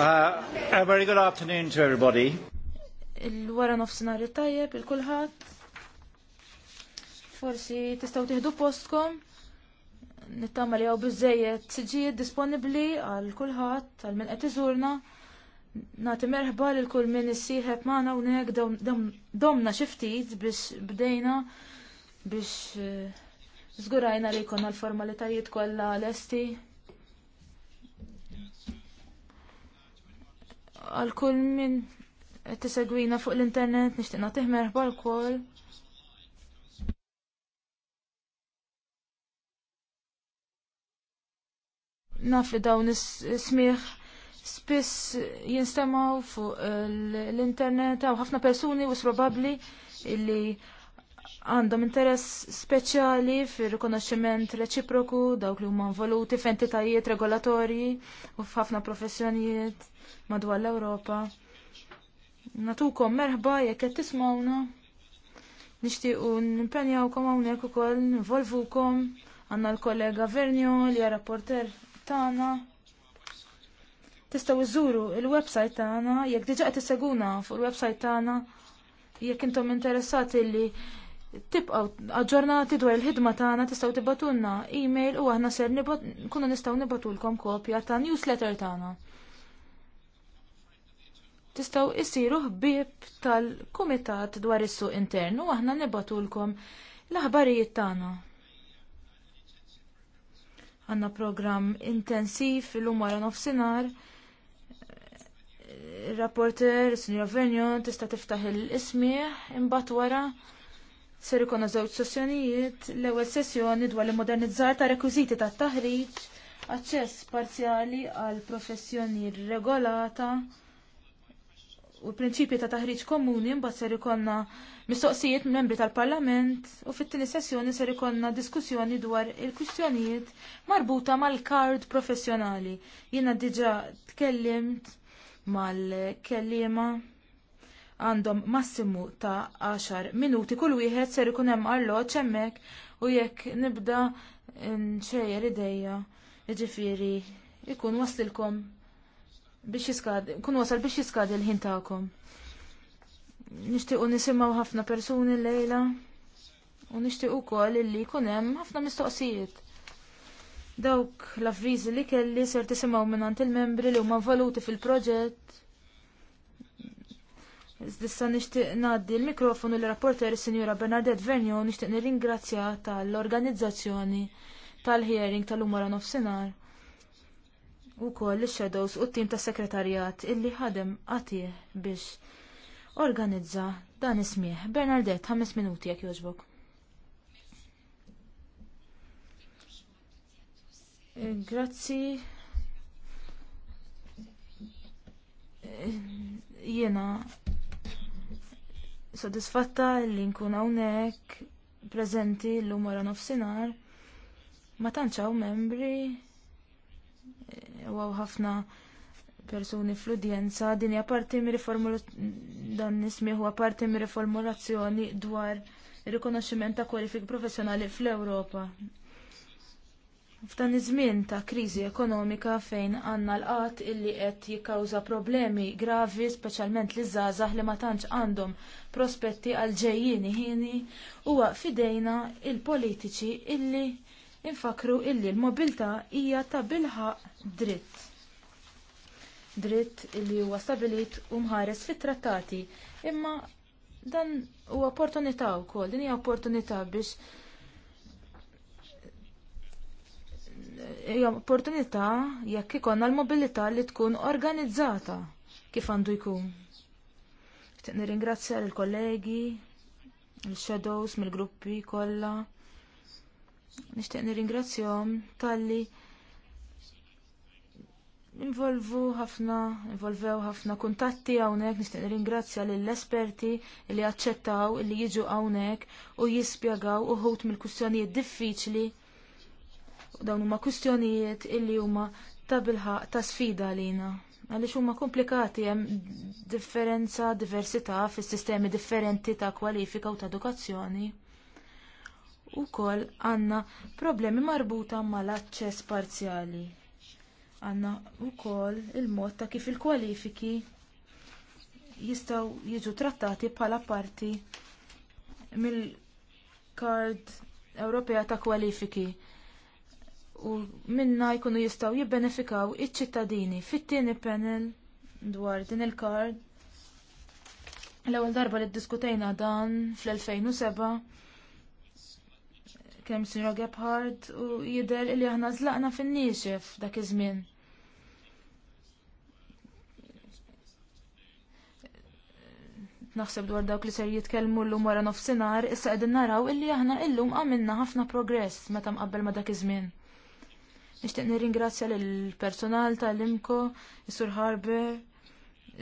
Uh, a very good afternoon to everybody. Il-wara nofsinhar tajjeb il-kulħadd. Forsi tistgħu tieħdu postkom. Nittama li hawn siġijiet disponibbli għal kulħadd għal min qed iżurna. Nagħti merħba lil kull min issieħeb maħna hawnhekk domna xi ftit biex bdejna biex eh, zgurajna li jkollna l-formalitajiet kollha lesti. għal kull min tisegwina fuq l-internet nixtieq tiħmer merħba Naf li dawn is-smieħ spiss jinstemaw fuq l-internet għaw ħafna persuni u s-probabli illi għandhom interess speċjali fir-rikonoxximent reċiproku dawk li huma involuti f'entitajiet regolatorji u f'ħafna professjonijiet madwar l-Ewropa. Natukom merħba jekk qed tismawna. Nixtiequ nimpenjawkom hawnhekk ukoll involvukom għandna l-kollega Vernio li hija rapporter tagħna. Tistgħu żżuru il-website tagħna jekk diġà qed tisseguna fuq il-website tagħna jekk intom interessati li tibqgħu aġġornati dwar il-ħidma tagħna tistgħu tibatulna email u aħna ser nkunu nistgħu nibatulkom kopja ta' newsletter tagħna. Tistgħu issiru ħbieb tal-kumitat dwar is-suq intern u aħna nibatulkom l-aħbarijiet tagħna għanna program intensiv l-lum wara nofsinhar. Rapporter, Sinjor Venjo, tista tiftaħ il ismieħ imbat wara Ser ikonu żewġ sessjonijiet, l-ewwel sessjoni dwar il-modernizzar ta' rekwiżiti tat taħriġ, aċċess parzjali għal professjoni regolata u prinċipji ta' taħriġ komuni mbagħad ser ikonna mistoqsijiet membri tal-Parlament u fit-tieni sessjoni ser ikonna diskussjoni dwar il-kwistjonijiet marbuta mal-kard professjonali. Jiena diġà tkellimt mal kelliema għandhom massimu ta' 10 minuti kull wieħed ser ikun hemm alloġġ hemmhekk u jekk nibda nxejjer idejja jiġifieri ikun waslilkom biex jiskad, kun wasal biex jiskadi l ħin tagħkom. Nixtiequ nisimgħu ħafna persuni llejla u nixtieq ukoll illi jkun hemm ħafna mistoqsijiet. Dawk l-avviżi li kelli ser tisimgħu minn il-membri li huma valuti fil-proġett Issa nixtieq ngħaddi l-mikrofonu l rapporter Sinjura Bernadette Vernio nixtieq nirringrazzja tal-organizzazzjoni tal-hearing tal-lum wara nofsinhar ukoll ix-shadows u t-tim tas sekretarjat illi ħadem għatih biex organizza dan ismieħ. Bernadette, ħames minuti jekk jogħġbok. Grazzi. Jiena sodisfatta li nkun hawnhekk preżenti llum wara nofsinhar ma tantx hawn membri huwa eh, ħafna persuni fl-udjenza din hija parti dan nismi huwa parti mir-riformulazzjoni dwar ir-rikonoxximent ta' kwalifik professjonali fl-Ewropa. F'dan iż-żmien ta' kriżi ekonomika fejn għandna l-qatt illi qed jikkawża problemi gravi speċjalment li żgħażagħ li ma tantx għandhom prospetti għal ġejjieni ħini huwa fidejna il-politiċi illi infakru illi l-mobilità hija ta' bilħaq dritt. Dritt illi huwa stabilit u mħares fit-trattati imma dan huwa opportunità wkoll, din hija opportunità biex hija opportunità jekk ikonna l-mobilità li tkun organizzata kif għandu jkun. Nirringrazzja l-kollegi, l-shadows mill-gruppi kollha. Nixtieq nirringrazzjahom talli involvu ħafna, involvew ħafna kuntatti hawnhekk, nixtieq nirringrazzja lill esperti li aċċettaw li jiġu hawnhekk u jispjegaw uħud mill-kwistjonijiet diffiċli dawn huma kwistjonijiet illi huma ta' bilħaq ta' sfida għalina. Għaliex huma komplikati hemm differenza, diversità fis-sistemi differenti ta' kwalifika u ta' edukazzjoni. kol għandna problemi marbuta mal-aċċess parzjali. u kol il-mod ta' kif il-kwalifiki jistaw jiġu trattati bħala parti mill-kard Ewropea ta' kwalifiki u minna jkunu jistaw jibbenefikaw iċ-ċittadini fit-tieni panel dwar din il-kard. L-ewwel darba li ddiskutejna dan fl-2007 kemm Sinra Gebhardt u jidher li aħna żlaqna fin-niexef dak iż-żmien. naħseb dwar dawk li ser jitkellmu llum wara nofsinhar, issa qegħdin naraw illi aħna illum għamilna ħafna progress meta mqabbel ma dak iż-żmien. Nixtieq nirringrazzja lill personal tal-Imko, Sur Harber,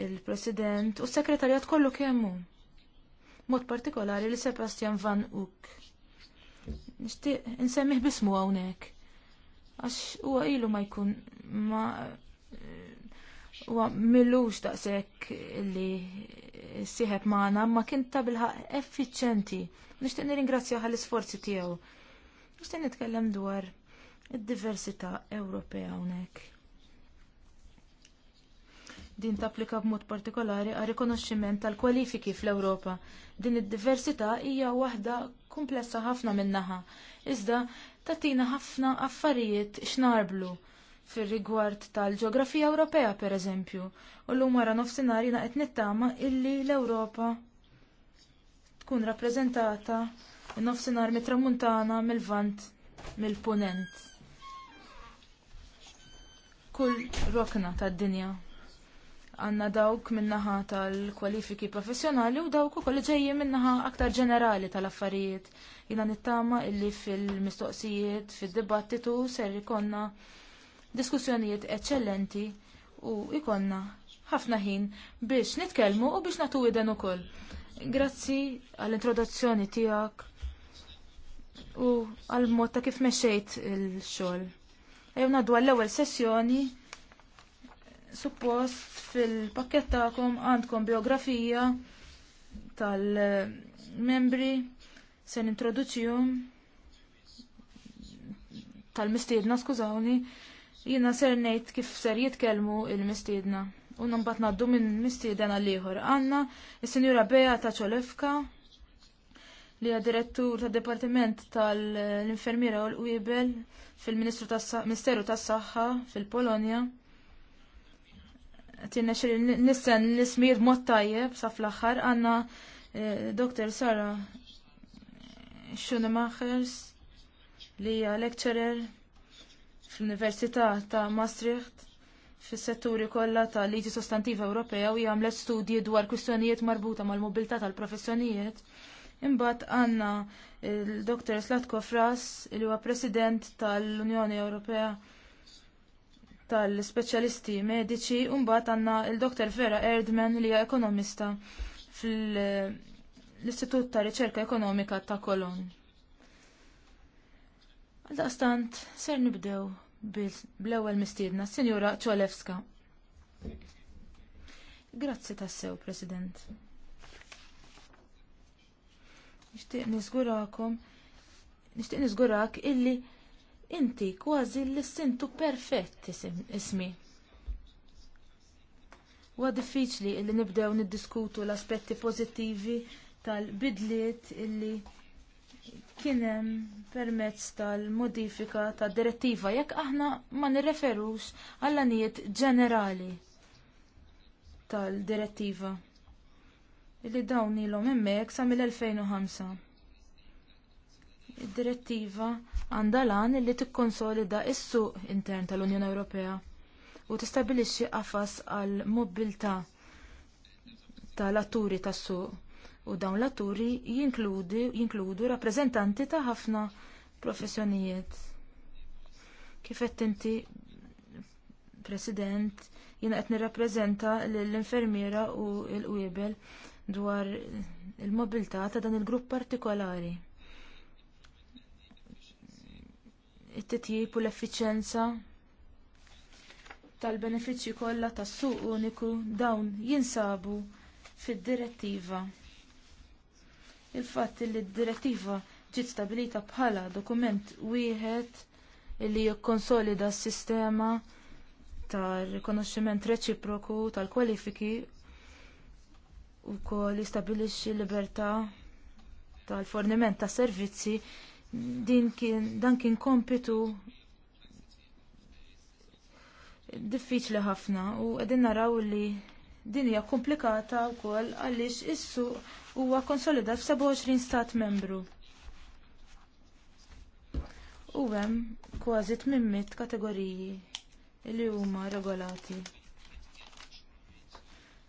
il-President u s-Sekretarjat kollu kemm hu. Mod partikolari li Sebastian Van Uck. Nixtieq insemmih bismu hawnhekk. Għax huwa ilu ma jkun ma U millux daqshekk li sieħeb maħna ma kien tabilħa effiċenti. Nixtieq nirringrazzja għall isforzi tiegħu. Nixtieq nitkellem dwar id-diversità Ewropea hawnhekk. Din tapplika b'mod partikolari għar rikonoxximent tal-kwalifiki fl-Ewropa. Din id-diversità hija waħda komplessa ħafna min-naħa, iżda tagħtina ħafna affarijiet x'narblu fir-rigward tal-ġeografija Ewropea pereżempju, u llum wara nofsinhar jiena qed nittama illi l-Ewropa tkun rappreżentata n-nofsinhar mit-tramuntana mill-vant mill-punent f'kull rokna tad-dinja. Għanna dawk minnaħa tal-kwalifiki professjonali u dawk ukoll ġejjin minnaħa aktar ġenerali tal-affarijiet. Jina nittama illi fil-mistoqsijiet, fil-dibattitu ser ikonna diskussjonijiet eccellenti u ikonna ħafna ħin biex nitkellmu u biex natu iden ukoll. Grazzi għall-introduzzjoni tiegħek u għal mod ta' kif mexxejt il-xogħol jew naddu l ewwel sessjoni suppost fil-pakket tagħkom għandkom biografija tal-membri se introduċjum tal-mistiedna skużawni jiena ser ngħid kif ser jitkellmu il-mistiedna. U mbagħad ngħaddu minn mistiedna għal ieħor. Għandna is-Sinjura Bea ta' Ċolefka li hija direttur tad Dipartiment tal-Infermiera u l-Qwiebel fil-Ministeru tas-Saħħa fil-Polonja. Tinna xil nissen nismir mod tajjeb sa fl-aħħar għandna eh, Dr. Sara Schunemachers li hija lecturer fl-Università ta' Maastricht fis-setturi kollha ta' liġi sostantiva Ewropea u jagħmlet studji dwar kwistjonijiet marbuta mal-mobilità tal-professjonijiet Imbagħad għandna il-Dr. Slatko Fras, li huwa President tal-Unjoni Ewropea tal-Speċjalisti Mediċi, u mbagħad għandna il-Dr. Vera Erdman li hija ekonomista fl-Istitut ta' Riċerka Ekonomika ta' Kolon. Għaldaqstant, ser nibdew bl-ewwel mistiedna, Sinjura Ċolewska. Grazzi tassew, President. Nixtieq niżgurak illi inti kważi l sintu perfett ismi. Huwa diffiċli illi nibdew niddiskutu l-aspetti pożittivi tal-bidliet illi kien hemm permezz tal-modifika tad direttiva jekk aħna ma nirreferux għall anijiet ġenerali tal-direttiva li dawn ilhom hemmhekk sa mill-2005. Id-direttiva għandha lan li tikkonsolida s-suq intern tal-Unjoni Ewropea u tistabilixxi qafas għal mobilità tal-atturi tas-suq u dawn l-atturi jinkludu rappreżentanti ta' ħafna professjonijiet. Kif qed inti, President, jiena qed nirrappreżenta l-infermiera u l-qwiebel dwar il-mobilità ta' dan il-grupp partikolari. It-titjib u l-effiċenza tal-benefiċċji kollha tas-suq uniku dawn jinsabu fid-direttiva. Il-fatt li d-direttiva ġiet stabilita bħala dokument wieħed li jikkonsolida s-sistema tar rikonoxximent reċiproku tal-kwalifiki wkoll jistabilixxi libertà tal-forniment ta' servizzi din kien dan kien kompitu diffiċli ħafna u qegħdin naraw li din hija komplikata wkoll għaliex is-suq huwa konsolidat f'27 stat membru. U hemm kważi 800 kategoriji li huma regolati.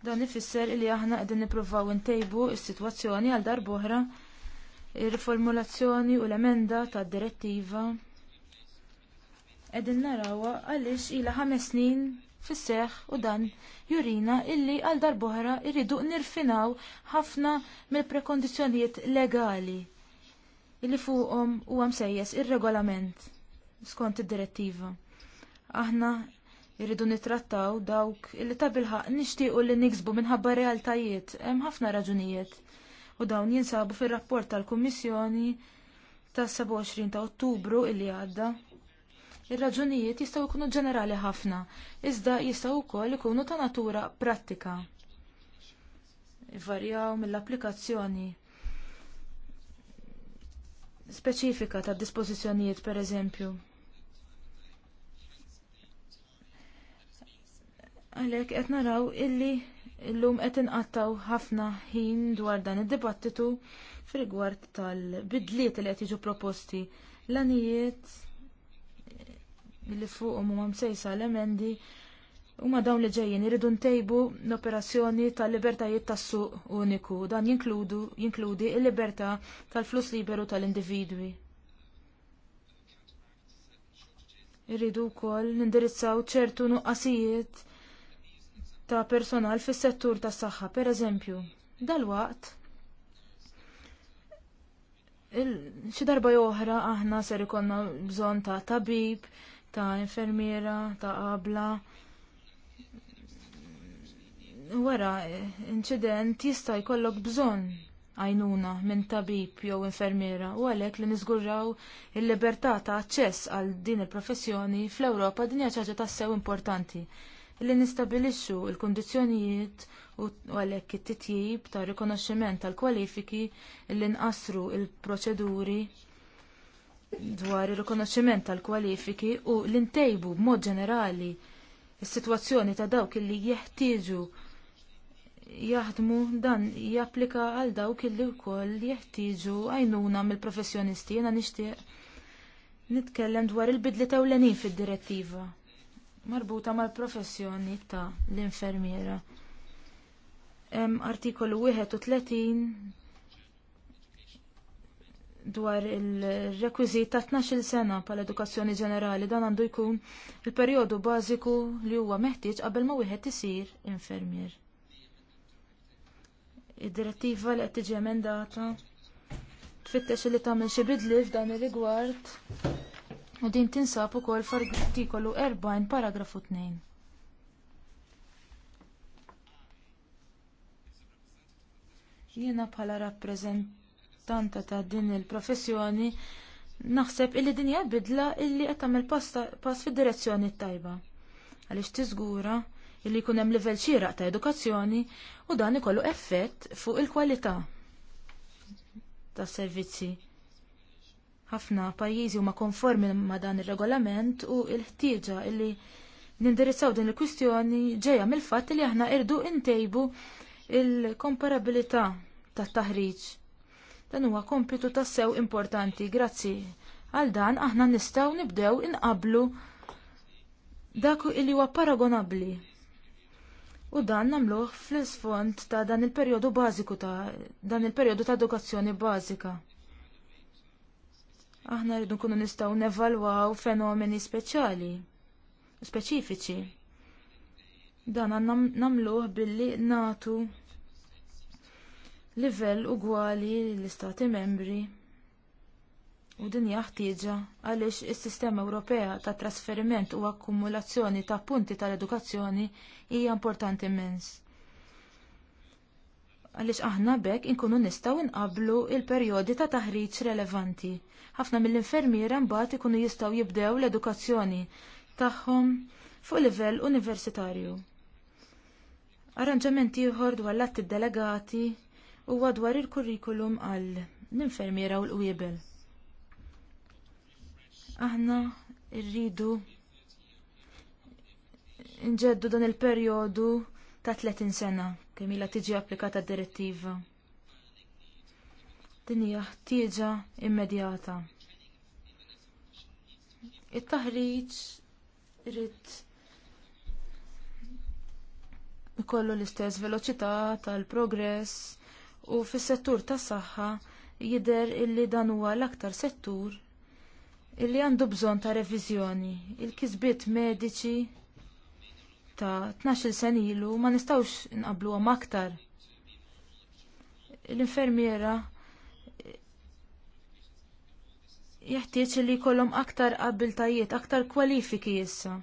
Dan ifisser li aħna qegħdin nippruvaw intejbu s-sitwazzjoni għal darb'oħra ir-riformulazzjoni u l-emenda tad-direttiva Qegħdin narawha għaliex ilha ħames snin fis-seħħ u dan jurina illi għal darb'oħra irridu nirfinaw ħafna mill-prekondizzjonijiet legali illi fuqhom huwa msejjes ir-regolament skont id-direttiva. Aħna Irridu nitrattaw dawk illi ta' bilħaq nixtiequ li niksbu minħabba realtajiet hemm ħafna raġunijiet u dawn jinsabu fir-rapport tal-Kummissjoni tas 27 ta' Ottubru illi għadda. Ir-raġunijiet jistgħu jkunu ġenerali ħafna, iżda jistgħu wkoll ikunu ta' natura prattika. Varjaw mill-applikazzjoni speċifika ta' dispożizzjonijiet pereżempju Għalhekk qed naraw illi llum qed inqattaw ħafna ħin dwar dan id-dibattitu f'rigward tal-bidliet li qed jiġu proposti l-anijiet li fuqhom huma msejsa l-emendi huma dawn li ġejjin iridu ntejbu l-operazzjoni tal-libertajiet tas-suq uniku dan jinkludu jinkludi l-libertà tal-flus liberu tal-individwi. Irridu wkoll nindirizzaw ċertu nuqqasijiet ta' personal fis-settur tas-saħħa, pereżempju. Dalwaqt xi darba oħra aħna ser ikonna bżonn ta' tabib, ta' infermiera, ta' qabla. Wara, inċident jista' jkollok bżonn għajnuna minn tabib jew infermiera u għalhekk li niżguraw il-libertà ta' aċċess għal din il-professjoni fl-Ewropa din hija ċaġa tassew importanti li nistabilixxu l-kundizzjonijiet u għalhekk it-titjib ta' rikonoxximent tal-kwalifiki li nqassru l proċeduri dwar ir-rikonoxximent tal-kwalifiki u li ntejbu b'mod ġenerali is-sitwazzjoni ta' dawk li jeħtieġu jaħdmu dan japplika għal dawk li wkoll jeħtieġu għajnuna mill-professjonisti jiena nixtieq nitkellem dwar il-bidli tewlenin fid-direttiva marbuta mal-professjoni ta' l-infermiera. Hemm artikolu 31 dwar il-rekwizit ta' 12 sena pal edukazzjoni ġenerali dan għandu jkun il-perjodu bażiku li huwa meħtieġ qabel ma wieħed isir infermier. Id-direttiva li qed tiġi emendata tfittex li tagħmel xi bidli f'dan ir-rigward U din tinsab ukoll artikolu 40 paragrafu 2. Jiena bħala rappreżentanta ta' din il-professjoni naħseb illi din hija bidla illi qed tagħmel pass fid-direzzjoni tajba. Għaliex tiżgura illi jkun hemm livell xieraq ta' edukazzjoni u dan ikollu effett fuq il-kwalità tas servizzi ħafna pajjiżi huma konformi ma' dan ir-regolament u l-ħtieġa li nindirizzaw din il-kwistjoni ġejja mill-fatt li aħna irdu ntejbu l komparabilità tat-taħriġ. Dan huwa kompitu tassew importanti, grazzi għal dan aħna nistgħu nibdew inqablu dak li huwa paragonabbli. U dan nagħmluh fl-isfond ta' dan il-perjodu bażiku ta' dan il-perjodu ta' edukazzjoni bażika. Aħna rridu nkunu nistgħu nevalwaw fenomeni speċjali, speċifiċi. Dan għandna nagħmluh billi natu livell ugwali l-istati membri u din hija ħtieġa għaliex is-sistema Ewropea ta' trasferiment u akkumulazzjoni ta' punti tal-edukazzjoni hija importanti immens għaliex aħna bekk inkunu nistgħu nqabblu il-perjodi ta' taħriġ relevanti. Ħafna mill-infermiera mbagħad ikunu jistgħu jibdew l-edukazzjoni tagħhom fuq livell universitarju. Arranġamenti ieħor dwar l-atti delegati huwa dwar il-kurrikulum għal l-infermiera u l-qwiebel. Aħna rridu nġeddu dan il-perjodu ta' 30 sena kemm ilha tiġi applikata d-direttiva. Din hija ħtieġa immedjata. It-taħriġ irid ikollu l-istess veloċità tal-progress u fis-settur tas-saħħa jidher illi dan huwa l-aktar settur illi għandu bżonn ta' reviżjoni. Il-kisbiet mediċi ta' 12 sen ilu ma nistawx inqablu għam aktar. L-infermiera jeħtieġ li jkollhom aktar abiltajiet, aktar kwalifiki issa.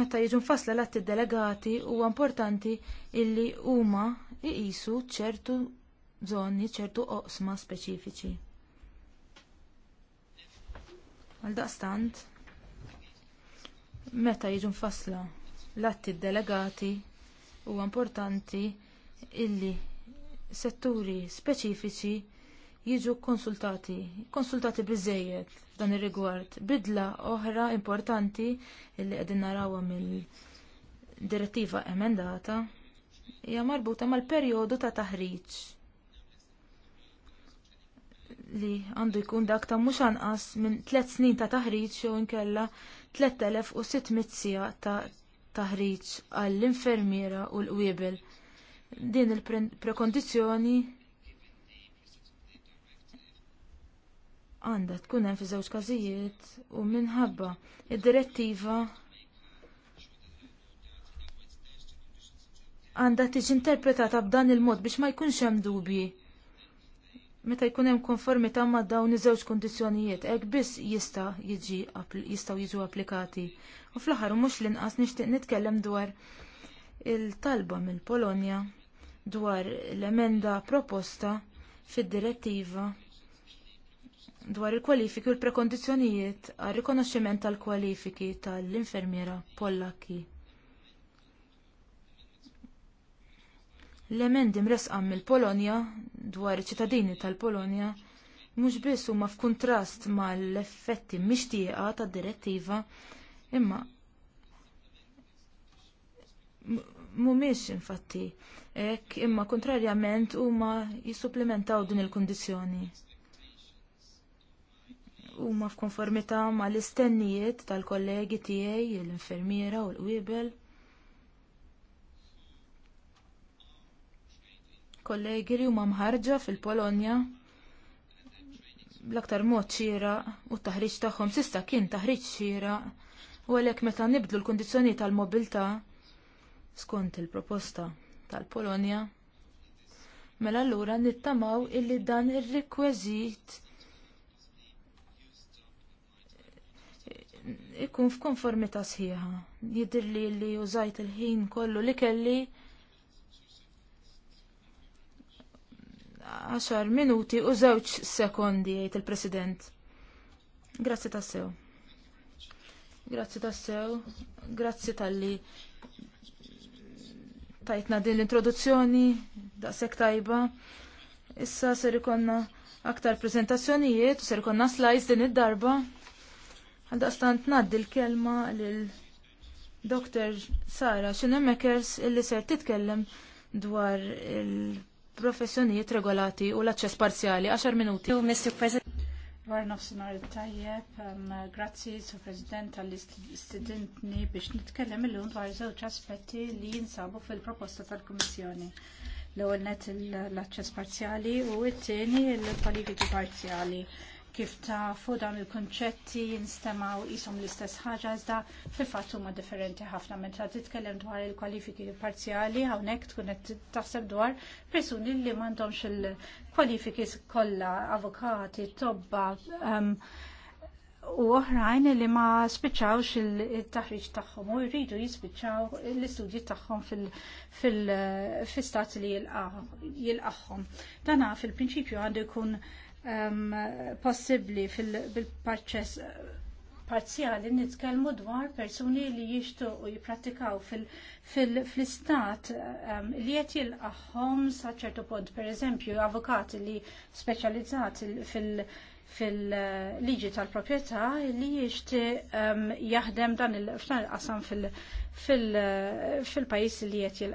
Meta jiġu nfassla l-atti delegati huwa importanti illi huma iqisu ċertu żoni, ċertu oqsma speċifiċi. Għaldaqstant meta jiġu mfassla l-atti delegati huwa importanti illi setturi speċifiċi jiġu konsultati, konsultati biżżejjed f'dan ir-rigward. Bidla oħra importanti illi qegħdin narawha mill-direttiva emendata hija marbuta mal-perjodu ta' taħriġ li għandu jkun dak ta' mhux anqas minn tliet snin ta' taħriġ jew inkella 3600 sija ta' taħriġ għall-infermiera u l-qwiebel. Din il-prekondizzjoni għandha tkun hemm fi żewġ każijiet u minħabba id-direttiva għandha tiġi interpretata b'dan il-mod biex ma jkunx hemm dubji meta jkun hemm konformità ma' dawn iż-żewġ kundizzjonijiet hekk biss jista' jiġi jistgħu jiġu applikati. U fl-aħħar mhux l-inqas nixtieq nitkellem dwar il-talba mill-Polonja dwar l-emenda proposta fid-direttiva dwar il-kwalifiki u l-prekondizzjonijiet għar rikonoxximent tal-kwalifiki tal-infermiera Pollakki. L-emendi mresqam mill-Polonja dwar iċ-ċittadini tal-Polonja mhux biss huma f'kuntrast mal-effetti mixtieqa tad-direttiva imma mhumiex infatti hekk imma kontrarjament huma jissupplementaw din il-kundizzjoni. Huma f'konformità mal istennijiet tal-kollegi tiegħi l-infermiera u l-qwiebel kollegi li huma mħarġa fil-Polonja l-aktar mod xira u t-taħriġ tagħhom sista kien taħriġ xira u għalhekk meta nibdlu l-kundizzjoni tal-mobilità skont il-proposta tal-Polonja mela allura nittamaw illi dan ir-rekwiżit ikun f'konformità sħiħa. Jidir li li użajt il-ħin kollu li kelli 10 minuti u żewġ sekondi jgħid il-President. Grazzi tassew. Grazzi tassew. Grazzi tal-li tajtna din l-introduzzjoni daqshekk tajba. Issa ser ikonna aktar prezentazzjonijiet u ser ikonna slides din id-darba. Għaldaqstant naddi l-kelma lil Dr. Sara Schinemekers illi ser titkellem dwar il- professjonijiet regolati u l-aċċess parzjali. 10 minuti. Mr. President. Dwar nofsinhar tajjeb, ehm, grazzi Sur President tal-istudentni biex nitkellem illum dwar żewġ aspetti li jinsabu fil-proposta tal-Kummissjoni. L-ewwel net l-aċċess parzjali u t-tieni l-kwalifiki parzjali. Kif tafu dawn il-konċetti jinstemaw jisom l-istess ħaġa iżda fil-fatt huma differenti ħafna meta titkellem dwar il-kwalifiki parzjali hawnhekk tkun qed taħseb dwar persuni li m'għandhomx il-kwalifiki kollha, avukati, tobba, um, u oħrajn li ma spiċċawx il-taħriġ tagħhom u jridu jispiċċaw l-istudji tagħhom fil-stat li jilqaħħom. Dana fil-prinċipju għandu jkun um, possibbli fil-parċess uh, parzjali nitkellmu dwar persuni li u jipratikaw fil istat um, li qed jilqahom sa ċertu punt, pereżempju avukati li speċjalizzati fil-liġi tal-proprjetà li um, jaħdem dan il-qasam fil fil li qed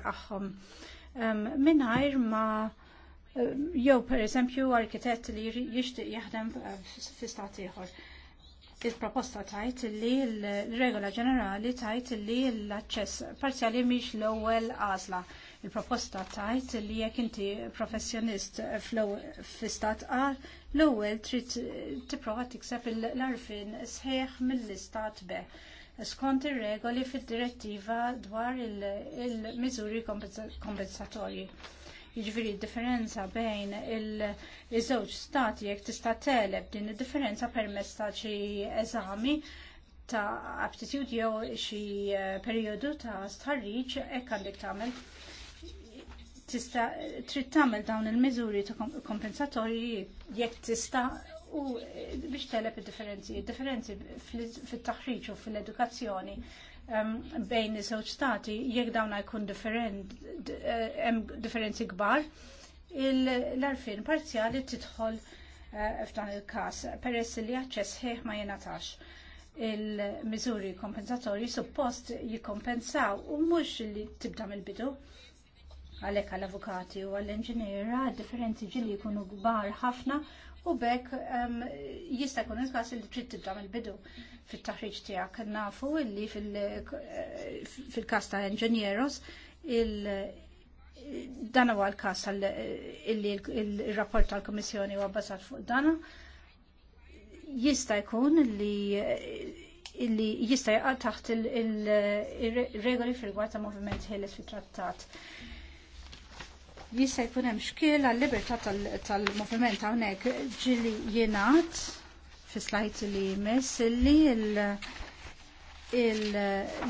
Um, Minajr ma' jew pereżempju arkitett li jixtieq jaħdem fi stat ieħor. Il-proposta tajt li l-regola ġenerali tajt li l-aċċess parzjali miex l-ewwel għażla. Il-proposta tajt li jekk inti professjonist f stat A, l-ewwel trid tipprova tikseb l-arfin sħiħ mill-istat B skont ir-regoli fid-direttiva dwar il-miżuri kompensatorji. Jiġifieri d differenza bejn iż-żewġ stati jekk tista' teleb din id-differenza permezz ta' xi eżami ta' aptitude jew xi eh, perjodu ta' stħarriġ hekk għandek tagħmel tista' trid tagħmel dawn il-miżuri ta' kompensatorji jekk tista' u eh, biex teleb id-differenzi, id-differenzi fit-taħriġ u fil-edukazzjoni Um, bejn iż-żewġ stati jekk dawn jkun eh, differenzi kbar l-arfin parzjali tidħol eh, f'dan il-każ peress li aċċess ħieħ ma jingħatax il-miżuri kompensatorji suppost jikkompensaw u mhux li tibda mill-bidu għalhekk għall-avukati u għall-inġiniera differenzi ġili jkunu kbar ħafna u bekk jista' jkun il-każ li trid tibda mill-bidu fit-taħriġ tiegħek. Nafu li fil-każ ta' Engineeros dan huwa l-każ illi il-rapport tal-Kummissjoni huwa bbażat fuq dana. Jista' jkun li illi jista' jaqal taħt il-regoli fil-gwar ta' moviment ħeles fit-trattat jista' jkun hemm xkiel għal libertà tal-moviment hawnhekk ġili jingħad fi slajt li jmiss li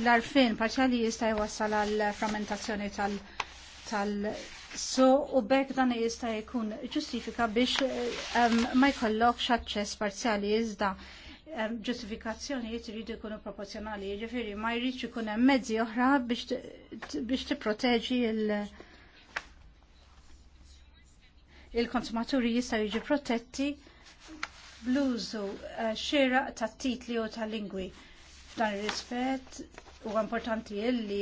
l-arfin parċjali jista' jwassal għal frammentazzjoni tal-, tal So u bekk dan jista' jkun ġustifika biex ma jkollokx aċċess parzjali iżda ġustifikazzjonijiet iridu jkunu proporzjonali, jiġifieri ma jridx ikun hemm mezzi oħra biex tipproteġi l- il-konsumaturi jistaw jiġi protetti bl-użu eh, xira ta' titli u ta' lingwi. F'dan ir-rispett huwa importanti illi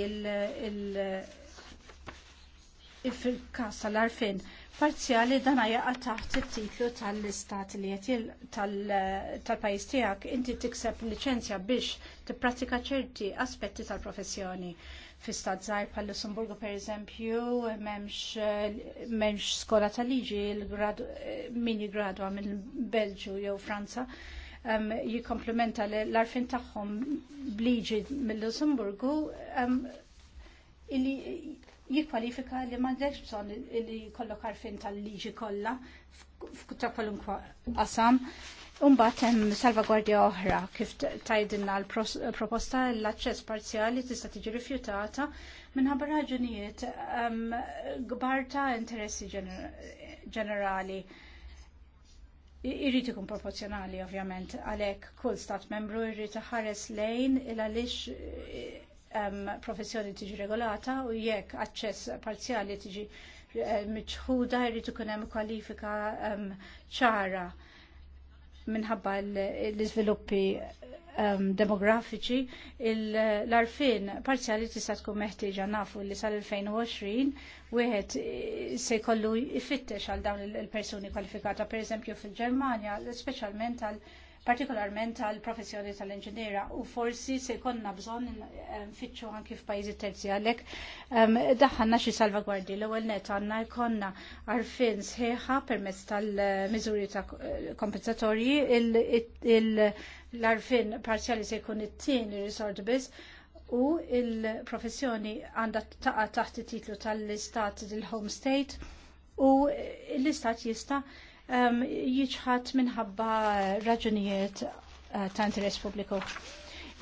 il-fil-kas tal-arfin parzjali dan jaqa taħt it-titlu tal-istat li qed tal-pajjiż tiegħek inti tikseb liċenzja biex t-pratika ċerti aspetti tal-professjoni. Fi Fistat zaħir pal lussemburgu per eżempju, memx, skola ta' liġi min jigradwa minn Belġu jew Franza um, jikomplementa l-arfin tagħhom bliġi mill-Lussemburgu um, illi jikwalifika li ma għandekx bżonn illi jkollok arfin tal-liġi kollha ta' kwalunkwa qasam. Umbat hemm salvagwardja oħra kif tajdilna l-proposta l-aċċess parzjali tista' tiġi rifjutata minħabba raġunijiet ehm, gbar ta' interessi ġenerali. Irrid ikun proporzjonali ovvjament għalhekk kull stat membru jrid ħares lejn il għaliex ehm, professjoni tiġi regolata u jekk aċċess parzjali tiġi eh, miċħuda jrid ikun hemm kwalifika ehm, ċara. Um, minħabba l-iżviluppi um, demografiċi, l-arfin parzjali tista' tkun meħtieġa nafu li sal-2020 wieħed se jkollu jfittex għal dawn il-persuni kwalifikata, pereżempju fil-Ġermanja, speċjalment għal partikolarment għal professjoni tal-inġiniera u forsi se konna bżon eh, nfittxu anki f'pajjiżi terzi għalhekk um, daħħalna xi salvagwardi l-ewwel net għandna jkollna għarfien sħiħa permezz tal-miżuri ta' eh, kompensatorji l-arfin parzjali se jkun it-tieni risort biss u il-professjoni għandha taqa' taħt it-titlu tal-istat il-home state u l-istat jista' Um, jiġħat minħabba raġunijiet uh, ta' interess pubbliku.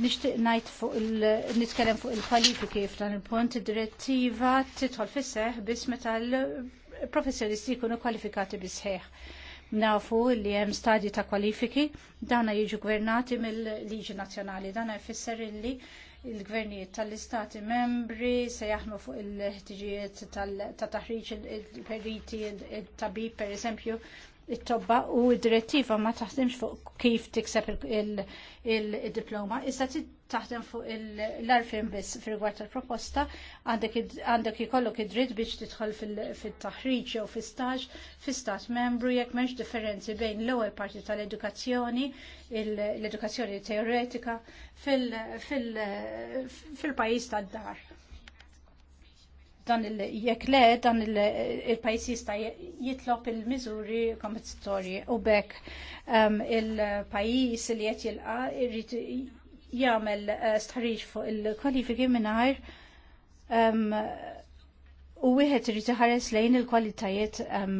Nixtieq ngħid fuq il nitkellem fuq il-kwalifiki f'dan il-punt direttiva titħol fisseħ bis meta l-professjonisti jkunu kwalifikati bisħeħ. Nafu li hemm stadji ta' kwalifiki dana jiġu gvernati mill-liġi nazzjonali. Dana jfisser illi il-gvernijiet tal-istati membri se jaħnu fuq il-ħtiġijiet ta' taħriġ il-periti, il-tabib per eżempju, it-tobba u id-direttiva ma taħdimx fuq kif tikseb il-diploma, issa taħdem fuq l arfim biss fil-gwart tal-proposta, għandek ikollok id-dritt biex tidħol fil-taħriġ jew fil-staġ, fil-stat membru, jekk meċ differenzi bejn l-ewwel parti tal-edukazzjoni, l-edukazzjoni teoretika, fil-pajis tad-dar dan il jekk le dan il-pajis jista' jitlob il-miżuri kompetitorji u bekk um, il-pajis li qed jilqa irrid jagħmel uh, stħarriġ fuq il-kwalifiki mingħajr um, u wieħed irid iħares lejn il-kwalitajiet um,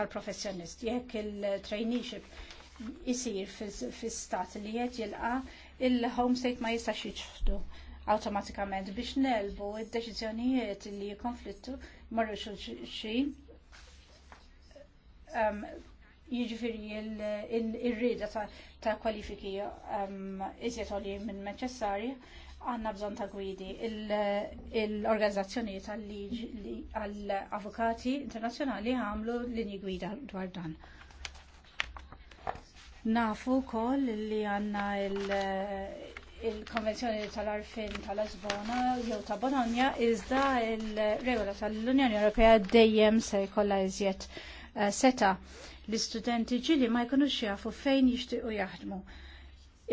tal-professjonist jekk il-traineeship isir fis-stat li qed jilqa' il-home state ma jistax jiġfdu awtomatikament biex nelbu id-deċiżjonijiet li konflittu marru xulxin. Um, Jiġifieri il-rida ta' kwalifiki um, iżjed għoli minn meċessari għanna bżon ta' gwidi. Il-organizzazzjoni tal-avukati internazjonali għamlu linji gwida dwar dan. Nafu kol li għanna il-konvenzjoni tal-arfin tal azbona jew ta' Bologna iżda il-regola tal-Unjoni Ewropea dejjem se jkollha iżjed eh, seta l-istudenti ġili ma jkunux jafu fejn jixtiequ jaħdmu.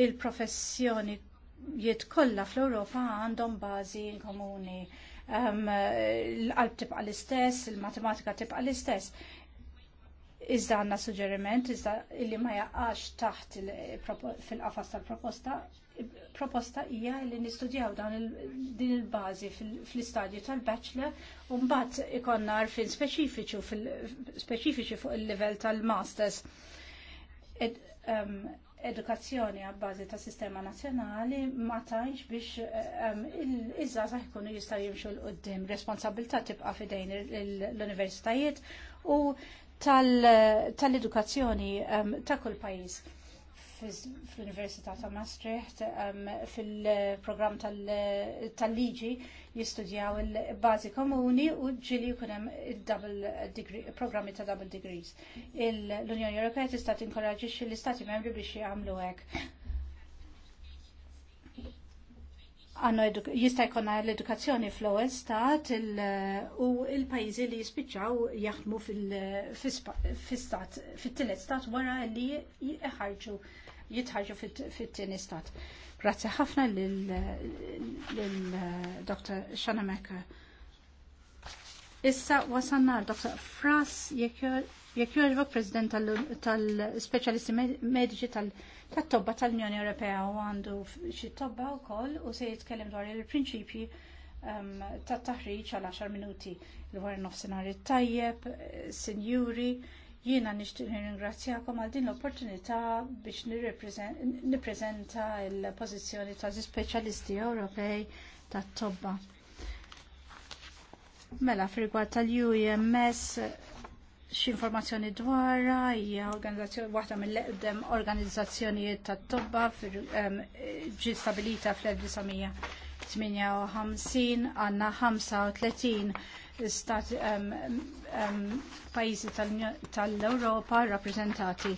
Il-professjoni kollha fl-Ewropa għandhom bażi komuni. Ehm, l-qalb tibqa l-istess, il-matematika tibqa l-istess iżda għanna suġġeriment, iżda illi ma jaqqax taħt fil-qafas tal-proposta, proposta hija li nistudjaw dan din il-bażi fl-istadju tal-bachelor u mbagħad ikonna għarfien speċifiċi speċifiċi fuq il-livell tal-masters. edukazzjoni għab bażi ta' sistema nazzjonali ma tajx biex il-iżgħażagħ ikunu jistaw jimxu l qoddim Responsabilità tibqa' fidejn l-universitajiet u tal-edukazzjoni ta' kull pajjiż fl-Università ta' Maastricht fil-programm tal-liġi jistudjaw il-bazi komuni u ġili kunem il-programmi ta' double degrees. L-Unjoni Ewropea tista' tinkoraġġi l-Istati membri biex jagħmlu hekk. jista' jkun l-edukazzjoni fl-ewwel stat u l-pajjiżi li jispiċċaw jaħdmu fil-stat fit-tielet stat wara li jħarġu jitħarġu fit-tieni stat. Grazzi ħafna l dr Shana Mekka. Issa wasanna l-Dr. Fras jekk jogħġbok President tal-Speċjalisti Mediċi tat-tobba tal-Unjoni Ewropea u għandu xi tobba wkoll u se jitkellem dwar il-prinċipji ehm, tat taħriġ għal 10 minuti l għar nofsenari it-tajjeb, eh, sinjuri. Jiena nixtieq nirringrazzjakom għal din l-opportunità biex nippreżenta l-pożizzjoni ta' speċjalisti Ewropej tat-tobba. Mela, fil tal-UEMS, x'informazzjoni dwarha hija organizzazzjoni waħda mill-eqdem organizzazzjonijiet tat-tobba ġi stabilita fl-1958 għandna 35 stat um, um, pajizi tal-Europa tal rappresentati.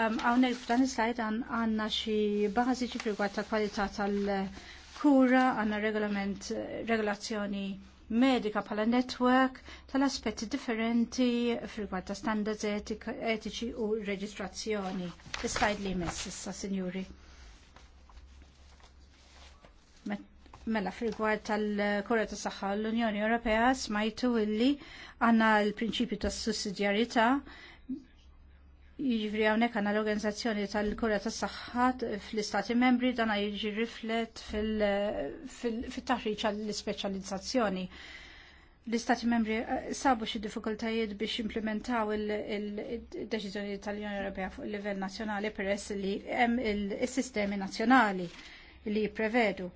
Għawnek um, f'dan is-slajd għanna xi bażi ġifrigwat tal-kwalità tal-kura, għanna regolament, regolazzjoni medika pala network tal-aspetti differenti frigward ta' standards etiċi u reġistrazzjoni. il slajd li jmiss sa' sinjuri. Mela, fil-gwar tal-Korea ta' Saħħa l-Unjoni Ewropea smajtu illi għanna l-prinċipju tas sussidjarjetà Jiġifieri hawnhekk għandna l-organizzazzjoni tal-Korea tas saħħa fl-Istati membri dan jiġi riflet fil taħriġ għall-ispeċjalizzazzjoni. L-Istati membri eh, sabu xi diffikultajiet biex implementaw il-deċiżjoni tal-Unjoni Ewropea fuq il-livell nazjonali peress li hemm is-sistemi nazzjonali li jipprevedu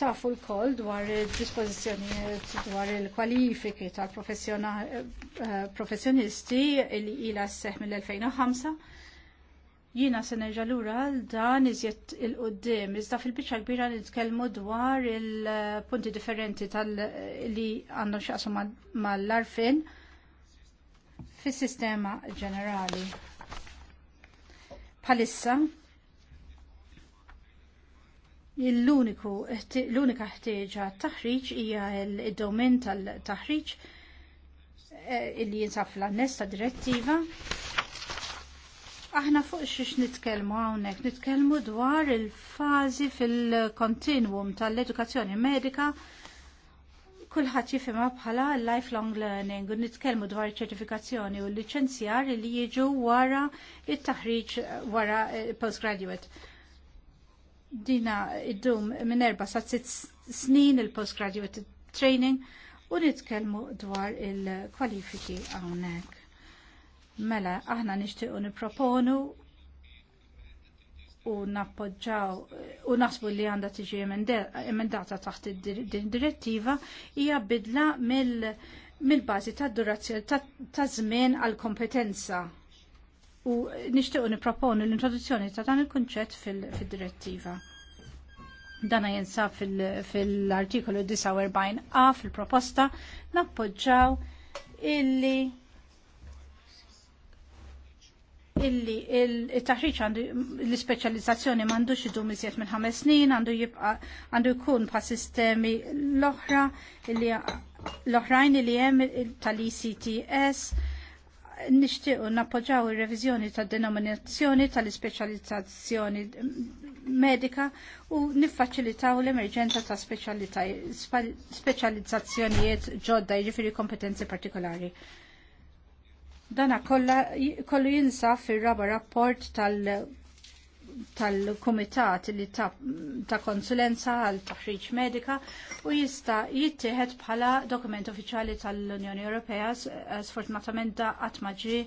tafu l dwar il-dispozizjoniet dwar il-kwalifiki tal-professjonisti eh, li ila s-seħ mill-2005 jina se nerġa' lura dan iżjed il-qoddim iżda fil bicċa kbira nitkellmu dwar il-punti differenti tal li għandhom x'aqsu mal-arfin fis-sistema ġenerali. Palissa, l unika ħtieġa taħriġ hija l-domen tal-taħriġ eh, illi jinsab fl-annes ta' direttiva. Aħna fuq xiex nitkellmu hawnhekk, nitkellmu dwar il-fażi fil kontinuum tal-edukazzjoni medika kulħadd jifhimha bħala lifelong learning u nitkellmu dwar ċertifikazzjoni u l-liċenzjar li jiġu wara it-taħriġ wara eh, postgraduate dina id-dum minn erba sa' sitt snin il-postgraduate training u nitkellmu dwar il-kwalifiki hawnhekk. Mela, aħna nixtiequ nipproponu u nappoġġaw u nasbu li għandha tiġi emendata taħt din direttiva hija bidla mill-bażi tad durazzjoni ta' żmien għall kompetenza u nixtiequ nipproponu l-introduzzjoni ta' dan il-kunċett fil-direttiva. Dana jinsab fil-artikolu 49a fil-proposta nappoġġaw illi illi il-taħriċ għandu l-ispeċjalizzazzjoni m'għandux idum iżjed minn ħames snin, għandu jibqa' għandu jkun pa sistemi l-oħra l-oħrajn li hemm tal-ECTS nixtiequ nappoġġaw ir-reviżjoni tad-denominazzjoni tal-ispeċjalizzazzjoni medika u niffaċilitaw l-emerġenza ta' speċjalizzazzjonijiet ġodda jiġifieri kompetenzi partikolari. Dana kollu jinsab fir-raba rapport tal- tal-Komitat li ta', ta konsulenza għal taħriġ medika u jista' jittieħed bħala dokument uffiċjali tal-Unjoni Ewropea sfortunatament da qatt ma ġie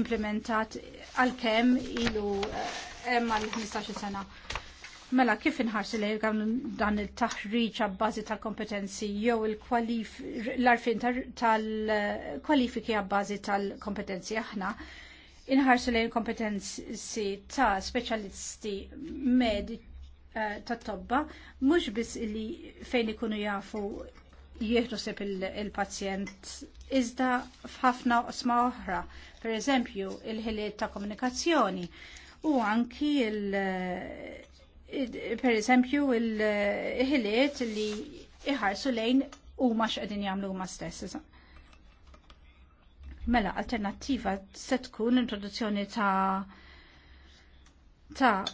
implementat għalkemm ilu eh, hemm għal 15 sena. Mela kif inħarsi li dan il-taħriġ għabbażi tal-kompetenzi jew il-kwali l-arfin tal-kwalifiki għabbażi tal-kompetenzi aħna inħarsu lejn kompetenzi ta' speċjalisti medi eh, ta' tobba, mhux biss li fejn ikunu jafu jieħdu seb il-pazjent iżda f'ħafna osma oħra, per eżempju il-ħiliet ta' komunikazzjoni u anki il- eh, per eżempju il-ħiliet li iħarsu lejn u ma x'qegħdin jagħmlu huma stess. Mela, alternativa se tkun introduzzjoni ta' ta'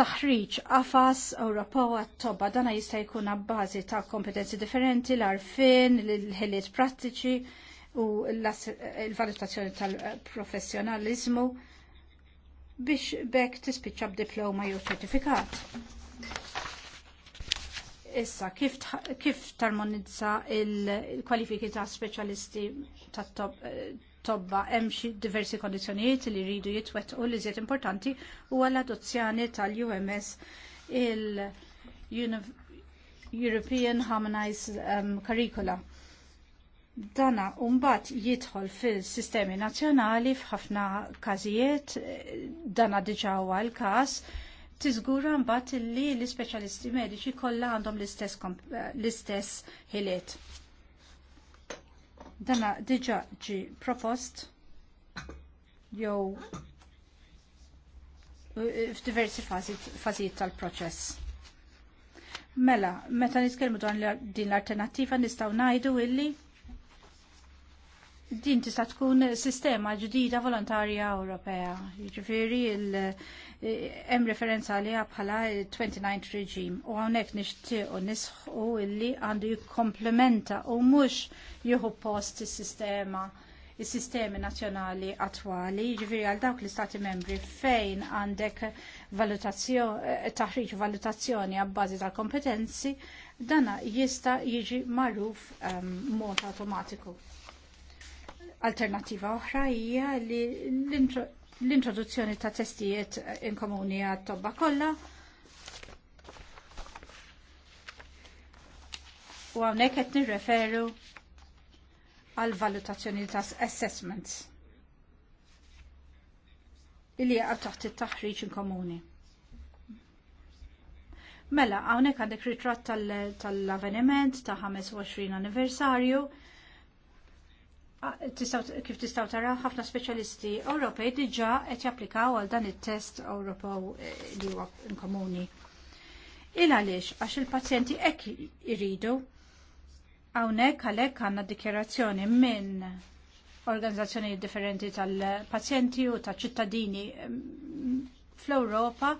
taħriġ qafas Ewropew għat-tobba dana jista' jkun abbażi ta' kompetenzi differenti, l-arfin, l-ħiliet prattiċi u l-valutazzjoni tal-professjonalizmu biex bekk tispiċċa b'diploma jew ċertifikat. Issa, kif, kif tarmonizza il-kwalifiki ta' specialisti ta' tob, tobba hemm xi diversi kondizzjonijiet li jridu jitwettqu li żied importanti u għall-adozzjoni tal-UMS il-European Harmonized um, Curricula. Dana umbat jidħol fil-sistemi nazzjonali f'ħafna każijiet, eh, dana diġawa huwa l-każ, tiżgura mbagħad li l-ispeċjalisti mediċi kollha għandhom l-istess eh, l-istess ħiliet. Dana diġà ġi propost jew eh, f'diversi fażijiet tal-proċess. Mela, meta nitkellmu dwar din l-alternattiva nistgħu ngħidu illi din tista' tkun sistema ġdida volontarja Ewropea. Jiġifieri hemm referenza għaliha bħala 29 reġim u hawnhekk nixtiequ nisħu illi għandu jikkomplementa u mhux jieħu post is-sistema is sistemi nazzjonali attwali, ġifiri għal dawk l-istati membri fejn għandek eh, taħriġ valutazzjoni għabbażi tal kompetenzi, dana jista jiġi marruf um, ehm, mod automatiku. Alternativa oħra hija li l-introduzzjoni ta' testijiet inkomuni għat tobba kollha u hawnhekk qed nirreferu għal valutazzjoni ta' assessments illi jaqgħu taħt it-taħriġ komuni. Mela, hawnhekk għandek ritratt tal-avveniment ta' 25 anniversarju kif tistaw tara ħafna speċjalisti Ewropej diġà qed japplikaw għal dan it-test Ewropew eh, li huwa komuni. Il għaliex għax il-pazjenti hekk iridu hawnhekk għalhekk għandna dikjerazzjoni minn organizzazzjoni differenti tal-pazjenti u taċ ċittadini mm, fl-Ewropa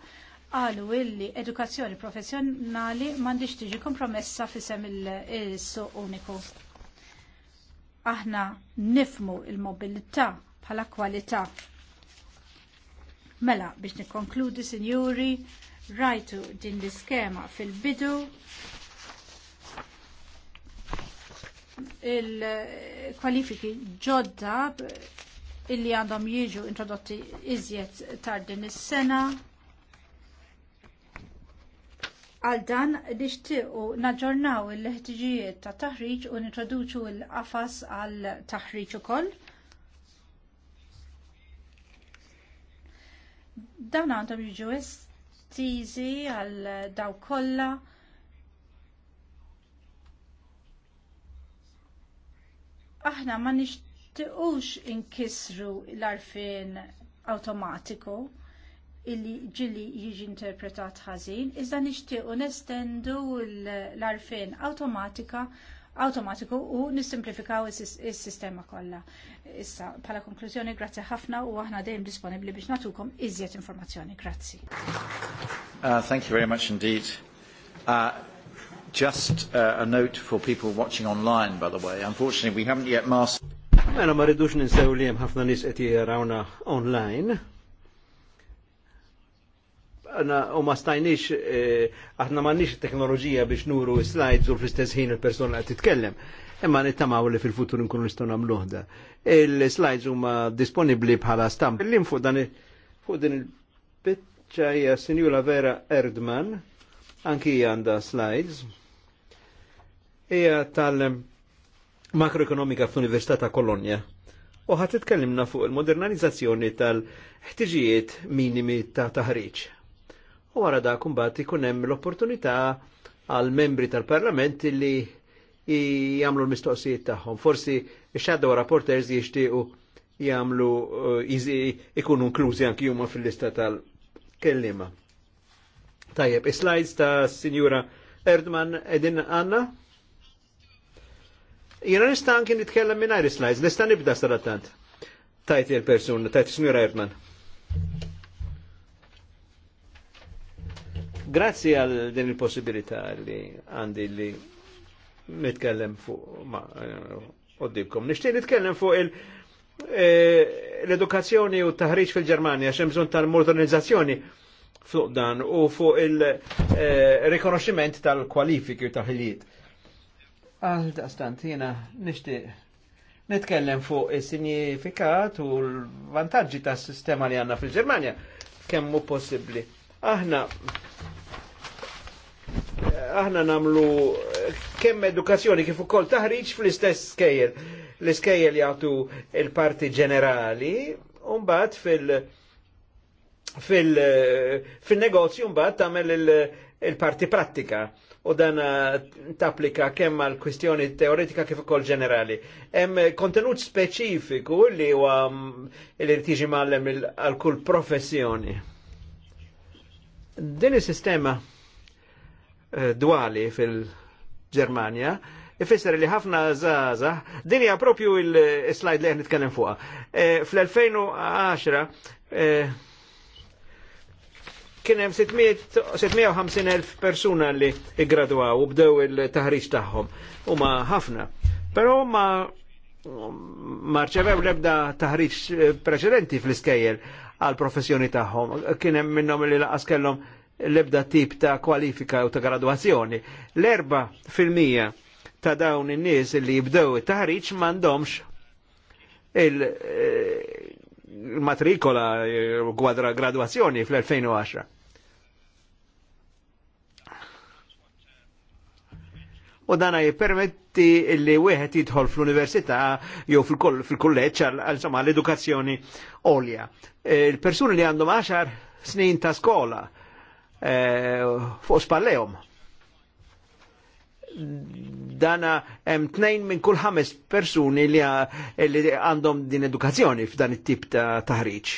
għalu illi edukazzjoni professjonali m'għandix tiġi kompromessa fisem il-suq uniku aħna nifmu il-mobilità bħala kwalità. Mela, biex nikkonkludi, sinjuri, rajtu din l-iskema fil-bidu il-kwalifiki ġodda illi għandhom jiġu introdotti iżjed tard din is-sena Għal dan nixtiequ naġġornaw il-ħtiġijiet ta' taħriġ u nintroduċu l-qafas għal taħriġ ukoll. Dan għandhom jiġu estiżi għal daw kollha aħna ma nixtiqux inkisru l-arfin automatiku illi ġilli jiġi interpretat ħażin, iżda nixtiequ nestendu l-arfin awtomatika automatiku u nisimplifikaw is-sistema kollha. Issa, bħala konklużjoni, grazzi ħafna u aħna dejjem disponibbli biex natukom iżjed informazzjoni. Grazzi. Uh, thank you very much indeed. Uh, just uh, a note for people watching online, by the way. Unfortunately, we haven't yet mastered. Mela ma ridux ninsew li hemm ħafna nies qed jarawna online u ma stajniex, eh, aħna mannix teknoloġija biex nuru slides u fl-istess ħin il-persona għat titkellem. Imma nittamaw li fil-futur nkunu nistgħu nagħmluħda. Il-slides huma disponibbli bħala stamp. L-lim fuq dan fuq din il-biċċa hija Sinjula Vera Erdman, anki hija għandha slides. Hija tal-makroekonomika fl-Università ta' Kolonja u ħat titkellimna fuq il-modernizzazzjoni tal-ħtiġijiet minimi ta' taħriġ u wara da kumbat ikun hemm l-opportunità għal membri tal-Parlament li jagħmlu l-mistoqsijiet tagħhom. Forsi shadow rapporters jixtiequ jagħmlu eh, ikunu inklużi anki huma fil-lista tal-kellima. Tajjeb, is-slides ta' Sinjura Erdman edin Anna. Jena nista' anki nitkellem minn slides, nista' nibda saratant. Tajt il-persuna, tajt Sinjura Erdman. Grazzi għal din il-possibilità li għandi li nitkellem fuq ma eh, għoddibkom. Nishtiq nitkellem fuq il- eh, l-edukazzjoni u taħriġ fil-Germania xem bżon tal-modernizzazzjoni fuq dan u fuq il-rikonoxximent eh, tal-kwalifiki u taħlijiet. Għal daqstant jena nishtiq nitkellem fuq is-sinifikat u l-vantaġġi tas-sistema li għandna fil-Ġermanja kemm hu possibbli. Aħna aħna namlu kemm edukazzjoni kif ukoll taħriġ fl-istess skejjel. L-iskejjel jagħtu il-parti ġenerali u mbagħad fil- fil- fil-negozju mbagħad tagħmel il-parti prattika u dan tapplika kemm għal kwistjoni teoretika kif ukoll ġenerali. Hemm kontenut speċifiku li huwa mm, li tiġi mallem għal kull professjoni. Din is-sistema Eh, dwali fil-Ġermanja, ifisser li ħafna zaza, din hija propju il-slide li għan nitkellem fuqha. Eh, fl-2010 eh, kien hemm 650,000 persuna li igraduaw u bdew il-taħriġ tagħhom. Huma ħafna. Però ma marċevew lebda taħriġ preċedenti fl-iskejjel għal professjoni tagħhom. Kien hemm minnhom li laqas kellhom l-ebda tip ta' kwalifika u ta' graduazzjoni. L-erba fil-mija ta' dawn in-nies li jibdew it-taħriġ m'għandhomx eh, il-matrikola u eh, gwadra graduazzjoni fl-2010. u dana jipermetti li wieħed jidħol fl-università jew fil-kulleġġ għal l-edukazzjoni olja. Eh, il-persuni li għandhom 10 snin ta' skola fuq spallejom. Dana hemm tnejn minn kull ħames persuni li għandhom din edukazzjoni f'dan it-tip ta' taħriġ.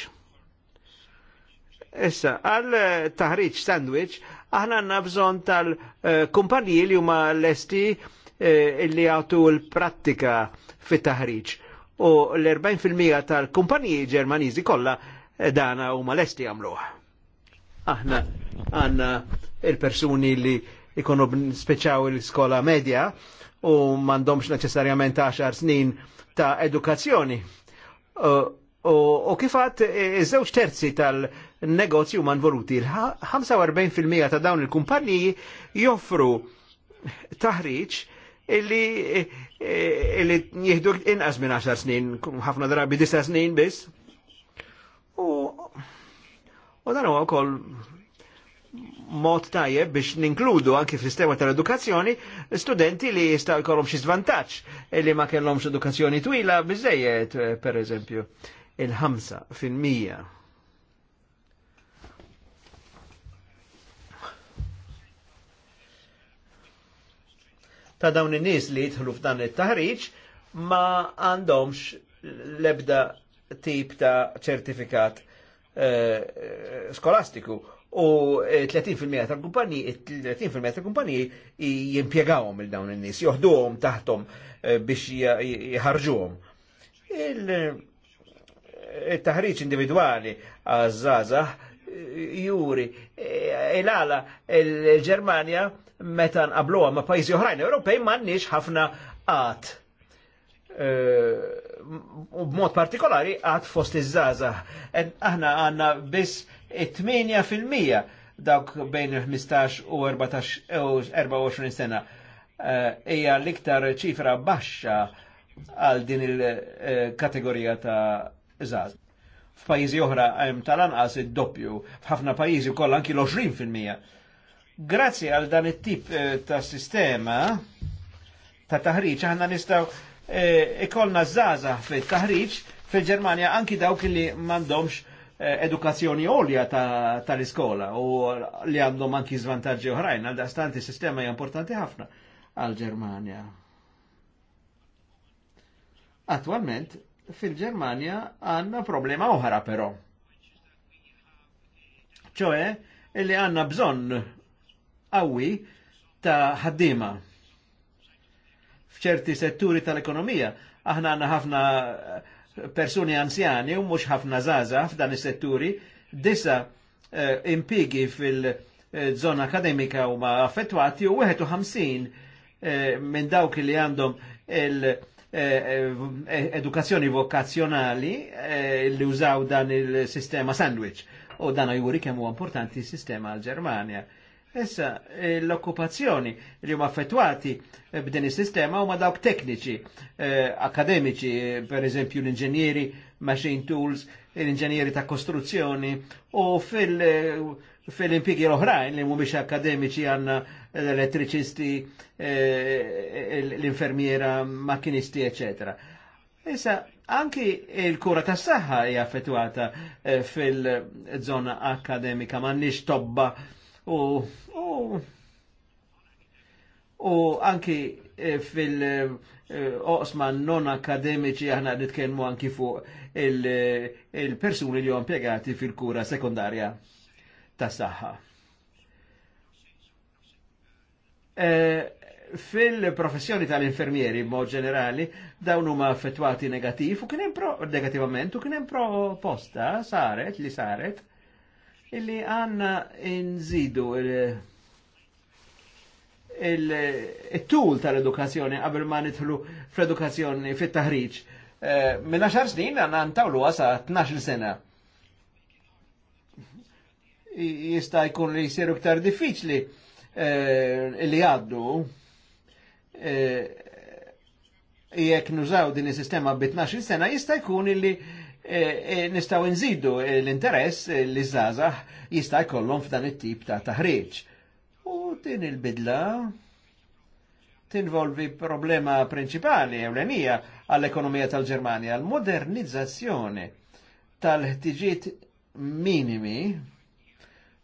Issa, għal eh, taħriġ sandwich, aħna għanna bżon tal-kumpanji li huma l-esti eh, li għatu l-prattika fit taħriġ U l-40% tal-kumpanji ġermaniżi kollha eh, dana huma l-esti għamluħ aħna għanna il-persuni li ikonu speċaw il-skola medja u mandomx neċessarjament 10 snin ta' edukazzjoni. Uh, u kifat, iż-żewġ e, e, terzi tal-negozju man voluti, il-45% ta' dawn il-kumpaniji joffru taħriġ illi e, illi jihdu inqas minn 10 snin, ħafna drabi 9 snin biss. U U dan huwa wkoll mod tajjeb biex ninkludu anki fl-sistema tal-edukazzjoni studenti li jistaw jkollhom xi żvantaġġ li ma kellhomx edukazzjoni twila biżejjed eh, pereżempju il-ħamsa fil-mija. Ta' dawn in-nies li jidħlu f'dan it-taħriġ ma għandhomx l-ebda tip ta' ċertifikat Eh, skolastiku u 30% eh, tal-kumpaniji, 30% tal-kumpaniji jimpjegawhom il dawn in-nies, joħduhom taħtom eh, biex jħarġuhom. Il-taħriġ individwali għaż-żgħażagħ juri il-għala il-Germania meta nqabluha ma' pajjiżi oħrajn Ewropej m'għandniex ħafna qat u b'mod partikolari għad fost iż-żaza. Aħna għanna biss 8% dawk bejn il-15 u 24 e, sena. Eh, Ija l-iktar ċifra baxxa għal din il-kategorija ta' żaza. F'pajjiżi oħra hemm tal-anqas id-doppju, f'ħafna pajjiżi wkoll anki l-20%. Grazzi għal dan it-tip eh, ta' sistema ta' taħriġ aħna nistgħu E, ikolna zaza fit-taħriġ fil-Ġermanja anki dawk li mandomx e, edukazzjoni olja tal-iskola ta u li għandhom anki zvantaġġi oħrajn, għal stanti sistema importanti ħafna għal ġermania Attualment, fil-Ġermania għanna problema oħra però. ċoe, illi għanna bżonn qawwi ta' ħaddima fċerti setturi tal-ekonomija. Aħna għanna ħafna eh, persuni anzjani u mux ħafna zaza f'dan is-setturi, disa uh, eh, impigi fil-zona eh, akademika u ma affettwati u 51 uh, minn dawk li għandhom il- edukazzjoni vokazzjonali li użaw dan il-sistema sandwich u dan juri kemm huwa importanti s-sistema għal-Ġermanja. Issa, eh, l-okkupazzjoni li huma affettwati eh, b'din is-sistema huma dawk tekniċi, eh, akademiċi, eh, per eżempju l-inġenieri machine tools, l-inġenieri ta' kostruzzjoni u fil- fil-impigi l-oħrajn li mhumiex akademiċi għandna l-elettriċisti, l-infermiera, makinisti, eccetera. Issa, anki il-kura tas saħħa hija affettwata fil-żona akademika, m'għandniex tobba u u u anki eh, fil-oqsma eh, non akademiċi aħna nitkellmu anki fuq il-persuni eh, li għom impjegati fil-kura sekundarja tas saħħa. fil-professjoni tal-infermieri b'mod ġenerali dawn huma affettwati negativ u kien hemm negativament u kien hemm proposta saret li saret illi għanna nżidu il-tul tal-edukazzjoni qabel ma nitħlu fl-edukazzjoni fit-taħriġ. Eh, Minn xar snin għanna ntawlu għasa 12 sena. Jista' jkun li jsiru ktar diffiċli eh, li għaddu eh, jekk nużaw din is-sistema bi 12 sena jista' jkun illi E, e, nistaw nżidu l-interess li zazax jista' jkollhom f'dan it-tip ta' taħriġ. U din il-bidla tinvolvi problema prinċipali ewlenija għall-ekonomija tal-Ġermanja, l-modernizzazzjoni tal-ħtiġiet minimi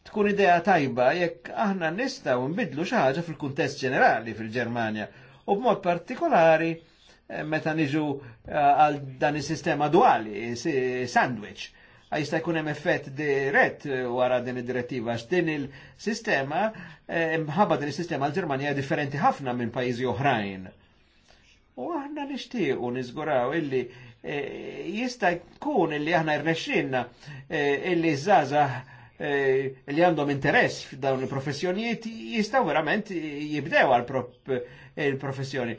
tkun idea tajba jekk aħna nistaw nbidlu xi ħaġa fil-kuntest ġenerali fil-Ġermanja u b'mod partikolari Eh, meta niġu eh, għal dan il sistema duali, sandwich. Għajsta jkun hemm effett dirett eh, wara din id-direttiva għax din il-sistema mħabba din il sistema għal ġermanija differenti ħafna minn pajjiżi oħrajn. U aħna nixtiequ niżguraw illi jista' jkun illi aħna rnexxinna illi żgħażagħ li għandhom interess f'dawn il-professjonijiet jistaw verament jibdew għal il-professjoni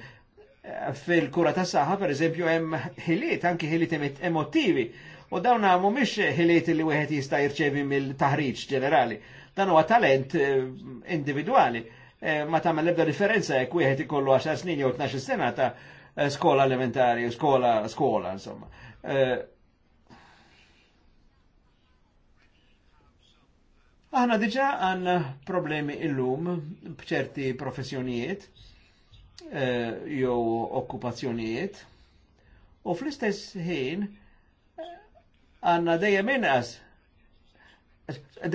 fil-kura tas saħħa per eżempju hemm ħiliet, anki ħiliet emotivi. U dawn mhumiex ħiliet li wieħed jista' jirċevi mill-taħriġ ġenerali. Dan huwa talent eh, individwali. Eh, ma tagħmel ebda differenza jekk wieħed ikollu 10 snin jew 12 sena ta' eh, skola elementari u skola skola insomma. Aħna diġa għanna problemi illum bċerti professjonijiet Eh, jew okkupazzjonijiet u fl-istess ħin għanna dejjem inqas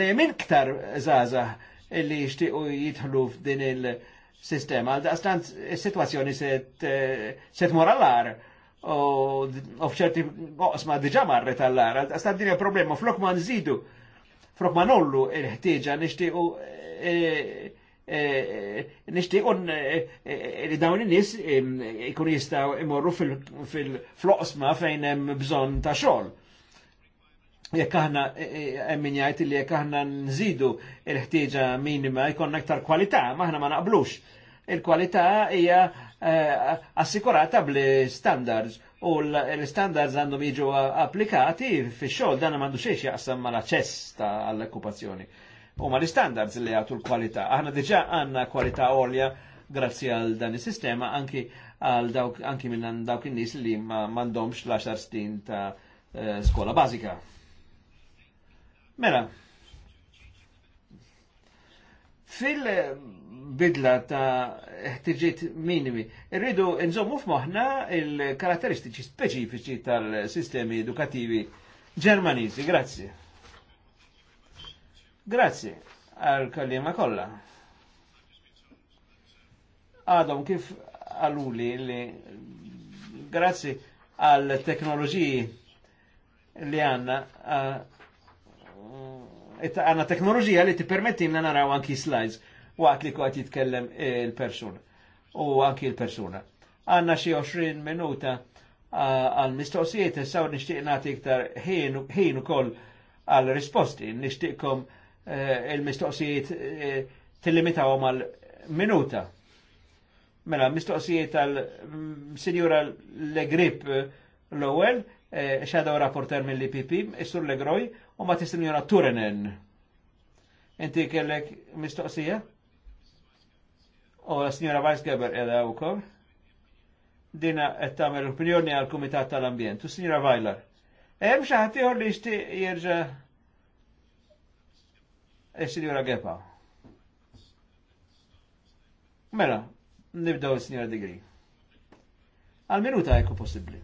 dejjem iktar żgħażagħ illi jixtiequ jidħlu f'din il-sistema. Għal daqstant is-sitwazzjoni se eh, tmur għall moralar u f'ċerti oqsma diġà marret għall-ar, għal daqstant din problema flok ma nżidu, flok ma nollu il-ħtieġa nixtiequ eh, Eh, eh, nishtiq un eh, li dawn in-nies ikun jistgħu imorru fil-floqsma fejn hemm bżonn ta' xogħol. Jekk aħna hemm min jgħid li jekk aħna nżidu l-ħtieġa minima jkollna aktar kwalità, ma aħna ma naqblux. Il-kwalità hija assikurata bl-standards u l-standards għandhom jiġu applikati fix-xogħol dan m'għandu xejn jaqsam mal-aċċess tal-okkupazzjoni u ma l-standards li għatu l-kwalità. Aħna diġa għanna kwalità olja grazzi għal dan is-sistema anki għal dawk anki minn dawk in-nies li ma l-10 snin ta' eh, skola bazika. Mela, fil-bidla ta' ħtiġiet minimi, irridu nżommu f'moħna il-karatteristiċi speċifiċi tal-sistemi edukativi ġermaniżi. Grazzi. Grazzi għal-kallima kollha. Għadhom kif għaluli li grazzi għal-teknoloġiji li għanna għanna teknoloġija li ti permetti permettinna naraw anki slides waqt li kwa jitkellem il-persuna u anki il-persuna. Għanna xie 20 minuta għal-mistoqsijiet, saw nishtiq nati iktar ħin u koll għal-risposti, nishtiqkom Eh, il-mistoqsijiet eh, tillimitaw mal minuta. Mela, mistoqsijiet tal-Sinjura mm, Legrip eh, l-ewel, xadaw rapporter mill-IPP, Istur Legroj, u ma t-Sinjura Turenen. Inti kellek mistoqsija? U Sinjura Weisgeber edha u kol. Dina qed l opinjoni għal komitat tal ambient U Sinjura Weiler. Eħem xi ħadd li jixtieq jerġa' il-Sinjora eh, Gepa. Mela, nibdaw il-Sinjora Digri. Għal-minuta ekku possibli.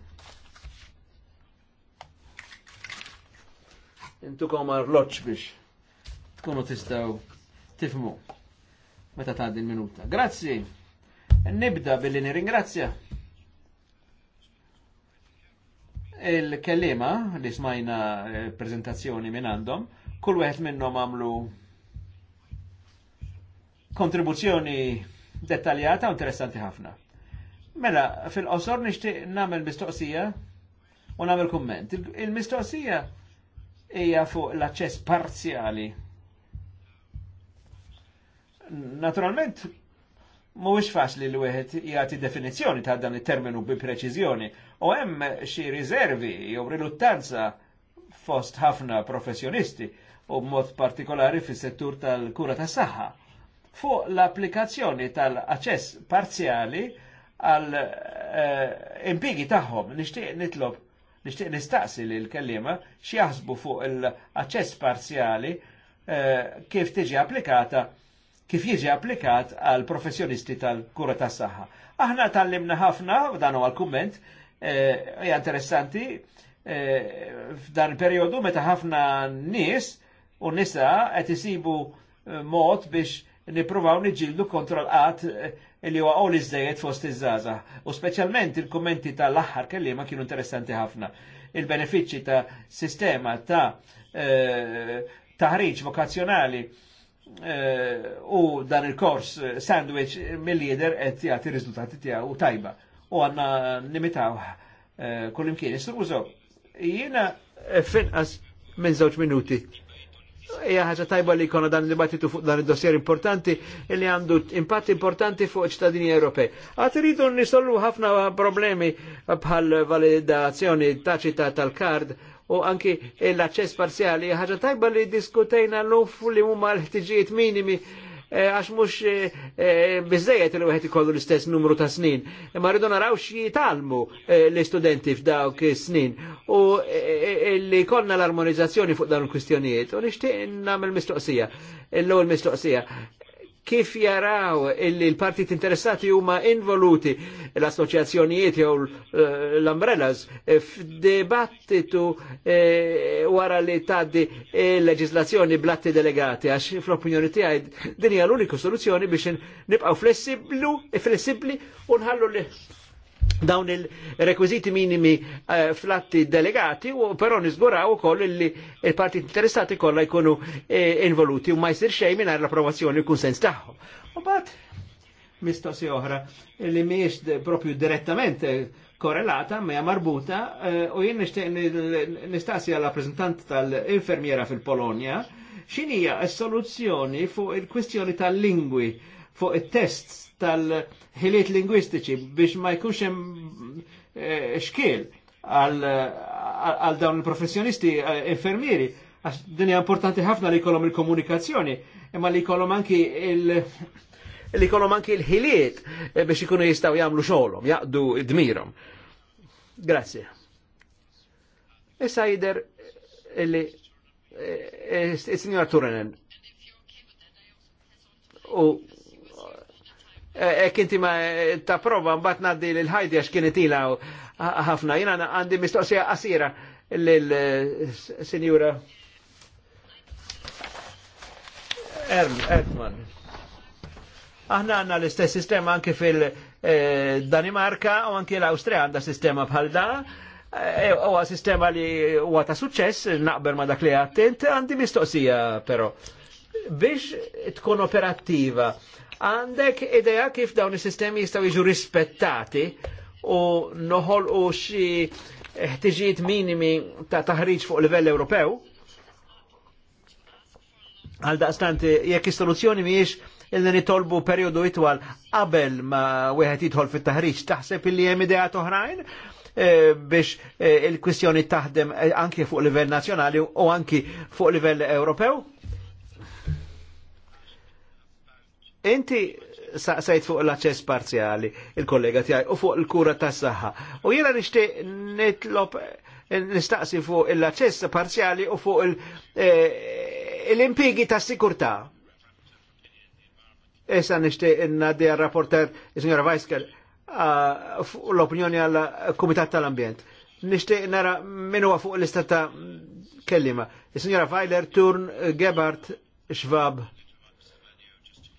Intukom għal-loċ biex tkunu tistaw tifmu meta ta' din minuta. Grazzi, nibda billi nirringrazzja il-kellima li smajna eh, prezentazzjoni minn għandhom, kull wieħed minnhom għamlu kontribuzzjoni dettaljata u interessanti ħafna. Mela, fil-qosor nishtiq nagħmel mistoqsija u nagħmel kumment. Il-mistoqsija hija fuq l-aċċess parzjali. Naturalment, mhuwiex faċli li wieħed jagħti definizzjoni ta' dan it-terminu bi preċiżjoni u hemm xi riservi jew riluttanza fost ħafna professjonisti u b'mod partikolari fis-settur tal-kura tas-saħħa fuq l-applikazzjoni tal aċess parzjali għal eh, impigi tagħhom. Nixtieq nitlob, nixtieq nistaqsi li l-kellima x'jaħsbu fuq l aċess parzjali eh, kif tiġi applikata kif jiġi applikat għal professjonisti tal-kura tas saħħa Aħna tallimna ħafna, dan u għal kumment eh, hija interessanti, f'dan il-perjodu meta ħafna nies u nisa qed isibu mod biex nipruvaw niġildu kontra l-qat eh, li huwa għol iżdejiet fost iż-żaza. U speċjalment il-kommenti tal-aħħar ma kienu interessanti ħafna. Il-benefiċċji ta' sistema ta' eh, taħriġ vokazzjonali eh, u dan il-kors sandwich mill-lider qed jagħti riżultati tiegħu tajba. U għandna nimitaw kullimkien. Jiena finqas minn żewġ minuti hija ħaġa tajba li jkollna dan dibattitu fuq dan id-dossier importanti li għandu impatt importanti fuq ċittadini Ewropej. Għat rridu nisollu ħafna problemi bħal validazzjoni taċita tal-kard u anki l acċess parzjali ħaġa tajba li diskutejna l-luf li huma l-ħtiġijiet minimi Eh, għax mux eh, eh, bizzejet li għet ikollu l-istess numru ta' snin. Ma rridu naraw talmu l-istudenti f'dawk snin u li konna l-armonizzazzjoni fuq dawn il-kwistjonijiet u nishtiq namel mistoqsija, l-ewwel mistoqsija kif jaraw illi l partit interessati huma involuti l-assoċjazzjonijiet jew eh, l-umbrellas eh, f'debattitu eh, wara li tgħaddi l-leġislazzjoni blatti delegati għax fl-opinjoni tiegħi din hija l-uniku soluzzjoni biex nibqgħu flessibbli u nħallu li dawn il-rekwiziti minimi uh, flatti delegati, u però nizguraw ukoll li il-parti interessati kollha jkunu eh, involuti u ma jsir xejn mingħajr l-approvazzjoni u kunsens tagħhom. U mbagħad mistoqsi oħra li mhijiex propju direttament korrelata ma hija marbuta uh, u jien nistaqsi għal rappreżentant tal-infermiera fil-Polonja x'inhija s-soluzzjoni fuq il-kwistjoni tal-lingwi fuq it-test tal-ħiliet lingwistiċi biex ma jkunx hemm eh, xkiel għal dawn il-professjonisti eh, infermieri. Għax din importanti ħafna li kolom il-komunikazzjoni, imma li kolom anki il- li jkollhom anki l-ħiliet eh, biex ikunu jistgħu jagħmlu xogħolhom, jaqdu dmirhom. Grazie. Issa e jider illi il-Sinjor Turenen u ek inti ma eh, ta' prova mbagħad ngħaddi lil ħajdi għax kienet ilha ħafna. Jiena għandi mistoqsija qasira lil-Sinjura eh, Erl Edman. Aħna għanna l-istess sistema anki fil-Danimarka eh, u anki l-Austria għanda sistema bħal da. Huwa sistema li huwa ta' suċċess, naqbel ma dak li għattent, għandi mistoqsija però. Biex tkun operattiva, Għandek idea kif dawn is-sistemi jistgħu jiġu rispettati u noħol u xi ħtiġijiet minimi ta' taħriġ fuq livell Ewropew? Għal daqstanti, jekk is-soluzzjoni mhijiex illi nitolbu periodu itwal qabel ma wieħed jidħol fit-taħriġ, taħseb illi hemm idea oħrajn eh, biex eh, il-kwistjoni taħdem eh, anki fuq livell nazzjonali u anki fuq livell Ewropew? Inti saqsajt fuq l-aċċess parzjali il-kollega tijaj, u fuq il-kura tas-saħħa. U jiena nishti nitlob nistaqsi fuq l-aċċess parzjali u fuq l eh, impigi ta' sikurtà Issa nixtieq innadi għal-rapporter, il-Signora Weiskel, l-opinjoni għal-Kumitat tal-Ambjent. Nishti nara minu fuq l istata ta' kellima. Il-Signora Weiler, Turn, Gebhardt, Schwab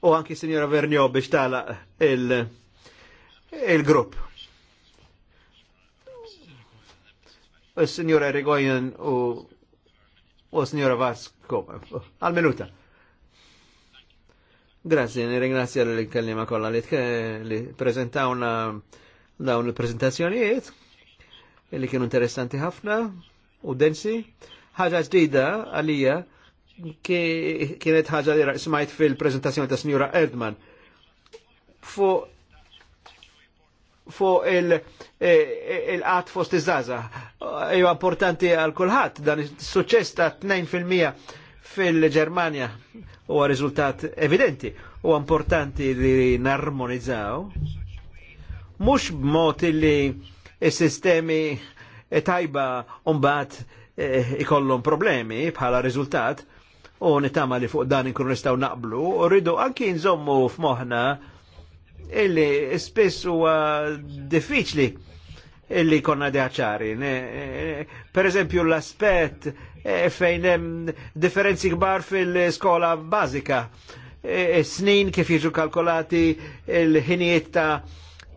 u anki Signora Vernio biex tala il-grupp. Il Signora Erigoyen u u Signora Vasco għal minuta. Grazie, ne ringrazio l-kellima kolla li, li prezentawna dawn il-prezentazzjonijiet li kienu interessanti ħafna u densi. ħaġa ġdida għalija kienet ħaġa li smajt fil-prezentazzjoni ta' Signora Erdman. Fu fu e, e, il-qat fost iż-żaza. Ejwa importanti għal kulħadd dan is-suċċess ta' 2% fil-Ġermanja huwa riżultat evidenti. u importanti li narmonizzaw. Mhux b'mod li s-sistemi e, tajba mbagħad ikollhom problemi bħala riżultat, u nitama li fuq dan inkun nistaw naqblu u rridu anki nżommu f'moħna illi spess huwa diffiċli illi konna deħċari. Eh, per eżempju l-aspet eh, fejn hemm differenzi kbar fil-skola bażika. Eh, Snin kif jiġu kalkolati il-ħinijiet ta'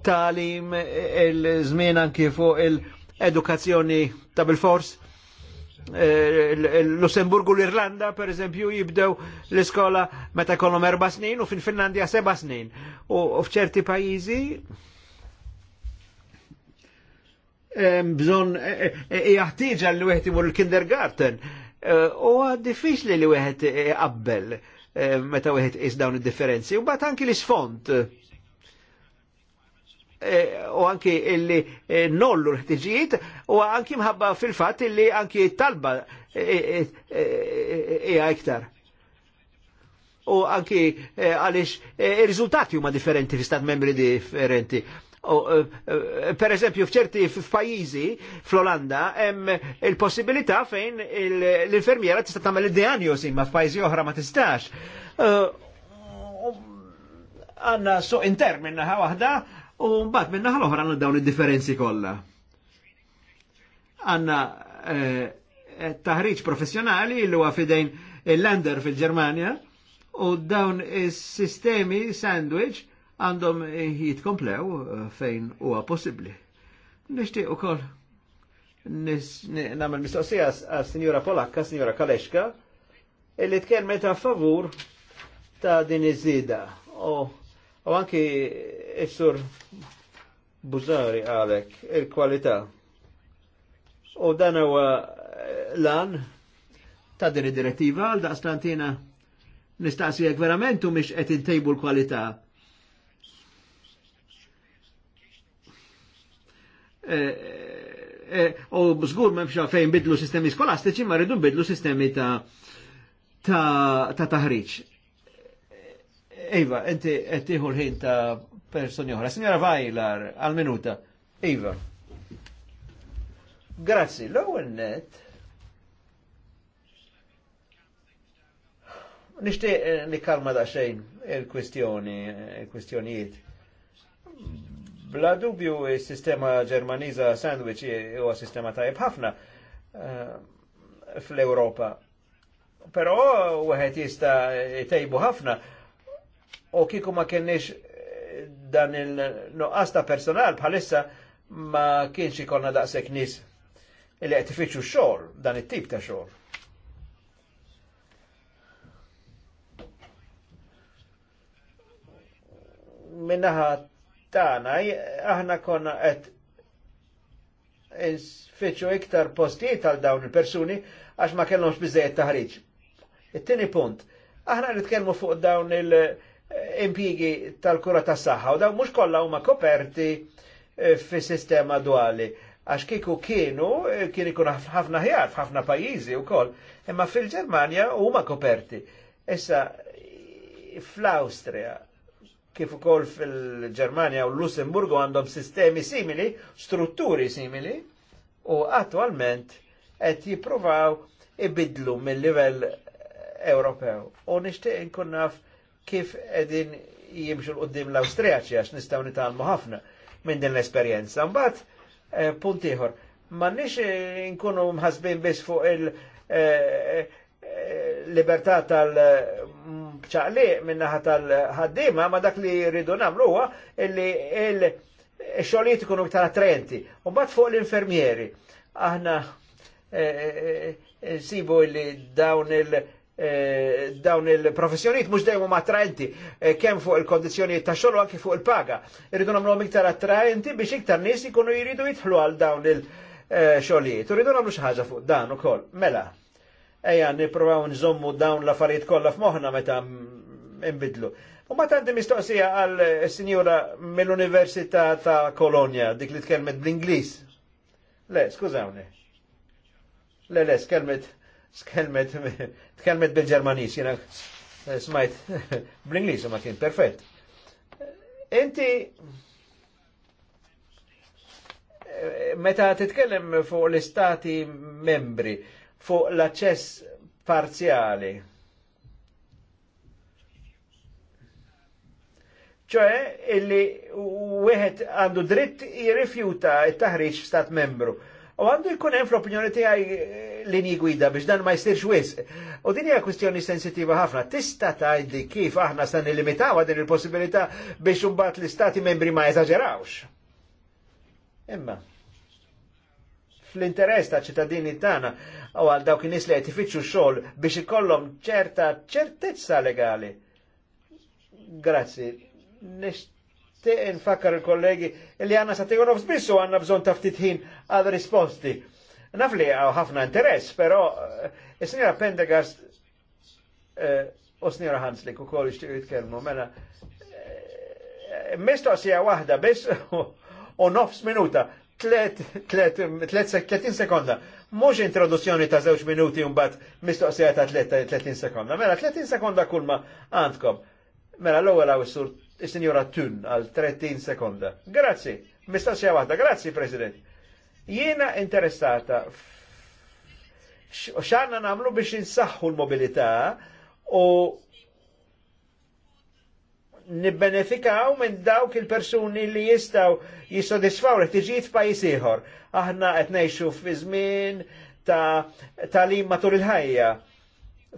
talim, il-żmien anki fuq il-edukazzjoni ta' bil-fors l-Lussemburgu eh, l-Irlanda, per eżempju, jibdew l-iskola meta kolom erba snin u fin-Finlandja seba snin. U fċerti pajizi bżon eh, eh, jaħtieġa li wieħed imur l-kindergarten. U diffiċli li wieħed qabbel meta wieħed qis dawn id-differenzi. U bat anki l-isfont. Eh, u anki illi eh, nollu l-ħtiġijiet u anki mħabba fil-fat illi anki talba ija eh, iktar. U anki għalix il rizultati huma differenti fi stat membri differenti. Per eżempju, fċerti f'pajjiżi fl-Olanda hemm il-possibilità fejn l-infermiera tista' tagħmel id-dijanjosi ma f'pajjiżi oħra ma tistax għanna so intern minna ħa wahda U mbagħad minn naħa l oħra għandna dawn id-differenzi kollha. Għandna eh, taħriġ professjonali li huwa fidejn il lender fil-Ġermanja u dawn is-sistemi sandwich għandhom jitkomplew eh, fejn huwa possibbli. Nixtieq ukoll nagħmel mistoqsija għas-Sinjura Polakka, Sinjura Kaleshka, illi tkellmet a favur ta' din iż-żieda. U U anki s-sur Buzari għalek il-kwalità. U dan huwa eh, lan ta' din id-direttiva għal daqstantina nistaqsijek verament u miex qed intejbu l-kwalità. Eh, eh, u żgur ma fxa fejn bidlu sistemi skolastiċi ma rridu bidlu sistemi ta' ta' taħriġ. Eva, enti qed l-ħin ta' persuni oħra. Signora Vajlar, għal-minuta. Eva. Grazzi, l-ewwel net. li eh, kalma da' xejn il-kwistjoni, il-kwistjonijiet. Eh, Bla dubju il sistema ġermaniza sandwich huwa sistema tajb ħafna uh, fl-Ewropa. Però wieħed jista' jtejbu ħafna u kiku ma kienix eh, dan il-noqqas ta' personal bħalissa ma kienx ikolna daqshekk nies li qed ifittxu xogħol dan it-tip ta' xogħol. Minnaħa tagħna aħna konna qed fiċu iktar postijiet għal dawn il-persuni għax ma kellhomx biżejjed taħriġ. It-tieni punt, aħna nitkellmu fuq dawn il- impjigi tal-kura tas saħħa u da mhux kollha huma koperti eh, fis-sistema duali għax kiku kienu eh, kien ikun ħafna ħjar f'ħafna pajjiżi wkoll, imma fil-Ġermanja huma koperti. Issa fl-Awstrija kif ukoll fil-Ġermanja u l-Lussemburgu għandhom sistemi simili, strutturi simili, u attualment qed jippruvaw ibidlu mill-livell Ewropew. U nixtieq inkun naf kif edin jimxu l-qoddim l-Austriaċi għax nistaw nitalmu ħafna minn din l-esperienza. Mbagħad eh, puntiħor, ieħor, nix eh, nkunu mħasbin biss fuq il-libertà eh, tal-ċaqli minnaħa tal ħaddima ma dak li rridu namlu huwa illi il xoliet ikunu ktar trenti. U mbagħad fuq l-infermieri. Aħna sibu illi dawn il- Eh, dawn il-professjoniet mux dejmu attraenti e, kemm fuq il-kondizjoni ta' xogħol anke fuq il-paga. Irridu nagħmlu iktar attraenti biex iktar nies ikunu jridu jidħlu għal dawn il-xogħlijiet. Eh, Irridu nagħmlu xi ħaġa fuq dan ukoll. Mela, ejja nippruvaw nżommu dawn l-affarijiet kollha f'moħħna meta nbidlu. U ma tanti mistoqsija għal sinjura mill-Università ta' Kolonja, dik li tkellmet bl-Ingliż. Le, skużawni. Le, le, skelmet Tkelmet, tkelmet bil-Ġermanis, jena smajt bl-Inglis, ma kien perfett. Inti, meta titkellem fuq l-istati membri, fuq l acċess parziali, ċoħe illi u għandu dritt jirrifjuta it-taħriġ stat membru U għandu jkun hemm fl-opinjoni tiegħi eh, linji gwida biex dan ma jsirx wis. U din hija kwistjoni sensitiva ħafna. Tista' tgħidli kif aħna se nillimitaw din il-possibilità biex imbagħad l-istati membri ma jeżaġerawx. Imma fl-interess ta' ċittadini tagħna u għal dawk in-nies li qed ifittxu xogħol biex ikollhom ċerta ċertezza legali. Grazzi. Nix nishtiq nfakkar il-kollegi li għanna sa' tiegħu spissu għanna bżon ta' għal risposti. Naf li għaw ħafna interess, pero eh, e s snira Pendegast u eh, snira Hans li koll ixtiqu jitkelmu, mela eh, mistoqsija Wahda bis u nofs minuta, 30 sekonda. Mux introduzzjoni ta' zewġ minuti bat mistoqsija ta' 30 sekonda. Mela, 30 sekonda kulma għandkom. Mela, l għu il-Sinjora Tun għal 30 sekonda. Grazzi, mistaxja waħda, grazzi President. Jiena interessata xanna namlu biex insaħħu l-mobilità u nibbenefikaw minn dawk il-persuni li jistaw jissodisfaw l-ħtiġijiet f'pajjiż ieħor. Aħna qed ngħixu fi żmien ta' talim matul il-ħajja.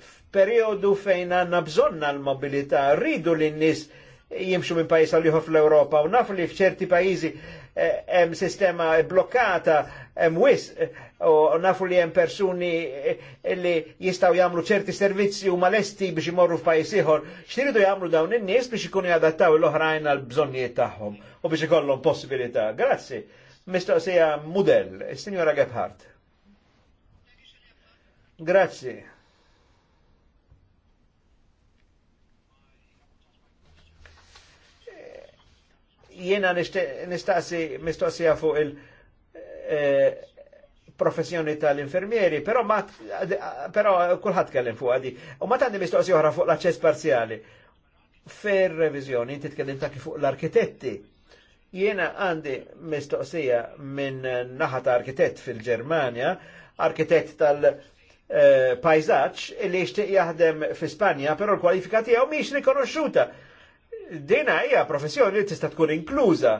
F'perjodu fejn għandna bżonna l-mobilità, rridu lin-nies jimxu minn pajis għal juħu fl europa u naf li f'ċerti pajizi eh, hemm sistema blokkata hemm wis eh, u nafu li hemm persuni eh, li jistaw jamlu ċerti servizzi u malesti biex imorru f'pajis ieħor, xtiridu jagħmlu dawn in-nies biex ikunu jadattaw l-oħrajn għal bżonnijiet tagħhom u biex ikollhom possibilità. Grazzi. Mistoqsija mudell, is-Sinjora Gebhardt. Grazzi. Jiena nistaqsi mistoqsija fuq il- e, professjoni tal-infermieri, però ma però kulħadd kellem fuq għadi. U ma tandi mistoqsi oħra fuq l-aċċess parzjali. Fer revizjoni inti tkellim taki fuq l-arkitetti. Jiena għandi mistoqsija minn naħa ta' arkitett fil-Ġermanja, arkitett tal- e, pajzaċ li jixtieq jaħdem fi Spanja, però l-kwalifika tiegħu mhix rikonoxxuta dina hija professjoni li tista' tkun inkluża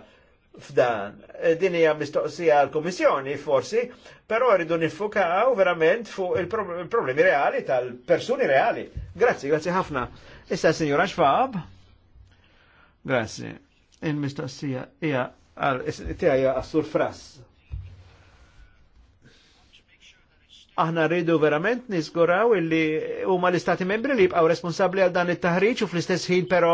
f'dan. Din hija mistoqsija għal komissjoni forsi, però rridu nifukaw verament fuq il-problemi reali tal-persuni reali. Grazzi, grazzi ħafna. Issa signora Schwab. Grazzi. Il-mistoqsija hija għal tiegħi għas-sur Frass. aħna rridu verament nisguraw illi huma l-istati membri li jibqgħu responsabbli għal dan it-taħriġ u fl-istess ħin però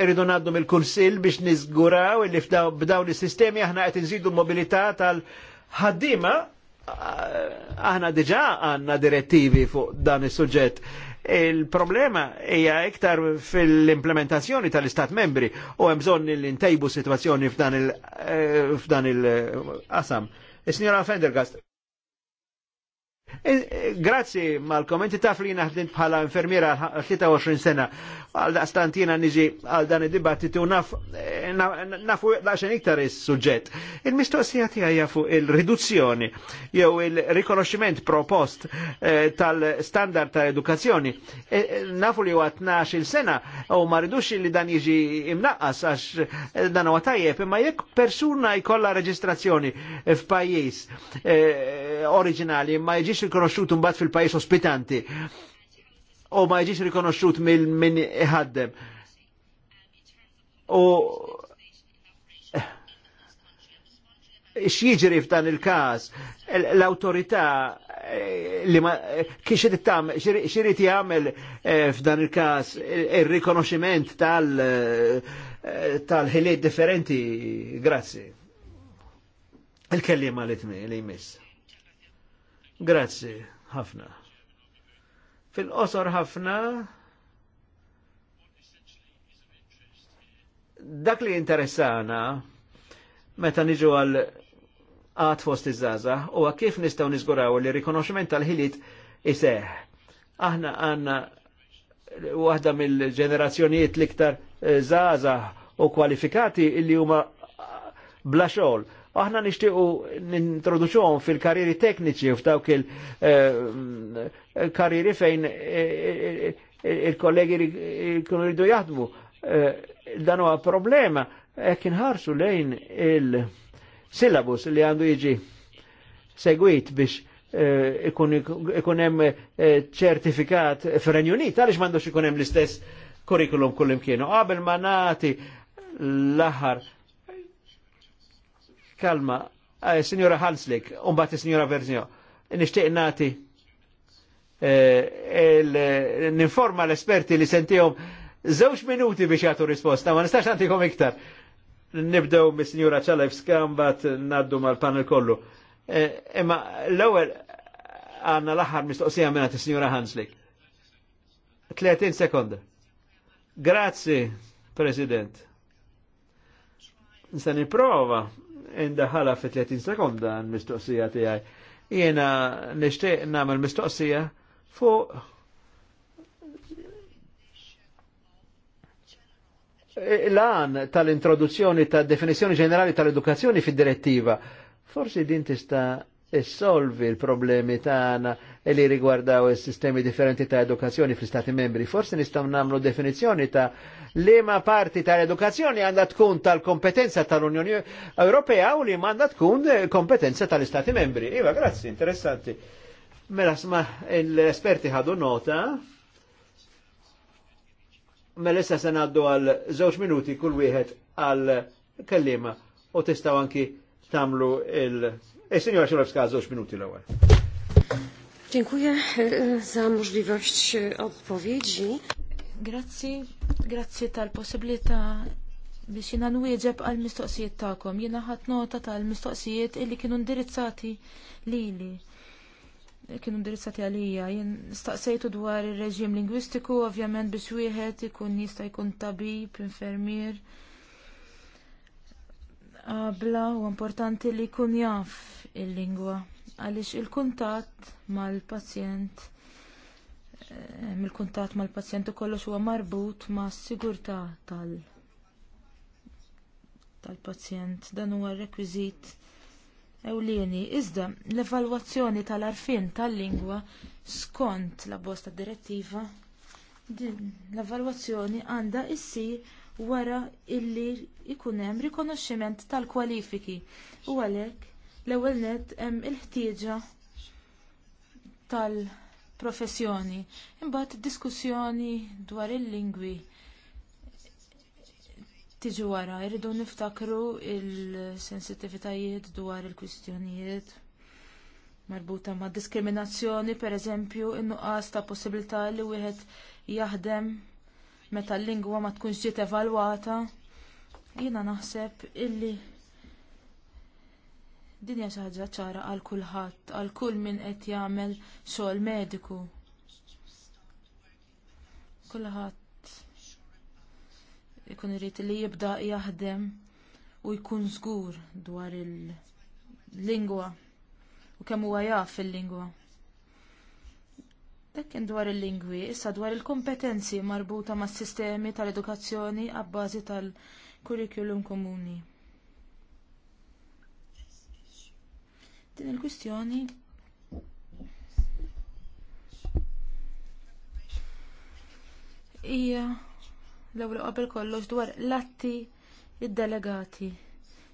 irridu naddu mill-kunsil biex nizguraw li b'dawn is-sistemi aħna qed inżidu mobilità tal ħaddima aħna diġà għandna direttivi fuq dan is-suġġett. Il-problema hija iktar fil-implementazzjoni tal-Istat membri u hemm bżonn li ntejbu sitwazzjoni eh, f'dan il-qasam. Is-Sinjora Fendergast, Eh, eh, grazzi Malcolm, inti taf li naħdint bħala infermiera 23 sena, għal daqstantina niġi għal dan id-dibattitu naf, eh, nafu daċen iktar il-sujġet. Il-mistoqsija tiegħi fuq il-riduzzjoni jew il-rikonoxximent propost tal-standard ta' edukazzjoni. Nafu li huwa il sena u ma ridux li dan jiġi imnaqqas għax dan huwa tajjeb, imma jek persuna jkolla reġistrazzjoni f'pajis oriġinali ma jiġix jiġix rikonoxxut mbagħad fil-pajjiż ospitanti u ma jiġix rikonoxxut mill min iħaddem. U x'jiġri f'dan il-każ l-awtorità eh, li ma kiex irid tagħmel x'irid jagħmel eh, f'dan il-każ ir-rikonoxximent tal eh, tal-ħiliet differenti, grazzi. Il-kellima li tmi li jmiss. Grazzi, ħafna. Fil-qosor ħafna, dak li interessana, meta niġu għal għat fost iż-żaza, u kif nistaw nizguraw li rikonoxment tal-ħiliet iseħ. Aħna għanna waħda mill-ġenerazzjonijiet liktar zaza eh, u kwalifikati illi huma bla xogħol aħna nixtiequ nintroduċuhom fil-karriri tekniċi u f'dawk il-karriri eh, fejn eh, eh, il-kollegi jkunu jridu jaħdmu. Dan huwa problema hekk inħarsu lejn il-syllabus li għandu jiġi segwit biex ikun hemm ċertifikat fir-Renju Unit, għaliex m'għandux ikun hemm l-istess kurrikulum kullim kienu. Qabel ma nagħti l-aħħar Kalma, eh, signora Halslik, unbat signora Verzio, nishtiq nati eh, ninforma l-esperti li sentijom zewx minuti biex jgħatu risposta, ma nistax għantikom iktar. Nibdew mis signora Ċalevska, mbat naddu mal-panel kollu. Eh, imma l-ewel għanna l-axar mistoqsija minna t-signora Hanslik. 30 sekonda. Grazie, President. Nista' niprova indaħala fi 30 sekonda l-mistoqsija tiegħi. Jiena nixtieq nagħmel mistoqsija fuq l-għan tal-introduzzjoni tad definizjoni ġenerali tal-edukazzjoni fid-direttiva. Forsi din tista' issolvi il problemi tagħna li rigwardaw is-sistemi differenti ta' edukazzjoni fl-Stati membri. Forsi nistgħu nagħmlu definizzjoni ta' liema parti tal-edukazzjoni għandha tkun tal-kompetenza tal-Unjoni Ewropea u li għandha tkun kompetenza tal-Istati membri. Iva, grazzi, interessanti. Mela sma l-esperti ħadu nota. Mela issa se ngħaddu għal żewġ minuti kull wieħed għal kellima u tistgħu anki tamlu il- E signora Xolowska, żewġ minuti l-ewwel. Dziękuję e, za możliwość e, odpowiedzi. Grazzi, grazie tal-possibilità biex jina nwieġeb għal mistoqsijiet ta'kom. Jina ħat nota tal-mistoqsijiet illi kienu ndirizzati lili. Kienu ndirizzati għalija. Jien staqsejtu dwar il-reġim lingwistiku, ovvjament biex wieħed ikun jista' jkun tabib, infermier. Abla u importanti li jkun jaf il-lingwa għaliex il-kuntatt mal-pazjent mill-kuntatt eh, mal-pazjent u kollox huwa marbut ma' sigurtà tal- tal-pazjent dan huwa rekwiżit ewlieni. Iżda l-evalwazzjoni tal-arfin tal-lingwa skont la bosta direttiva din l-evalwazzjoni għandha issi wara illi ikun hemm rikonoxximent tal-kwalifiki u għalhekk L-ewwel nett hemm il-ħtieġa tal-professjoni. Imbagħad diskussjoni dwar il-lingwi tiġi wara, jridu niftakru il-sensitivitajiet dwar il-kwistjonijiet marbuta ma' diskriminazzjoni, pereżempju in innuqqas ta' possibilità li wieħed jaħdem meta l-lingwa ma tkunx ġiet evalwata. Jiena naħseb illi Din hija xi ħaġa ċara għal kulħadd, għal kull min qed jagħmel xogħol mediku. Kulħadd ikun irid li jibda jaħdem u jkun żgur dwar il-lingwa u kemm huwa jaf il-lingwa. Dak kien dwar il-lingwi, issa dwar il-kompetenzi marbuta mas sistemi tal-edukazzjoni għabbażi tal-kurrikulum komuni. Din il-kwistjoni hija l-ewwel qabel kollox dwar l-atti id-delegati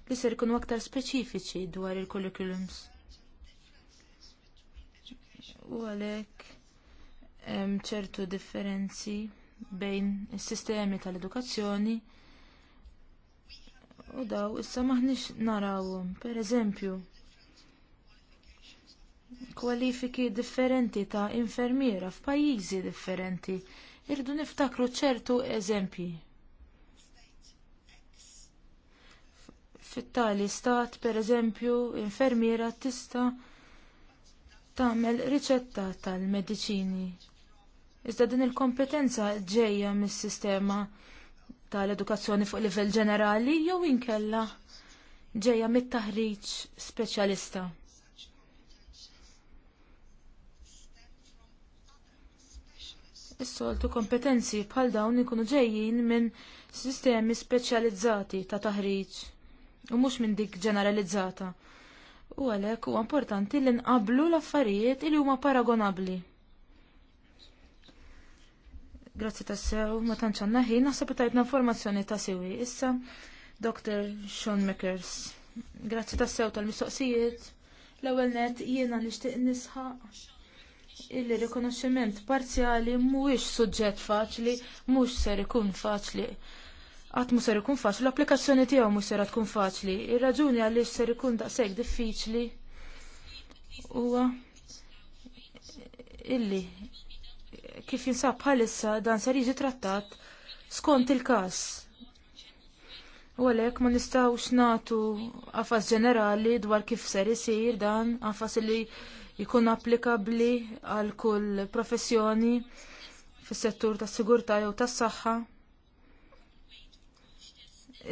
li ser ikunu aktar speċifiċi dwar il-curriculums. U għalhekk hemm ċertu differenzi bejn is-sistemi tal-edukazzjoni u daw issa maħniex narawhom, pereżempju kwalifiki differenti ta' infermiera f'pajjiżi differenti. Irdu niftakru ċertu eżempji. Fit-tali stat, pereżempju, infermiera tista' tagħmel riċetta tal mediċini Iżda din il-kompetenza ġejja mis-sistema tal-edukazzjoni fuq livell ġenerali jew inkella ġejja mit-taħriġ speċjalista. Is-soltu kompetenzi bħal dawn ikunu ġejjin minn sistemi speċjalizzati ta' taħriġ u mhux minn dik ġeneralizzata. U għalhekk huwa importanti li nqablu l-affarijiet li huma paragonabbli. Grazzi tassew, ma tantx għandna ħin naħseb tajtna informazzjoni ta' siwi. Issa, Dr. Sean Makers. Grazzi tassew tal-mistoqsijiet. L-ewwel net jiena nixtieq nisħaq il-rikonoxximent parzjali mhuwiex suġġett faċli, mhux ser ikun faċli. Qatt mhux ser ikun faċli, l-applikazzjoni tiegħu mhux ser tkun faċli. Ir-raġuni għaliex ser ikun daqshekk diffiċli huwa illi kif jinsab bħalissa dan ser jiġi trattat skont il-każ U għalek ma nistawx natu għafas ġenerali dwar kif ser isir dan, għafas li jkun applikabli għal kull professjoni fis settur tas sigurta jew tas saħħa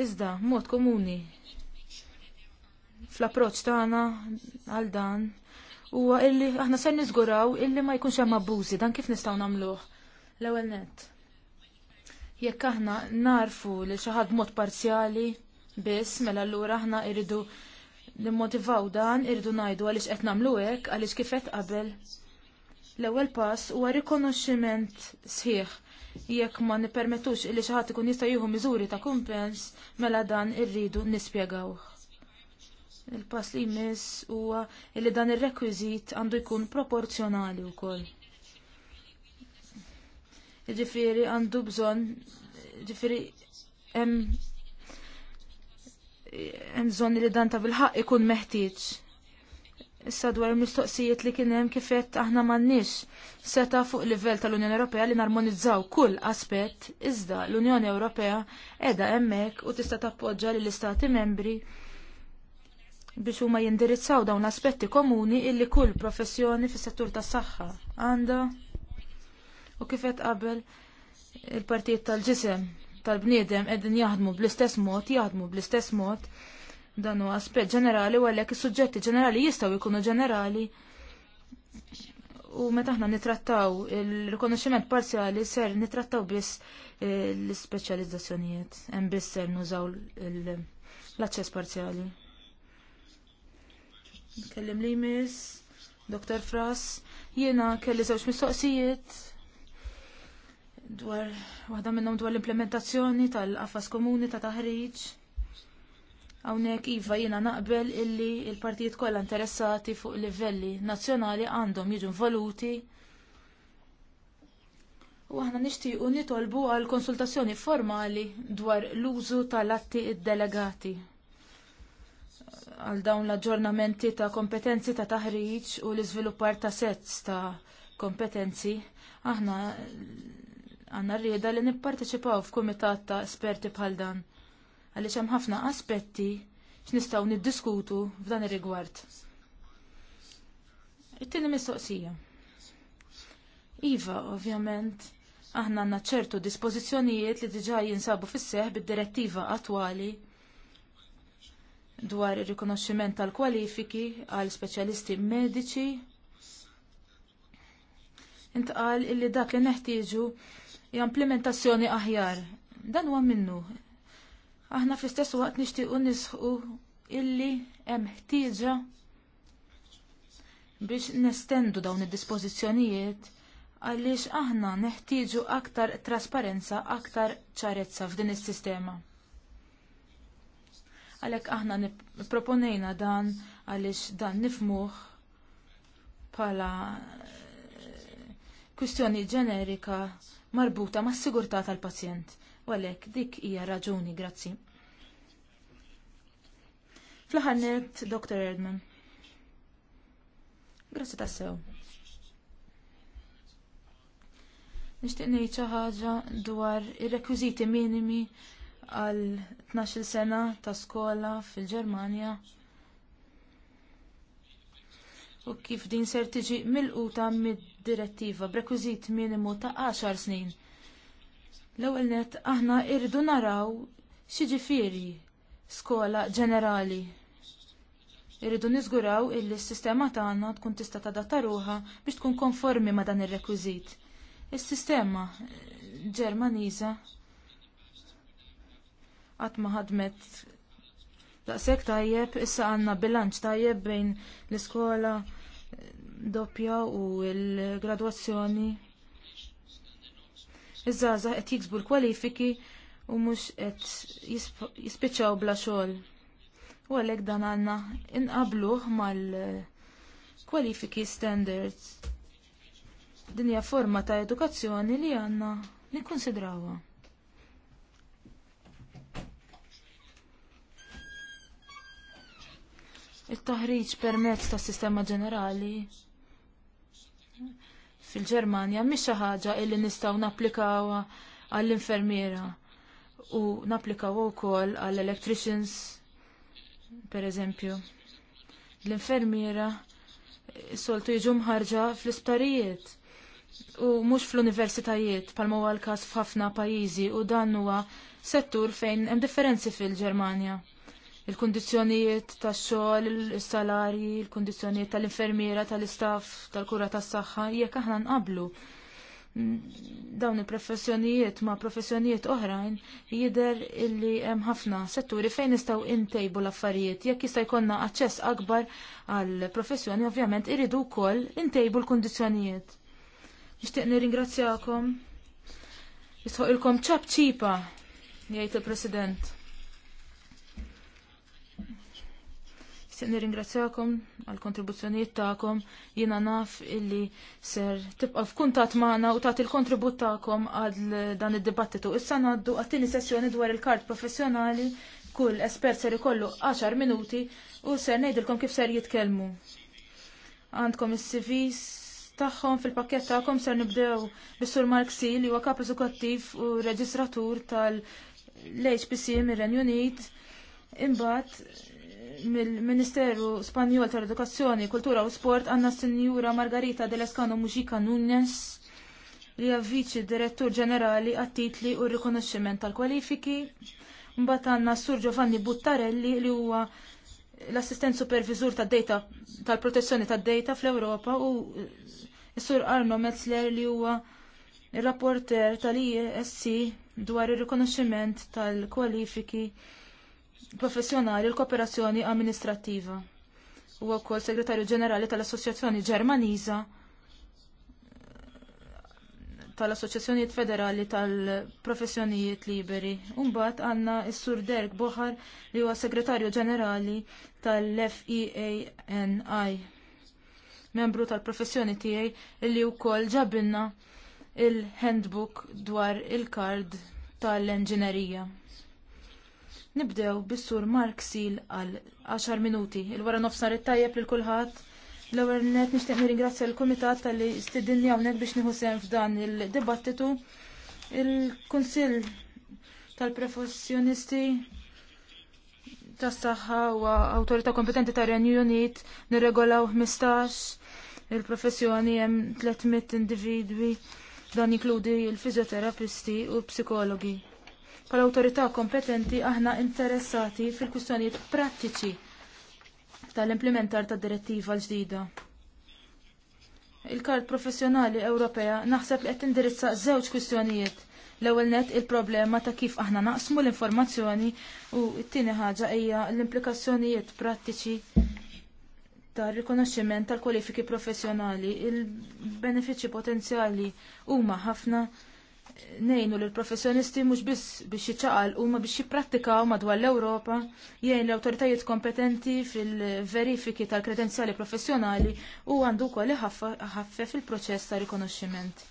Iżda, mod komuni. Fl-approċ tagħna għal dan huwa illi aħna ser niżguraw illi ma jkunx hemm abbużi dan kif nistgħu nagħmluh. L-ewwel nett. Jekk aħna narfu li xi ħadd mod parzjali biss, mela allura aħna irridu nimmotivaw dan, irridu ngħidu għaliex qed nagħmlu hekk għaliex kif qed qabel. L-ewwel pass huwa rikonoxximent sħiħ jekk ma nippermettux li xi ħadd ikun jista' jieħu miżuri ta' kumpens, mela dan irridu nispjegawh. Il-pass li jmiss huwa li dan ir-rekwiżit għandu jkun proporzjonali wkoll. Ġifieri għandu bżonn ġifieri hemm bżonn li dan ta' bil-ħaq ikun meħtieġ. Issa dwar il-mistoqsijiet li kien hemm kifet aħna m'għandniex seta fuq livell tal-Unjoni Ewropea li narmonizzaw kull aspett iżda l-Unjoni Ewropea qiegħda hemmhekk u tista' tappoġġa lill istati membri biex huma jindirizzaw dawn l-aspetti komuni illi kull professjoni fis-settur tas-saħħa għandha U kif qed qabel il-partijiet tal-ġisem tal-bniedem qegħdin jaħdmu bl-istess mod, jaħdmu bl-istess mod dan huwa aspett ġenerali u għalhekk is-suġġetti ġenerali jistgħu jkunu ġenerali u meta aħna nitrattaw il-rikonoxximent parzjali ser nitrattaw biss eh, l-ispeċjalizzazzjonijiet hemm biss ser nużaw l-aċċess parzjali. Kellim li miss, Dr. Fras, jiena kelli żewġ mistoqsijiet dwar waħda minnhom dwar l-implementazzjoni tal-qafas komuni ta' taħriġ. Hawnhekk iva jiena naqbel illi l-partijiet kollha interessati fuq livelli nazzjonali għandhom jiġu involuti. U aħna nixtiequ nitolbu għal konsultazzjoni formali dwar l-użu tal-atti id-delegati għal dawn l-aġġornamenti ta' kompetenzi ta' taħriġ u l-iżviluppar ta' sets ta' kompetenzi. Aħna għanna rrieda li nipparteċipaw f'kumitat ta' esperti bħal dan. Għaliex hemm ħafna aspetti x'nistgħu niddiskutu f'dan ir-rigward. It-tieni mistoqsija. Iva, ovvjament, aħna għandna ċertu dispożizzjonijiet li diġà jinsabu fis-seħ bid-direttiva attwali dwar ir-rikonoxximent tal-kwalifiki għal speċjalisti mediċi intqal illi dak li neħtieġu hija implementazzjoni aħjar. Dan huwa minnu. Aħna fl-istess waqt nixtiequ nisħu illi hemm ħtieġa biex nestendu dawn id-dispożizzjonijiet għaliex aħna neħtieġu aktar trasparenza, aktar ċarezza f'din is-sistema. Għalhekk aħna nipproponejna dan għaliex dan nifmuħ bħala eh, kwistjoni ġenerika marbuta mas sigurtà tal-pazjent. u għalhekk dik hija raġuni, grazzi. fl Dr. Erdman. Grazzi tassew. Nixtieq ngħid xi ħaġa dwar ir-rekwiżiti minimi għal 12 sena ta' skola fil-Ġermanja u kif din ser tiġi mill-quta mid direttiva b'rekwiżit minimu ta' 10 snin. L-ewwel net aħna irridu naraw ġifieri skola ġenerali. Irridu niżguraw illi s-sistema tagħna tkun tista' tadatta ruha biex tkun konformi ma' dan ir-rekwiżit. Is-sistema eh, Ġermaniża qatt ma ħadmet daqshekk tajjeb issa għandna bilanċ tajjeb bejn l-iskola doppja u l-gradwazzjoni. Iż-żaza qed jiksbu l-kwalifiki u mhux qed jispiċċaw bla xogħol. U għalhekk dan għandna inqabluh mal-kwalifiki standards. Din hija forma ta' edukazzjoni li għandna nikkonsidrawha. it taħriġ permezz tas sistema ġenerali fil-Ġermanja mhix xi ħaġa li nistgħu napplikawha għall-infermiera u napplikaw ukoll għall-electricians pereżempju. L-infermiera soltu jiġu mħarġa fl-isptarijiet u mhux fl-universitajiet palma huwa l-każ f'ħafna pajjiżi u dan huwa settur fejn hemm differenzi fil-Ġermanja il-kondizjonijiet tax-xogħol, il-salarji, il-kondizjonijiet tal-infermiera, tal-istaff, tal-kura tas-saħħa, jekk aħna nqablu mm, dawn il-professjonijiet ma' professjonijiet oħrajn jider illi hemm ħafna setturi fejn nistgħu intejbu l-affarijiet jekk jista' jkollna aċċess akbar għal professjoni ovvjament iridu wkoll intejbu l-kundizzjonijiet. Nixtieq nirringrazzjakom. Jisħoq ilkom ċab ċipa, jgħid il-President. Nixtieq nirringrazzjakom għal kontribuzzjonijiet tagħkom. Jiena naf illi ser tibqa' f'kuntat magħna u tagħti l-kontribut tagħkom għal dan id-dibattitu. Issa ngħaddu għat-tieni sessjoni dwar il-kart professjonali kull espert ser ikollu 10 minuti u ser ngħidilkom kif ser jitkellmu. Għandkom is-CVs tagħhom fil-pakket tagħkom ser nibdew bis-Sur Mark Seal li huwa kap eżekuttiv u reġistratur tal-HPC mir-Renju Unit. Imbagħad mill-Ministeru Spanjol tal-Edukazzjoni, Kultura u Sport għanna Sinjura Margarita Delescano Mujica Nunes li għavviċi direttur ġenerali għat-titli u rikonoxximent tal-kwalifiki. Mbagħad għandna Sur Giovanni Buttarelli li huwa l-assistent supervisur tad data tal-protezzjoni tad data fl-Ewropa u Sur Arno Metzler li huwa il-rapporter tal-ISC dwar ir-rikonoxximent tal-kwalifiki tal kwalifiki professjonali l-kooperazzjoni amministrattiva. Huwa wkoll segretarju ġenerali tal-Assoċjazzjoni Ġermaniża tal-Assoċjazzjonijiet Federali tal-Professjonijiet Liberi. Umbat għanna s-Sur Derk Bohar li huwa segretarju ġenerali tal-FEANI, membru tal-professjoni tiegħi li wkoll ġabilna il-handbook dwar il-kard tal-enġinerija. Nibdew bis-sur Mark Sil għal 10 minuti. Il-wara nofsar it-tajjeb lil kulħadd. L-ewwel net nixtieq nirringrazzja l-Kumitat tal-li stidinni hawnhekk biex nieħu sehem f'dan il-dibattitu. Il-Kunsill tal-Professjonisti tas-saħħa u awtorità kompetenti tar-Renju Unit nirregolaw 15 il-professjoni hemm 300 individwi dan jinkludi l fizioterapisti u psikologi bħal autorità kompetenti aħna interessati fil-kwistjonijiet prattiċi tal-implementar tad direttiva l-ġdida. Il-kart professjonali Ewropea naħseb li qed indirizza żewġ kwistjonijiet. L-ewwel net il-problema ta' kif aħna naqsmu l-informazzjoni u t-tieni ħaġa hija l-implikazzjonijiet prattiċi tar rikonoxximent tal-kwalifiki professjonali. Il-benefiċċji potenzjali huma ħafna nejnu l professjonisti mhux biss biex u huma biex jipprattikaw madwar l-Ewropa jgħin l-awtoritajiet kompetenti fil-verifiki tal-kredenzjali professjonali u għandu wkoll ħaffe fil proċess ta' rikonoxximent.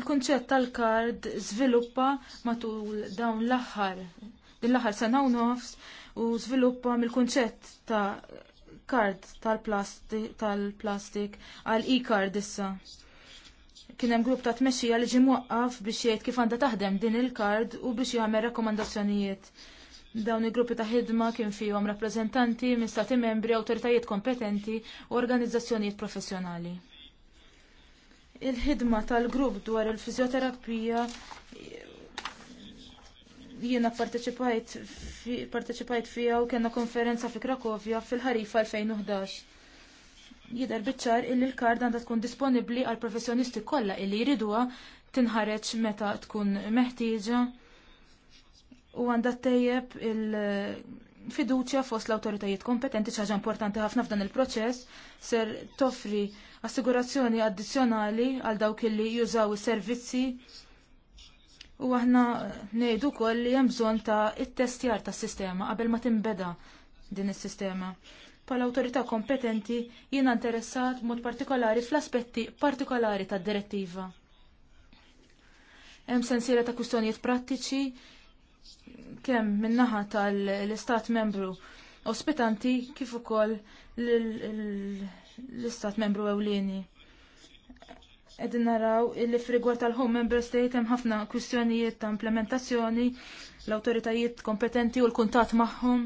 Il-kunċett tal-kard żviluppa matul dawn l-aħħar din l-aħħar sena u nofs u żviluppa mill-kunċett ta' kard tal-plastik għal e-card issa kien hemm grupp ta' tmexxija li ġie mwaqqaf biex jgħid kif għandha taħdem din il-kard u biex jagħmel rakkomandazzjonijiet. Dawn il-gruppi ta' ħidma kien fihom rappreżentanti minn stati membri, awtoritajiet kompetenti u organizzazzjonijiet professjonali. Il-ħidma tal-grupp dwar il-fizjoterapija jiena parteċipajt fija u kena konferenza fi Krakovja fil-ħarifa 2011 jidher biċ-ċar illi l-kard għandha tkun disponibbli għal professjonisti kollha illi jriduha tinħareċ meta tkun meħtieġa u għandha tejjeb il-fiduċja fost l-awtoritajiet kompetenti ċaġa importanti ħafna f'dan il-proċess ser toffri assigurazzjoni addizzjonali għal dawk illi jużaw is-servizzi u aħna ngħidu wkoll li hemm bżonn ta' it-testjar tas-sistema qabel ma tinbeda din is-sistema pal autorità kompetenti jiena interessat mod partikolari fl-aspetti partikolari tad direttiva. Hemm sensiela ta' kwistjonijiet prattiċi kemm min-naħa tal-istat membru ospitanti kif ukoll l-istat membru ewlieni. Qegħdin naraw illi f'rigward tal-home member state hemm ħafna kwistjonijiet ta' implementazzjoni, l awtoritajiet kompetenti u l kuntat magħhom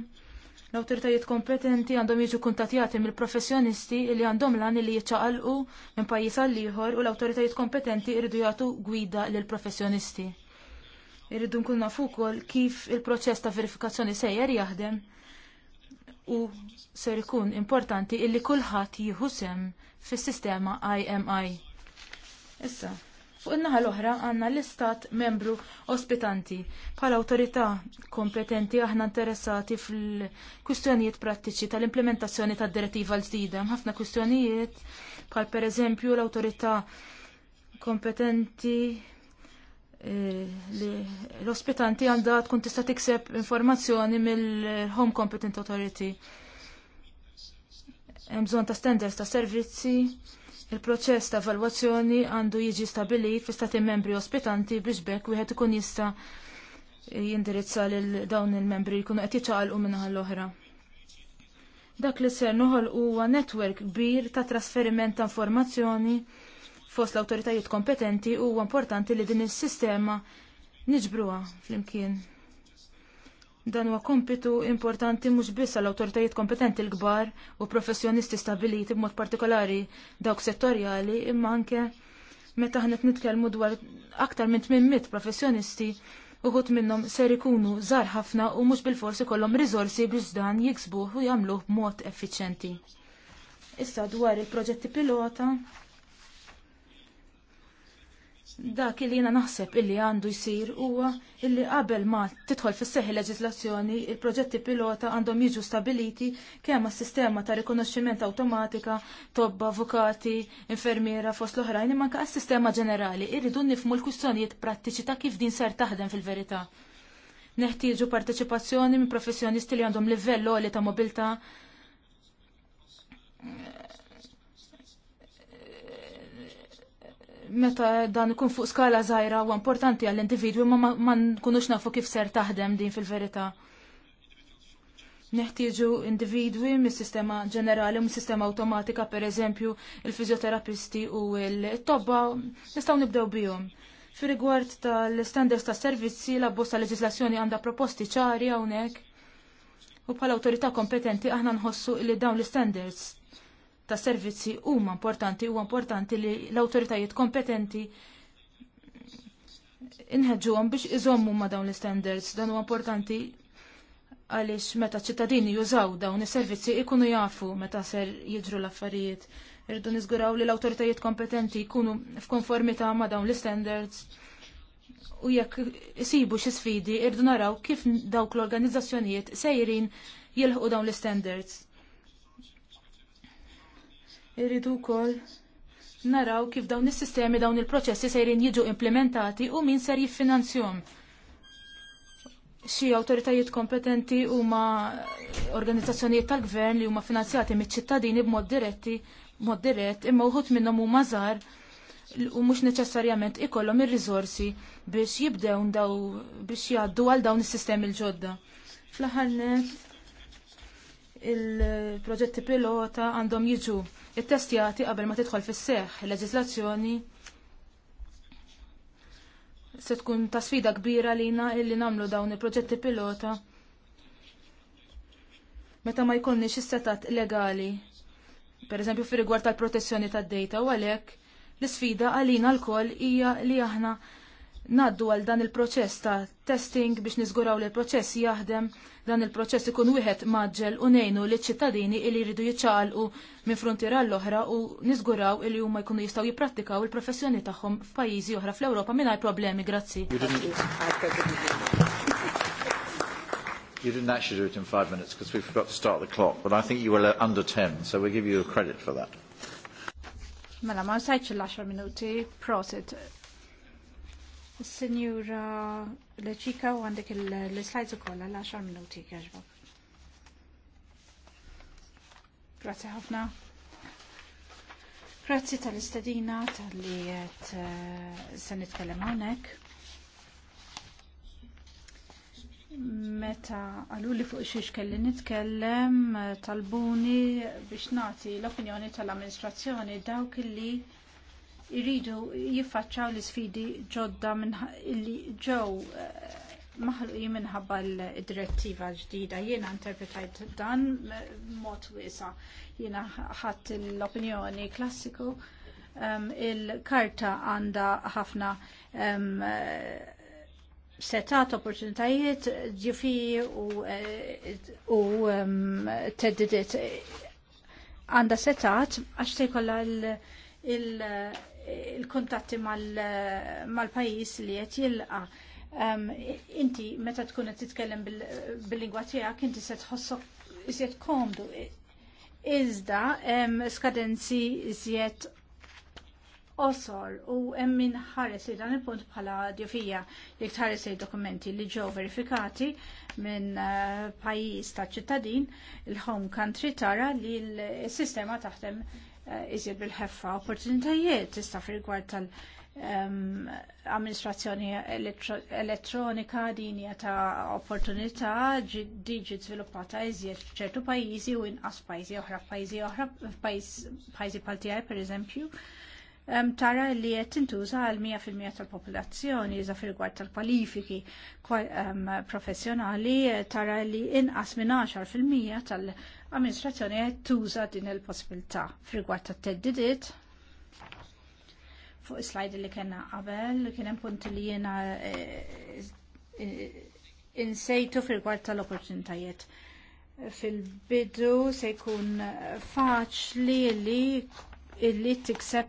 L-autoritajiet kompetenti għandhom jiġu kuntatjati mill-professjonisti li għandhom lan li jiċċaqalqu minn pajjiż għal ieħor u l-autoritajiet kompetenti jridu jagħtu gwida lil professjonisti. Irridu nkun nafu wkoll kif il-proċess ta' verifikazzjoni sejjer jaħdem u ser ikun importanti illi kulħadd jieħu sem fis-sistema IMI. Issa, Fuq in-naħa l-oħra għandna l-istat membru ospitanti. Bħala awtorità kompetenti aħna interessati fil-kwistjonijiet prattiċi tal-implementazzjoni tad-direttiva l-ġdida. Ħafna kwistjonijiet bħal pereżempju l-awtorità kompetenti eh, l-ospitanti għandha tkun tista' tikseb informazzjoni mill-Home Competent Authority. Hemm bżonn ta' standards ta' servizzi Il-proċess ta' evalwazzjoni għandu jiġi stabilit fi stati membri ospitanti biex bekk wieħed ikun jista' jindirizza lil dawn il-membri jkunu qed jiċċaqalqu minnaħa l-oħra. Dak li ser noħol huwa netwerk kbir ta' trasferiment ta' informazzjoni fost l-awtoritajiet kompetenti huwa importanti li din is-sistema niġbruha flimkien. Dan huwa kompitu importanti mhux biss għall awtoritajiet kompetenti l-kbar u professjonisti stabiliti b'mod partikolari dawk settorjali imma anke meta ħanet nitkellmu dwar aktar minn 800 professjonisti uħut minnhom ser ikunu żgħar ħafna u mhux bil-forsi kollhom riżorsi biex dan jiksbuh u jagħmluh b'mod effiċjenti. Issa dwar il-proġetti pilota dak li jena naħseb illi għandu jisir huwa illi qabel ma titħol fis seħi leġislazzjoni il-proġetti pilota għandhom jiġu stabiliti kemm sistema ta' rikonoxximent awtomatika, tobba, avukati, infermiera fost l-oħrajn imma anke sistema ġenerali irridu nifmu l-kwistjonijiet prattiċi ta' kif din ser taħdem fil-verità. Neħtieġu partecipazzjoni minn professjonisti li għandhom livell li ta' mobilta' meta dan ikun fuq skala żgħira huwa importanti għall-individwi ma ma nkunux nafu kif ser taħdem din fil-verità. Neħtieġu individwi mis-sistema ġenerali u mis-sistema awtomatika pereżempju il fizjoterapisti u l-tobba nistgħu nibdew bihom. Fi rigward tal-standards ta' servizzi, la bosta leġislazzjoni għandha proposti ċari hawnhekk. U bħala awtorità kompetenti aħna nħossu li dawn l-standards ta' servizzi huma importanti huwa importanti li l-awtoritajiet kompetenti inħeġuhom biex iżommu ma' dawn l-standards dan huwa importanti għaliex meta ċittadini jużaw dawn is-servizzi ikunu jafu meta ser jiġru l-affarijiet. irdu niżguraw li l-awtoritajiet kompetenti jkunu f'konformità ma' dawn l-standards u jekk isibu xi sfidi irdu naraw kif dawk l-organizzazzjonijiet sejrin jilħu dawn l-standards. Irridu wkoll naraw kif dawn is-sistemi dawn il-proċessi sejrin jiġu implementati u min ser jiffinanzjom. Xi awtoritajiet kompetenti huma organizzazzjonijiet tal-gvern li huma finanzjati miċ-ċittadini b'mod diretti b'mod dirett imma uħut minnhom huma żgħar u mhux neċessarjament ikollhom ir-riżorsi biex jibdew daw biex jgħaddu għal dawn is-sistemi l-ġodda. Fl-aħħar il-proġetti pilota għandhom jiġu it-testjati qabel ma tidħol fis-seħ. Il-leġislazzjoni se tkun ta' sfida kbira lina illi namlu dawn il-proġetti pilota meta ma jkunniex is-setat legali. Per eżempju fi rigward tal-protezzjoni tad-data u għalhekk l-isfida għalina l-koll hija li aħna naddu għal dan il-proċess ta' testing biex niżguraw li l-proċess jaħdem, dan il-proċess ikun wieħed maġġel u nejnu li ċittadini li jridu jiċċaqalqu minn frontiera l-oħra u nizguraw li huma jkunu jistgħu jipprattikaw il-professjoni tagħhom f'pajjiżi oħra fl-Ewropa mingħajr problemi, grazzi. You didn't actually do it in five minutes because we forgot to start the clock, but I think you were under 10, so we give you credit for that. Mela, ma sajċ l-10 minuti, prosit. Signora Leċika u għandek l-slides u kolla l-10 minuti għaxbok. Grazie ħafna. Grazzi tal-istadina tal-li għet eh, se nitkellem hawnhekk. Meta għallu li fuq xiex kelli nitkellem eh, talbuni biex nagħti l-opinjoni tal-amministrazzjoni dawk li jridu jiffaċċaw l isfidi ġodda li ġew eh, maħluqi minħabba l-direttiva ġdida. Jiena interpretajt dan mod wiesa. Jiena ħadd l-opinjoni klassiku. Ehm, il-karta għanda ħafna ehm, setat opportunitajiet ġifi u, eh, ehm, teddidiet għanda setat għax tejkolla il il-kontatti mal-pajis li qed jilqa. Inti meta tkun qed titkellem bil-lingwa tiegħek inti se tħossok iżjed komdu. Iżda skadenzi iżjed osor u hemm min ħares li dan il-punt bħala djofija li tħares li dokumenti li ġew verifikati minn eh, pajjiż ta' ċittadin il-home country tara li l-sistema taħdem Eh, iżjed bil-ħeffa opportunitajiet tista' rigward tal-amministrazzjoni ehm, elettronika din hija ta' opportunità diġi żviluppata iżjed f'ċertu pajjiżi u inqas pajjiżi oħra f'pajjiżi oħra f'pajjiżi bħal tiegħi pereżempju. Ehm, tara li qed tintuża għal 100% tal-popolazzjoni iżda rigward tal-kwalifiki ehm, professjonali tara li inqas minn 10% tal- amministrazzjoni qed tuża din il-possibilità f'rigward tat-teddidiet fuq is-slajd li kena qabel kien hemm punti li jiena eh, eh, insejtu f'rigward tal-opportunitajiet. Fil-bidu se jkun faċli li illi tikseb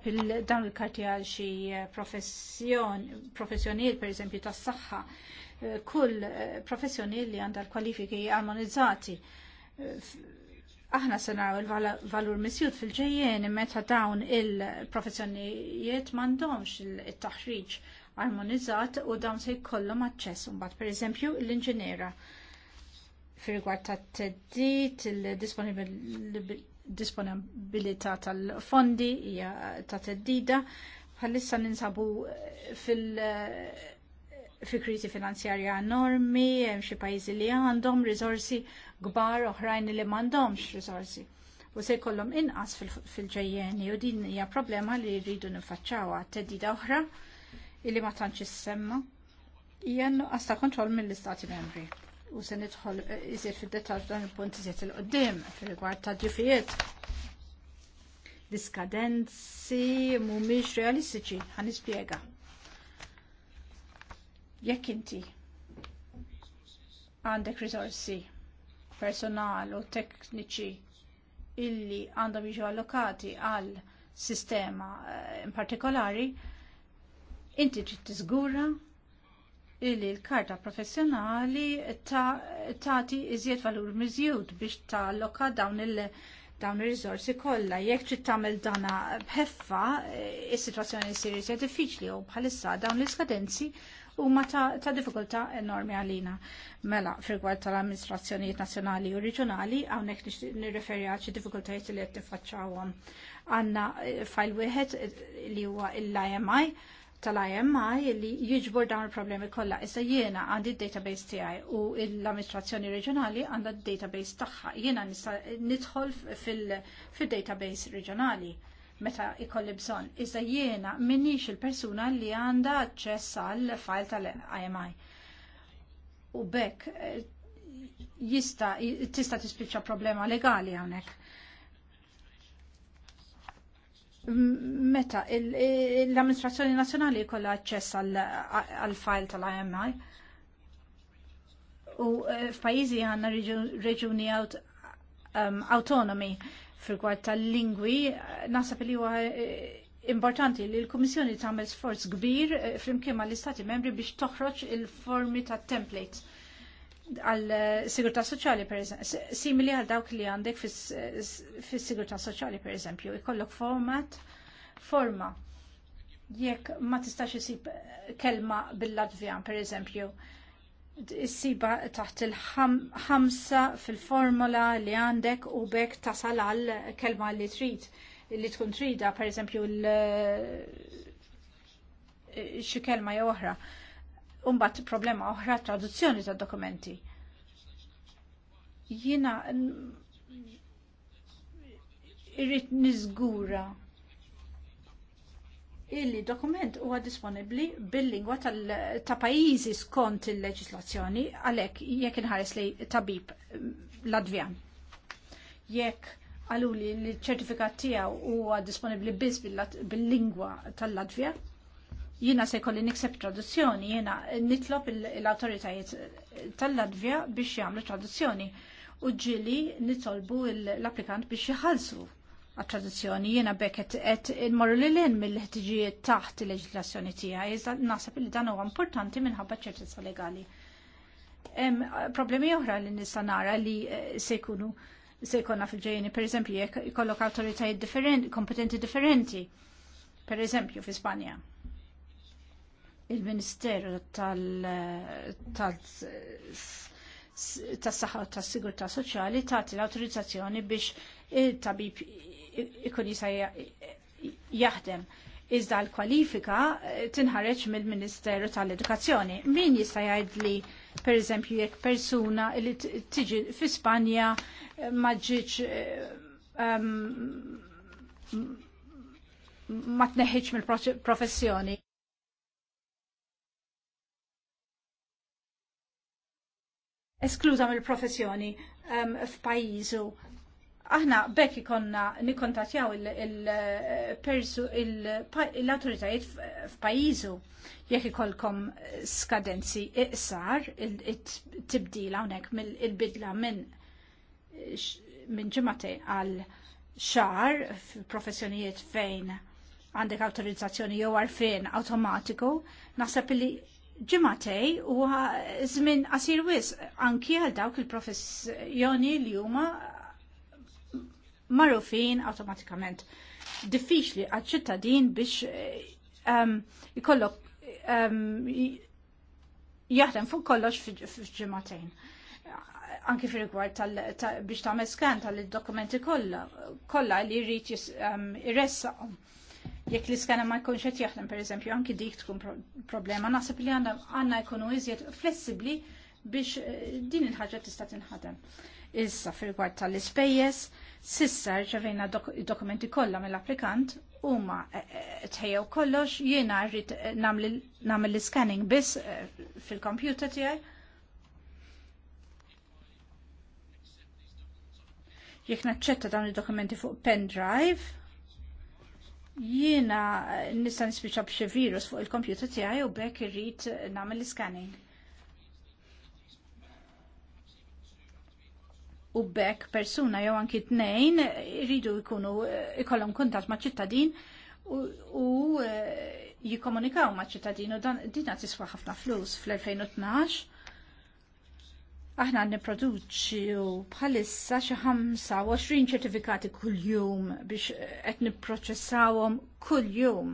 dawn il-karti għal xi professjonijiet per eżempju tas-saħħa. Eh, kull professjoni li għandha l-kwalifiki armonizzati aħna se naraw il-valur misjud fil-ġejjeni meta dawn il-professjonijiet m'għandhomx il-taħriġ armonizzat u dawn se jkollhom aċċess mbagħad, pereżempju l-inġiniera fir-rigward tat-teddit, il-disponibilità tal-fondi hija ta' teddida bħalissa ninsabu fil- fi kriżi finanzjarja enormi, hemm xi pajjiżi li għandhom riżorsi kbar oħrajn li m'għandhomx riżorsi. U se jkollhom inqas fil-ġejjeni u din hija problema li rridu għat teddida oħra illi ma tantx issemma hija nuqqas ta' kontroll mill-Istati Membri. U se nidħol eh, iżjed fid-dettall dan il-punt iżjed il-qoddim fil-rigward ta' ġifijiet diskadenzi mhumiex realistiċi ħanispjega Jekk inti għandek risorsi personal u tekniċi illi għandhom jiġu allokati għal sistema eh, in partikolari, inti trid tiżgura illi l-karta professjonali tagħti iżjed valur miżjud biex alloka dawn il- dawn ir rizorsi kollha. Jekk trid tagħmel dana bħeffa, eh, is-sitwazzjoni ssir iżjed diffiċli u bħalissa dawn l-iskadenzi ma ta' diffikultà enormi għalina. Mela, frigward tal-amministrazzjonijiet nazzjonali u reġjonali, hawnhekk nirreferi għal xi diffikultajiet li qed tiffaċċawhom. Għandna eh, fajl wieħed eh, li huwa l-IMI tal-IMI li jiġbor dawn il-problemi kollha. Issa jiena għandi d-database tiegħi u l-amministrazzjoni reġjonali għandha d-database tagħha. Jiena nista' nidħol fil-database reġjonali meta ikolli bżonn. Iżda jiena minix il-persuna li għandha aċċess għal file tal-IMI. U bekk eh, jista tista tispiċċa problema legali hawnhekk. Meta l-amministrazzjoni nazzjonali jkollha aċċess għal file tal-IMI. U eh, f'pajjiżi għandna reġuni um, autonomi fil kwart tal-lingwi, nasab li huwa eh, importanti li l-Kummissjoni tagħmel sforz kbir eh, flimkien mal-Istati membri biex toħroġ il-formi ta' templates għal eh, sigurtà soċjali per eżempju, simili għal dawk li għandek fis-sigurtà soċjali per eżempju, ikollok format forma jekk ma tistax isib kelma bil-Latvjan per eżempju issiba taħt il-ħamsa fil-formola li għandek u bekk tasal għal kelma li trid li tkun trida, per eżempju xi kelma jew oħra. Umbat problema oħra traduzzjoni ta' dokumenti. Jiena irrid niżgura illi dokument huwa disponibbli bil-lingwa ta' pajjiżi skont il-leġislazzjoni għalhekk jekk inħares li tabib l mm, l-Advjan. Jekk għaluli li ċertifikat tiegħu huwa disponibbli biss bil-lingwa tal-Latvja, jiena se jkolli nikseb traduzzjoni, jiena nitlob l-autoritajiet tal-Latvja biex jagħmlu traduzzjoni u ġili nitolbu l-applikant biex jħallsu għat-tradizjoni, jena bekk qed immorru lil hinn mill-ħtiġijiet taħt il-leġislazzjoni tiegħi, iżda naħseb li dan huwa importanti minħabba ċertezza legali. problemi oħra li nista' nara li se jkunu se jkollna fil-ġejjeni, pereżempju jekk ikollok awtoritajiet differenti, kompetenti differenti, pereżempju fi Spanja. Il-Ministeru tal tas saħħa u tas sigurtà soċjali tagħti l-awtorizzazzjoni biex il-tabib ikun jisa jaħdem. Iżda l-kwalifika eh, tinħareċ mill-Ministeru tal-Edukazzjoni. Min jista' jgħid li per eżempju jekk persuna li tiġi fi Spanja eh, ma ġiġ eh, ma tneħħiġ mill-professjoni. Eskluża mill-professjoni f'pajjiżu aħna bekk ikonna nikontatjaw l-autoritajiet f'pajizu jekk ikolkom skadenzi iqsar il-tibdila unek mill-bidla minn minn ġimate għal xar professjonijiet fejn għandek autorizzazzjoni jew għarfien automatiku, naħseb li ġimatej u żmien qasir wis anki għal dawk il-professjoni li huma marufin automatikament. Diffiċli li ċittadin biex um, jaħdem fuq kollox f'ġimatejn. Anki fi rigward biex tagħmel skan tal-dokumenti kollha kolla li jrid irressaqhom. Jekk li skana ma jkunx qed jaħdem pereżempju anki dik tkun problema, naħseb li għandna jkunu iżjed flessibbli biex eh, din il-ħaġa tista' tinħadem. Issa fil-gwart tal-ispejjeż, sissa rċevejna dokumenti kollha mill-applikant huma eh, eh, tħejjew kollox jiena rrid eh, nagħmel l-scanning biss fil-kompjuter tiegħi. Jekk naċċetta dawn id-dokumenti fuq pendrive, jiena nista' nispiċċa b'xi virus fuq il-kompjuter tiegħi u bekk irrid nagħmel l-scanning u bekk persuna jew anki tnejn iridu jkunu eh, ikollhom kuntat ma' ċittadin u, eh, jikkomunikaw ma' ċittadin u dan din tiswa ħafna flus fl-2012 aħna niproduċi bħalissa xi 25 ċertifikati kuljum biex eh, qed nipproċessawhom kuljum.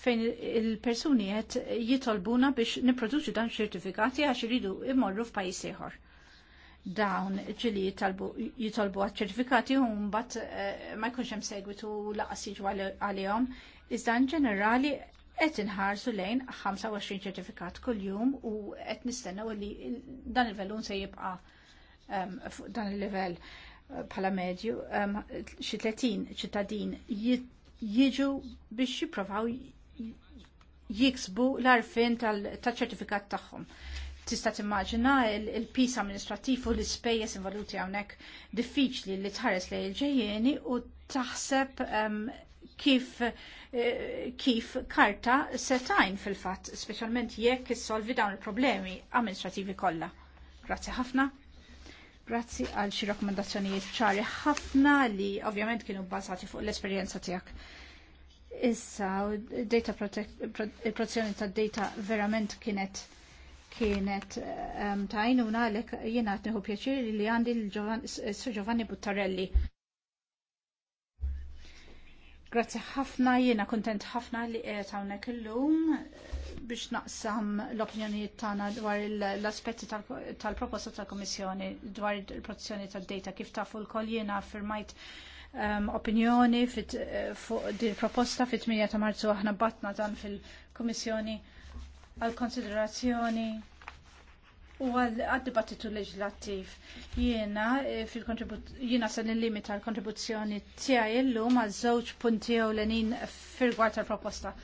Fejn il-persuni qed jitolbuna biex nipproduċi dan ċertifikati għax iridu imorru f'pajjiż ieħor dawn ġili jitolbu għat-ċertifikati huma mbagħad eh, ma jkunx hemm segwitu laqas jiġu għalihom. Iżda ġenerali qed inħarsu lejn 25 ċertifikat kuljum u qed nistennew li dan il-velun se jibqa' ehm, fuq dan il-livell eh, bħala medju ehm, xi 30 ċittadin jiġu biex jippruvaw jiksbu l-arfin tal-ċertifikat tagħhom tista' timmaġina il-pis amministrattiv u l-ispejjeż involuti hawnhekk diffiċli li tħares lejn il-ġejjeni u taħseb ehm, kif eh, kif karta setajn fil-fatt, speċjalment jekk issolvi dawn il-problemi amministrativi kollha. Grazzi ħafna. Grazzi għal xi rakkomandazzjonijiet ċari ħafna li ovvjament kienu bbażati fuq l-esperjenza tiegħek. Issa, data protezzjoni tad data verament kienet kienet ehm, ta' għajnuna għalek jiena għatniħu pjaċir li għandi l-Sir Giovanni Buttarelli. Grazzi ħafna, jiena kontent ħafna li qiegħed hawnhekk illum biex naqsam l-opinjonijiet tagħna dwar l-aspetti tal-proposta tal komissjoni dwar il-protezzjoni tad-data kif fu l-koll jiena affirmajt ehm, opinjoni fuq din proposta fit-8 ta' Marzu aħna batna dan fil-Kummissjoni għal-konsiderazzjoni u għal-dibattitu leġislattiv. Jiena eh, jiena se nillimita l-kontribuzzjoni tiegħi llum għal żewġ punti ewlenin firgward tal-proposta.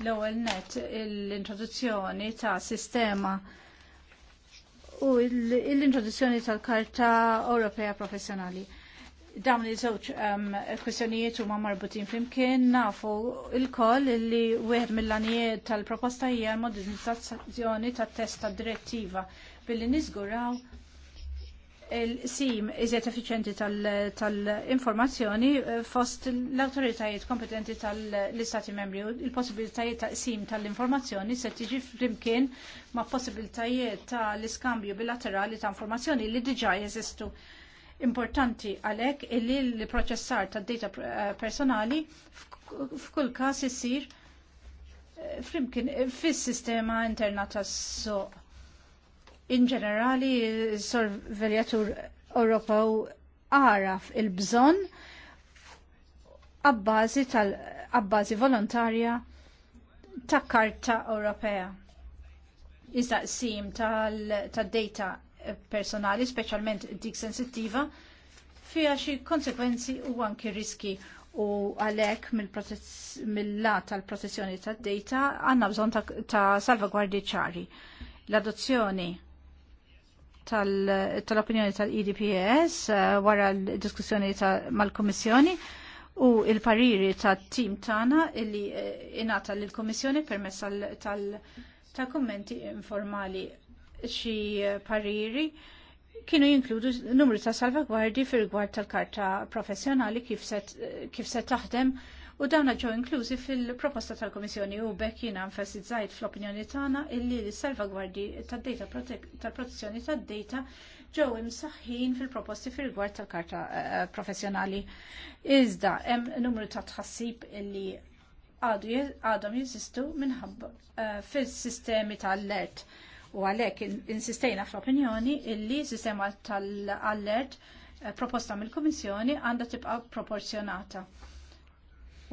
L-ewwel net l-introduzzjoni ta' sistema u l-introduzzjoni tal-Karta Ewropea Professjonali dawn iż-żewġ kwistjonijiet huma marbutin flimkien nafu l-koll li wieħed mill-għanijiet tal-proposta hija modernizzazzjoni tat-test tad-direttiva billi niżguraw il-sim iżjed effiċenti tal-informazzjoni eh, fost l-autoritajiet kompetenti tal-istati membri u il-possibilitajiet ta' sim tal-informazzjoni se tiġi flimkien ma' possibilitajiet tal-iskambju bilaterali ta' informazzjoni li diġa jeżistu Importanti għalhekk illi l-proċessar tad-data eh, personali f'kull każ isir eh, flimkien eh, fis-sistema interna tas soq In ġenerali, sorveljatur Ewropew għaraf il-bżonn għabbażi tal-abbażi volontarja ta' Karta Ewropea. Iżda sim tal-data personali, speċjalment dik sensittiva, fiha xi konsekwenzi u anki riski u għalek mill-lat tal-protezzjoni tad data għanna bżon ta', ta salvagwardi ċari. L-adozzjoni tal-opinjoni tal tal-EDPS uh, eh, wara l-diskussjoni mal-Komissjoni u il-pariri tal-tim tana illi eh, inata l-Komissjoni permess tal-kommenti tal informali xi pariri kienu jinkludu numru ta' salvagwardi fil rigward tal-karta professjonali kif se taħdem u dawna ġew inklużi fil-proposta tal-Komissjoni u bekk jiena enfasizzajt fl-opinjoni tagħna illi l-salvagwardi tad-data tal-protezzjoni tad-data ġew imsaħħin fil-proposti fil rigward tal-karta eh, professjonali. Iżda hemm numru ta' tħassib illi għadhom jeżistu minħabba eh, fil-sistemi tal-alert. U għalhekk insistejna fl-opinjoni illi sistema tal-allert eh, proposta mill-Kummissjoni għandha tibqa' proporzjonata.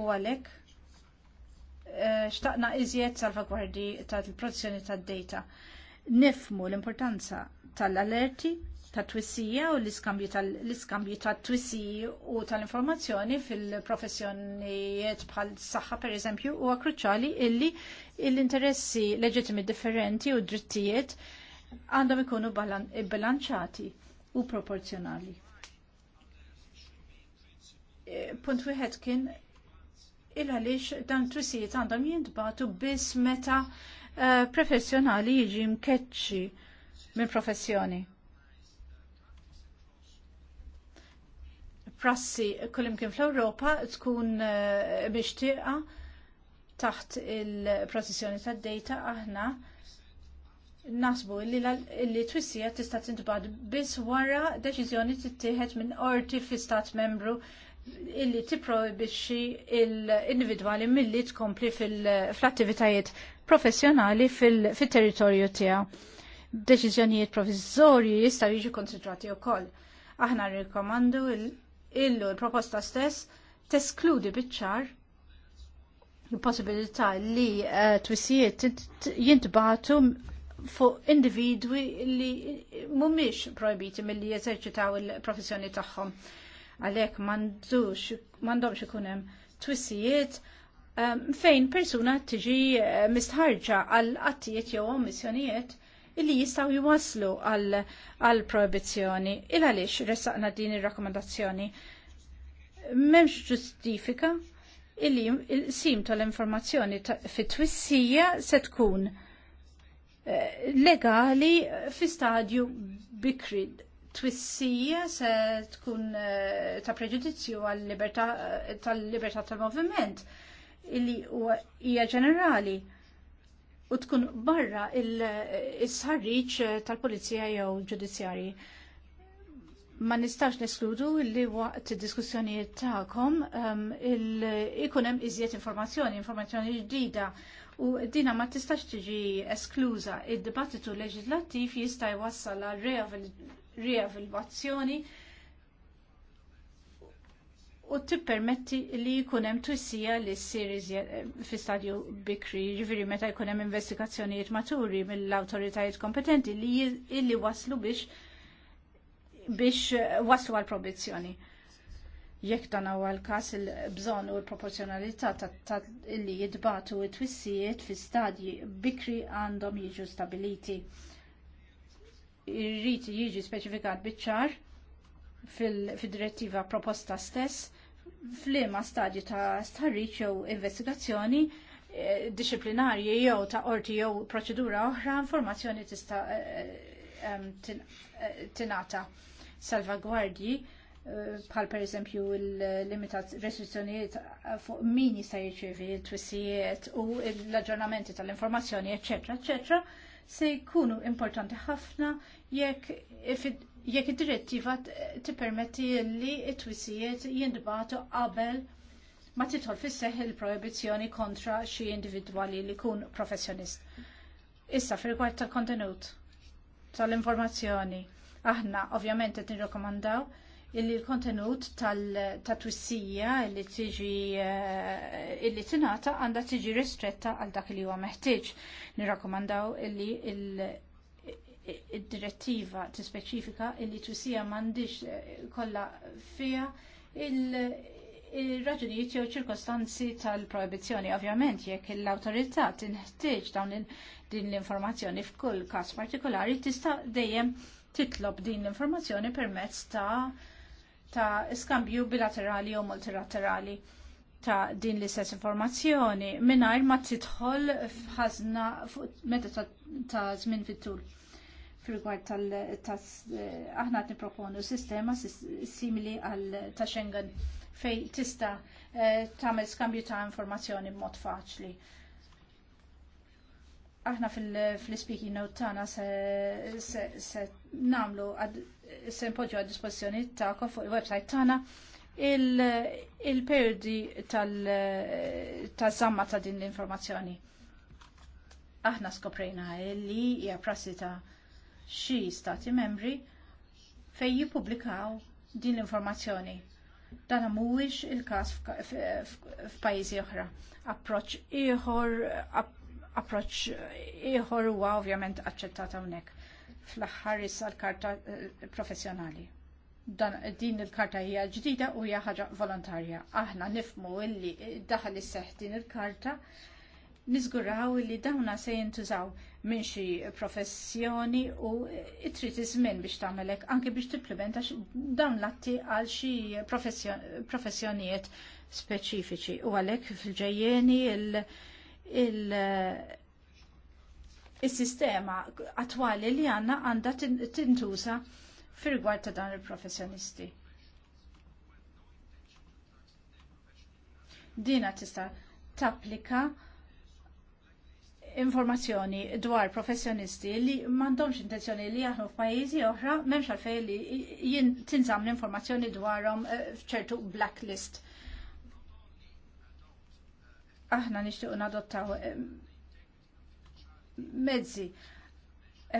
U għalhekk eh, xtaqna iżjed salvagwardi tal-protezzjoni tad-data. Nifmu l-importanza tal-allerti ta' twissija u l-iskambju ta' twissiji u tal-informazzjoni fil-professjonijiet bħal saħħa per eżempju u kruċali illi l-interessi leġitimi differenti u drittijiet għandhom ikunu bilanċati u proporzjonali. E, punt wieħed kien il-għalix dan twissijiet għandhom jintbatu biss meta e, professjonali jiġi mkeċċi minn professjoni. prassi kullimkien fl-Ewropa tkun mixtieqa eh, taħt il-protezzjoni tad-data aħna nasbu li twissija tista' tintbad biss wara deċiżjoni tittieħed minn qorti fl-istat membru illi tipprojbixxi l-individwali milli tkompli fl-attivitajiet professjonali fil-territorju tiegħu. Deċiżjonijiet proviżorji jistgħu jiġu konsidrati wkoll. Aħna rikomandu il- illu l-proposta stess teskludi bitċar il-possibilità li eh, twissijiet jintbatu fuq individwi li mumiex projbiti mill-li jeżerċitaw il-professjoni tagħhom. Għalhekk m'għandhomx ikun hemm twissijiet eh, fejn persuna tiġi eh, mistħarġa għal qattijiet jew omissjonijiet illi jistaw jwaslu għal proibizjoni. Il għaliex resaqna din ir-rakkomandazzjoni. Memx ġustifika illi simtu l informazzjoni fit-twissija se tkun eh, legali fi stadju bikri twissija se tkun eh, ta' preġudizzju għal-libertà eh, tal-moviment illi hija ġenerali u tkun barra il-sarriċ tal-polizija jew ġudizzjari. Ma nistax neskludu li waqt diskussjonijiet ta'kom um, ikun ikunem iżjed informazzjoni, informazzjoni ġdida u dina ma tistax tiġi esklusa. Id-dibattitu leġislattiv jista' jwassal għal reavil -re u tippermetti li jkun hemm twissija li ssir eh, fi stadju bikri, jiġifieri meta jkun hemm investigazzjonijiet maturi mill-awtoritajiet kompetenti li illi waslu biex biex eh, waslu għal probizzjoni. Jekk dan huwa l-każ il-bżonn u l-proporzjonalità li jitbatu t-twissijiet fi stadji bikri għandhom jiġu stabiliti. Irrid jiġi speċifikat biċ-ċar fil-direttiva proposta stess fl-ima stadju ta' starriċ jew investigazzjoni eh, disciplinarji jew ta' orti jew proċedura oħra informazzjoni tista' eh, eh, tinata salvagwardji bħal per eżempju il-limitat restrizzjonijiet fuq min jista' jirċievi t twissijiet u l-aġġornamenti tal-informazzjoni, eċetera, eċetera, se jkunu importanti ħafna jekk jekk id-direttiva tippermetti li t twissijiet jindbatu qabel ma titħol fis seħħ il projbizzjoni kontra xi individwali li jkun professjonist. Issa fil-rigward tal-kontenut tal-informazzjoni. Aħna ovvjament qed nirrakkomandaw illi l-kontenut tal-twissija illi tiġi eh, illi tingħata għandha tiġi ristretta għal dak li huwa meħtieġ. Nirrakkomandaw illi il- id-direttiva tispeċifika illi twissija m'għandix eh, kollha fiha il-raġunijiet jew ċirkostanzi tal-proibizzjoni. Ovvjament jekk l-awtorità tinħtieġ dawn din l-informazzjoni f'kull każ partikolari tista' dejjem titlob din l-informazzjoni permezz ta' ta' skambju bilaterali u multilaterali ta' din l-istess informazzjoni mingħajr ma tidħol f'ħazna meta ta' żmien fit-tul fil-gwart tal-tas eh, aħna qed proponu sistema simili għal ta' Schengen fej tista eh, tagħmel skambju ta' informazzjoni mod faċli. Aħna fil-speaking note tagħna se nagħmlu se npoġġu għad disposizjoni ta' kofu il-website tagħna il-periodi tal zamma ta' din l-informazzjoni. Aħna skoprejna li hija prassi ta' xi stati membri fejn jippubblikaw din l-informazzjoni. Dan mhuwiex il-każ f'pajjiżi oħra. Approċċ ieħor ieħor huwa ovvjament aċċettat hawnhekk fl-aħħar issa l-karta eh, professjonali. Dan, din il-karta hija ġdida u hija ħaġa volontarja. Aħna nifmu illi daħal is din il-karta il karta Nizguraw li dawna se jintużaw minn xi professjoni u trid iż-żmien biex tagħmelek anke biex tipplementa dawn l-atti għal xi professjonijiet speċifiċi u għalhekk fil-ġejjeni il-, il il-sistema attwali li għanna għanda tintuża fil-rigward ta' dan il-professjonisti. Dina tista' tapplika informazzjoni dwar professjonisti li m'għandhomx intenzjoni li jaħnu f'pajjiżi oħra m'hemmx għalfej li jien tinżamm l-informazzjoni dwarhom eh, f'ċertu blacklist. Aħna nixtiequ nadottaw eh, mezzi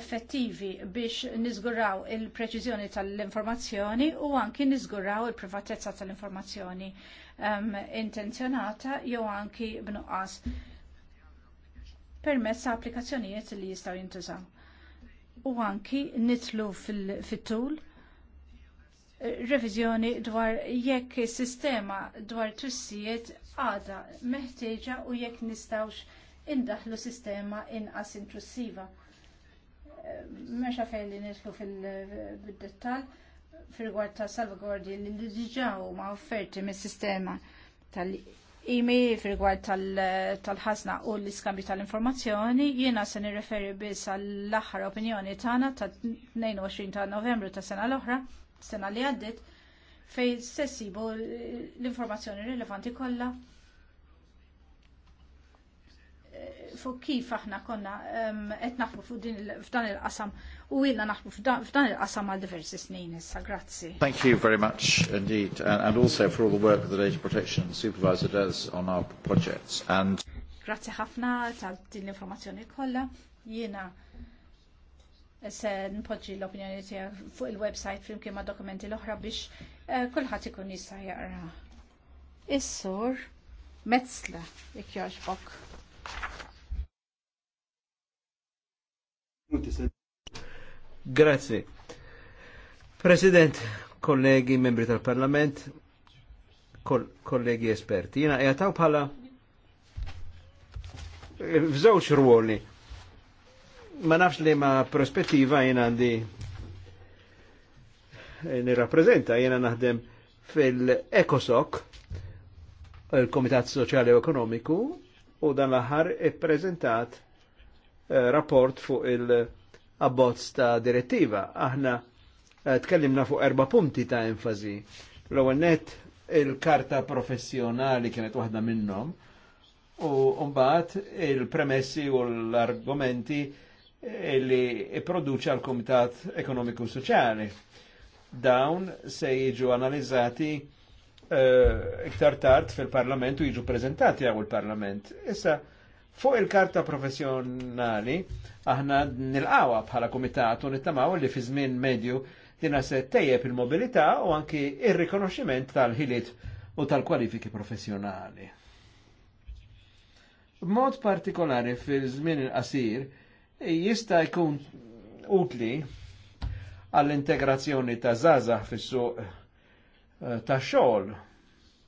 effettivi biex niżguraw il-preċiżjoni tal-informazzjoni u anki niżguraw il-privatezza tal-informazzjoni um, intenzjonata jew anki b'nuqqas permezz ta' applikazzjonijiet li jistgħu jintużaw. U anki nitlu fit-tul eh, reviżjoni dwar jekk is sistema dwar twissijiet għadha meħtieġa u jekk nistawx indaħlu sistema inqas intrussiva. Eh, Mexa fejn li nitlu fil-dettal fil-rigward ta' salvaguardi li diġaw huma offerti mis-sistema tal imi fil-gwad tal-ħazna u l-iskambju tal-informazzjoni, jiena se nirreferi biss għall-aħħar opinjoni tagħna ta' 22 ta' Novembru ta' sena l-oħra, sena li għaddit, fej sessibu l-informazzjoni rilevanti kollha eh, fuq kif aħna konna qed naħfu fuq din f'dan il-qasam u naħbu f'dan il-qasam għal diversi snin issa. Grazzi. Thank you very much indeed and, and also for all the work that the Data Protection Supervisor does on our projects. And... Grazzi ħafna tal din l-informazzjoni kollha. se l-opinjoni tiegħek fuq il-website flimkien ma' dokumenti l-oħra biex eh, kulħadd ikun jista' jaqra. Is-sur Metzla Grazie. President, kollegi, membri tal-Parlament, kol kollegi esperti, jina jgħataw pala f'żewġ ruoli. Ma nafx li ma prospettiva jina għandi nirrapprezenta jena naħdem fil-ECOSOC, il-Komitat Soċjali u Ekonomiku, u dan l-aħħar ippreżentat eh, rapport fuq il- abbozz ta' direttiva. Aħna eh, tkellimna fuq erba' punti ta' enfasi. L-ewwel net il-karta professjonali kienet waħda minnhom u mbagħad il-premessi u l-argumenti eh, li produċa l-Komitat Ekonomiku Soċjali. Dawn se jiġu analizzati eh, iktar uh, tard fil-Parlament u jiġu prezentati għaw il-Parlament. Issa, Fuq il-karta professjonali, aħna nilqawa bħala komitat u nittamaw li fi żmien medju dina se tejjeb il-mobilità u anki ir-rikonoxximent tal-ħiliet u tal-kwalifiki professjonali. B'mod partikolari fil-żmien il-qasir jista' jkun utli għall-integrazzjoni ta' zazah fis-suq eh, ta' xogħol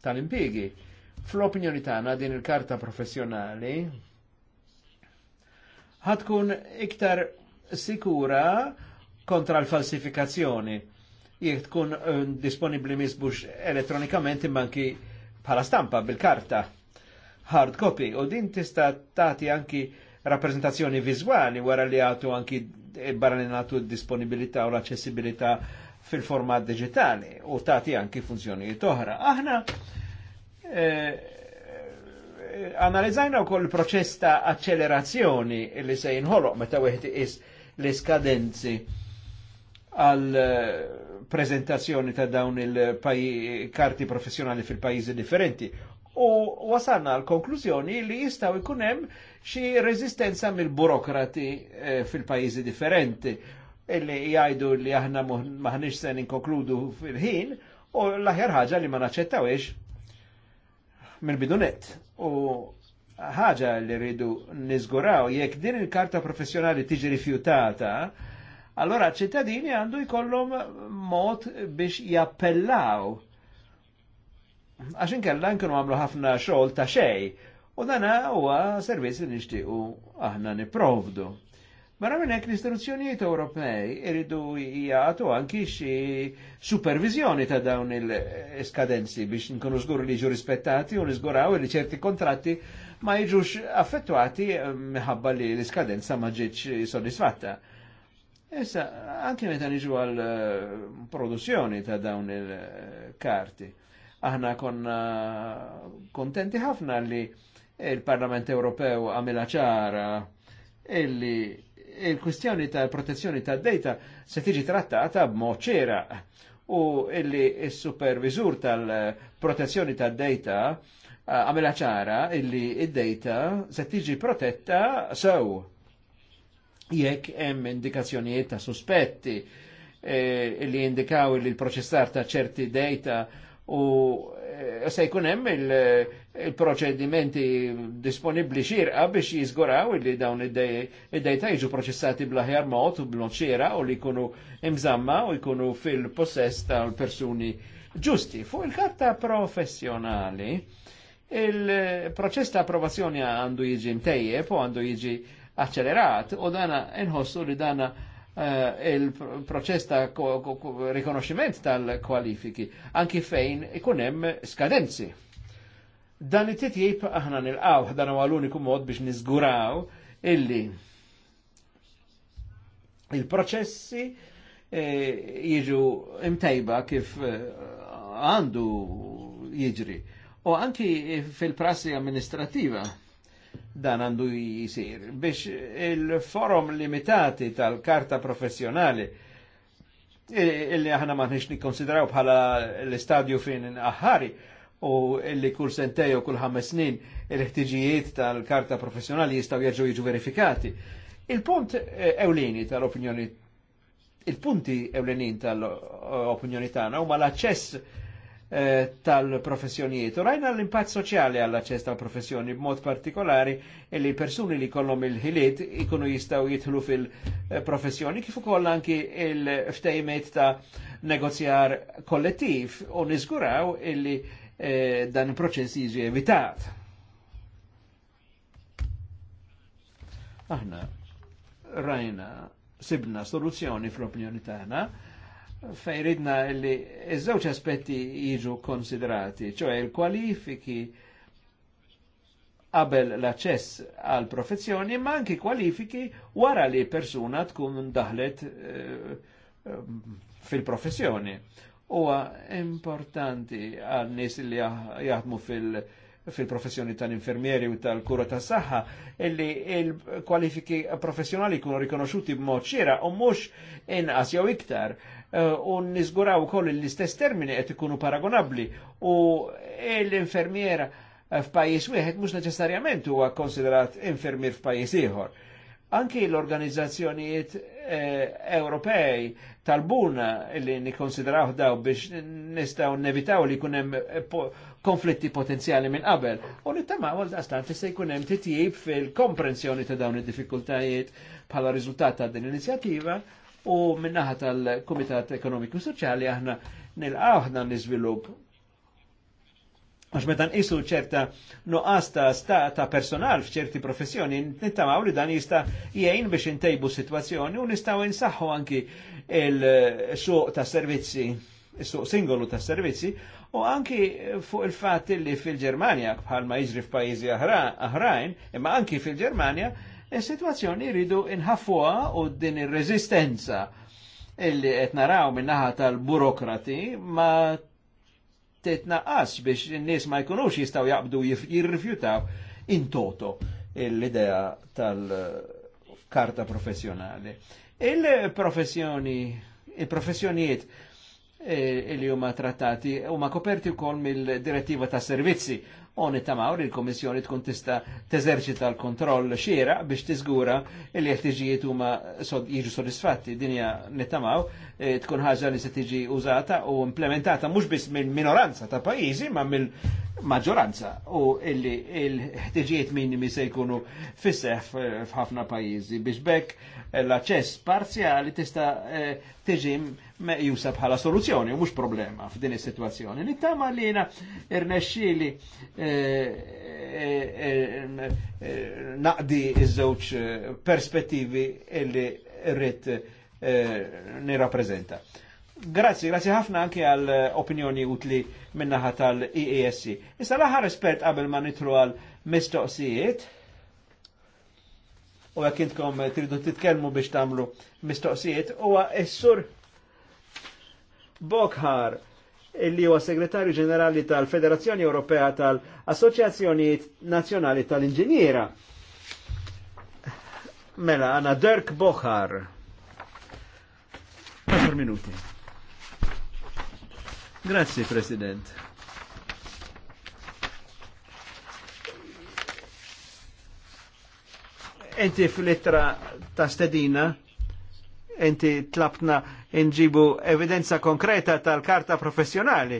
tal impjiegi Fl-opinjoni tagħna din il-karta professjonali ħatkun iktar sikura kontra l-falsifikazzjoni. Jek tkun eh, disponibli misbux elettronikament ki bħala stampa bil-karta hard copy u din tista' tagħti anki rappresentazzjoni viżwali wara li għatu anki eh, barra li nagħtu disponibilità u l accessibilità fil-format digitali u tagħti anki funzjoni toħra. Aħna eh, analizzajna wkoll koll proċess ta' accelerazzjoni li se jinħoloq meta wieħed is l-iskadenzi għal eh, prezentazzjoni ta' dawn il-karti professjonali fil-pajjiżi differenti. U wasanna għal konklużjoni li jistaw ikunem hemm xi rezistenza mill-burokrati eh, fil-pajjiżi differenti illi jgħidu li aħna maħniex se inkonkludu fil-ħin u l-aħjar ħaġa li ma naċċettawiex mill-bidunet. U ħaġa li rridu nizguraw, jekk din il-karta professjonali tiġi rifjutata, allora ċittadini għandu jkollhom mod biex jappellaw. Għaxin kella nkunu għamlu ħafna xogħol ta' xej, u dana huwa servizz li nixtiequ aħna niprovdu. Barra minn hekk l-istituzzjonijiet Ewropej iridu jgħatu anki xi supervizjoni ta' dawn il-skadenzi biex nkunu żgur li ġu rispettati u niżguraw li ċerti kontratti ma jiġux affettwati eh, minħabba li l-iskadenza ma ġietx soddisfatta. Issa, anki meta niġu għal eh, produzzjoni ta' dawn il-karti, aħna konna kontenti ħafna li il-Parlament Ewropew għamila ċara illi il-kwistjoni tal-protezzjoni tad-data se tiġi trattata b'mod ċera u illi il-supervisur tal-protezzjoni tad-data eh, għamela ċara illi id-data se tiġi protetta sew jekk hemm indikazzjonijiet ta' sospetti eh, illi indikaw illi l-proċessar ta' ċerti data u Eh, se jkunem eh, il-proċedimenti disponibli xirqa biex jiżguraw li dawn id-dejta jiġu proċessati bl-aħjar mod u blon xira u li jkunu imżamma u jkunu fil-possess tal-persuni ġusti. Fu il-karta professjonali, il-proċess ta' approvazzjoni għandu jiġi mtejjeb u għandu jiġi accelerat u dana inħossu li dana Eh, il-proċess ta' rikonoximent tal-kwalifiki, anki fejn ikun hemm skadenzi. Dan it-titjib aħna nil nilqaw, dan huwa l-uniku mod biex nizguraw illi il-proċessi eh, jiġu imtajba kif eh, għandu jiġri. U anki fil-prassi amministrativa dan għandu jisir. Biex il-forum limitati tal-karta professjonali illi aħna ma nix nikonsidraw bħala l-istadju fin aħari u illi kull sentej u kull ħames snin il-ħtiġijiet tal-karta professjonali jistaw jerġu jiġu verifikati. Il-punt eh, ewlini tal-opinjoni il-punti ewlenin tal-opinjoni tagħna huma l-aċċess Eh, tal-professjonijiet. U rajna l-impatt soċjali għall-aċċess tal-professjoni b'mod partikolari li persuni li kollhom il-ħiliet ikunu jistgħu jidħlu fil-professjoni kif ukoll anki il-ftejmet ta' negozjar kollettiv u niżguraw illi eh, dan il-proċess jiġi evitat. Aħna rajna sibna soluzzjoni fl-opinjoni tagħna fejridna li iż-żewġ aspetti jiġu konsiderati, ċoħe il-kwalifiki qabel l-aċċess għal professjoni, ma anki kwalifiki wara li persuna tkun daħlet eh, eh, fil-professjoni. Huwa importanti għal nis li jaħdmu fil- fil-professjoni tal-infermieri u tal-kura tas saħħa illi il-kwalifiki professjonali kunu rikonoxuti b'mod xira u mhux inqas jew iktar Eh, u nizguraw ukoll l-istess termini qed ikunu paragonabbli u eh, l-infermiera eh, f'pajjiż wieħed mhux neċessarjament huwa konsiderat infermier f'pajjiż ieħor. Anki l-organizzazzjonijiet Ewropej tal-buna li nikkonsideraw daw biex nistaw nevitaw li kunem konflitti potenzjali minn qabel. U nittama għal daqstan se hemm titjib fil-komprensjoni ta' dawn id-diffikultajiet bħala riżultat ta' din l-inizjattiva u minnaħa tal-Kumitat Ekonomiku Soċjali aħna nilqaw aħna niżvilupp Għax metan isu ċerta nuqqas ta' sta ta' personal f'ċerti professjoni, nittamaw li dan jista' jgħin biex intejbu situazzjoni u nistaw insaħħu anki il-suq ta' servizzi, il-suq singolu ta' servizzi, u anki fuq il-fat li fil-Germania, bħalma jiġri f'pajizi aħrajn, imma anki fil-Germania, Is-sitwazzjoni jridu inħaffuha u din ir-reżistenza illi qed naraw min-naħa tal-burokrati ma titnaqqas biex in-nies ma jkunux jistgħu jaqbdu jirrifjutaw in toto l-idea tal-karta professjonali. Il-professjoni, il-professjonijiet eh, li huma trattati huma koperti wkoll mill-direttiva ta' servizzi oni tamaw li l-Komissjoni tkun tista' teżerċita l-kontroll xiera biex tiżgura li ħtiġijiet huma jiġu sodisfatti. Dinja nittamaw eh, tkun ħaġa li se tiġi użata u implementata mhux biss minn minoranza ta' pajjiżi ma' mill-maġġoranza u illi l-ħtiġijiet minimi se jkunu fisseħ f'ħafna pajjiżi biex bekk l-aċċess parzjali tista' eh, tiġi jusa bħala soluzzjoni u mhux problema f'din is-sitwazzjoni. Nittama li jiena irnexxieli eh, eh, eh, naqdi iż-żewġ perspettivi illi rrid nirrappreżenta. Grazzi, grazzi ħafna anke għal opinjoni utli minnaħa tal-EASC. Issa l-aħħar qabel ma nitru għal mistoqsijiet u jekk tridu titkellmu biex tagħmlu mistoqsijiet huwa s-sur Bokhar illi huwa segretarju ġenerali tal-Federazzjoni Ewropea tal-Assoċjazzjonijiet Nazzjonali tal-Inġiniera. Mela, għana Dirk Bokhar. 10 minuti. Grazie, President. Enti fil ittra ta' stedina enti tlapna nġibu evidenza konkreta tal-karta professjonali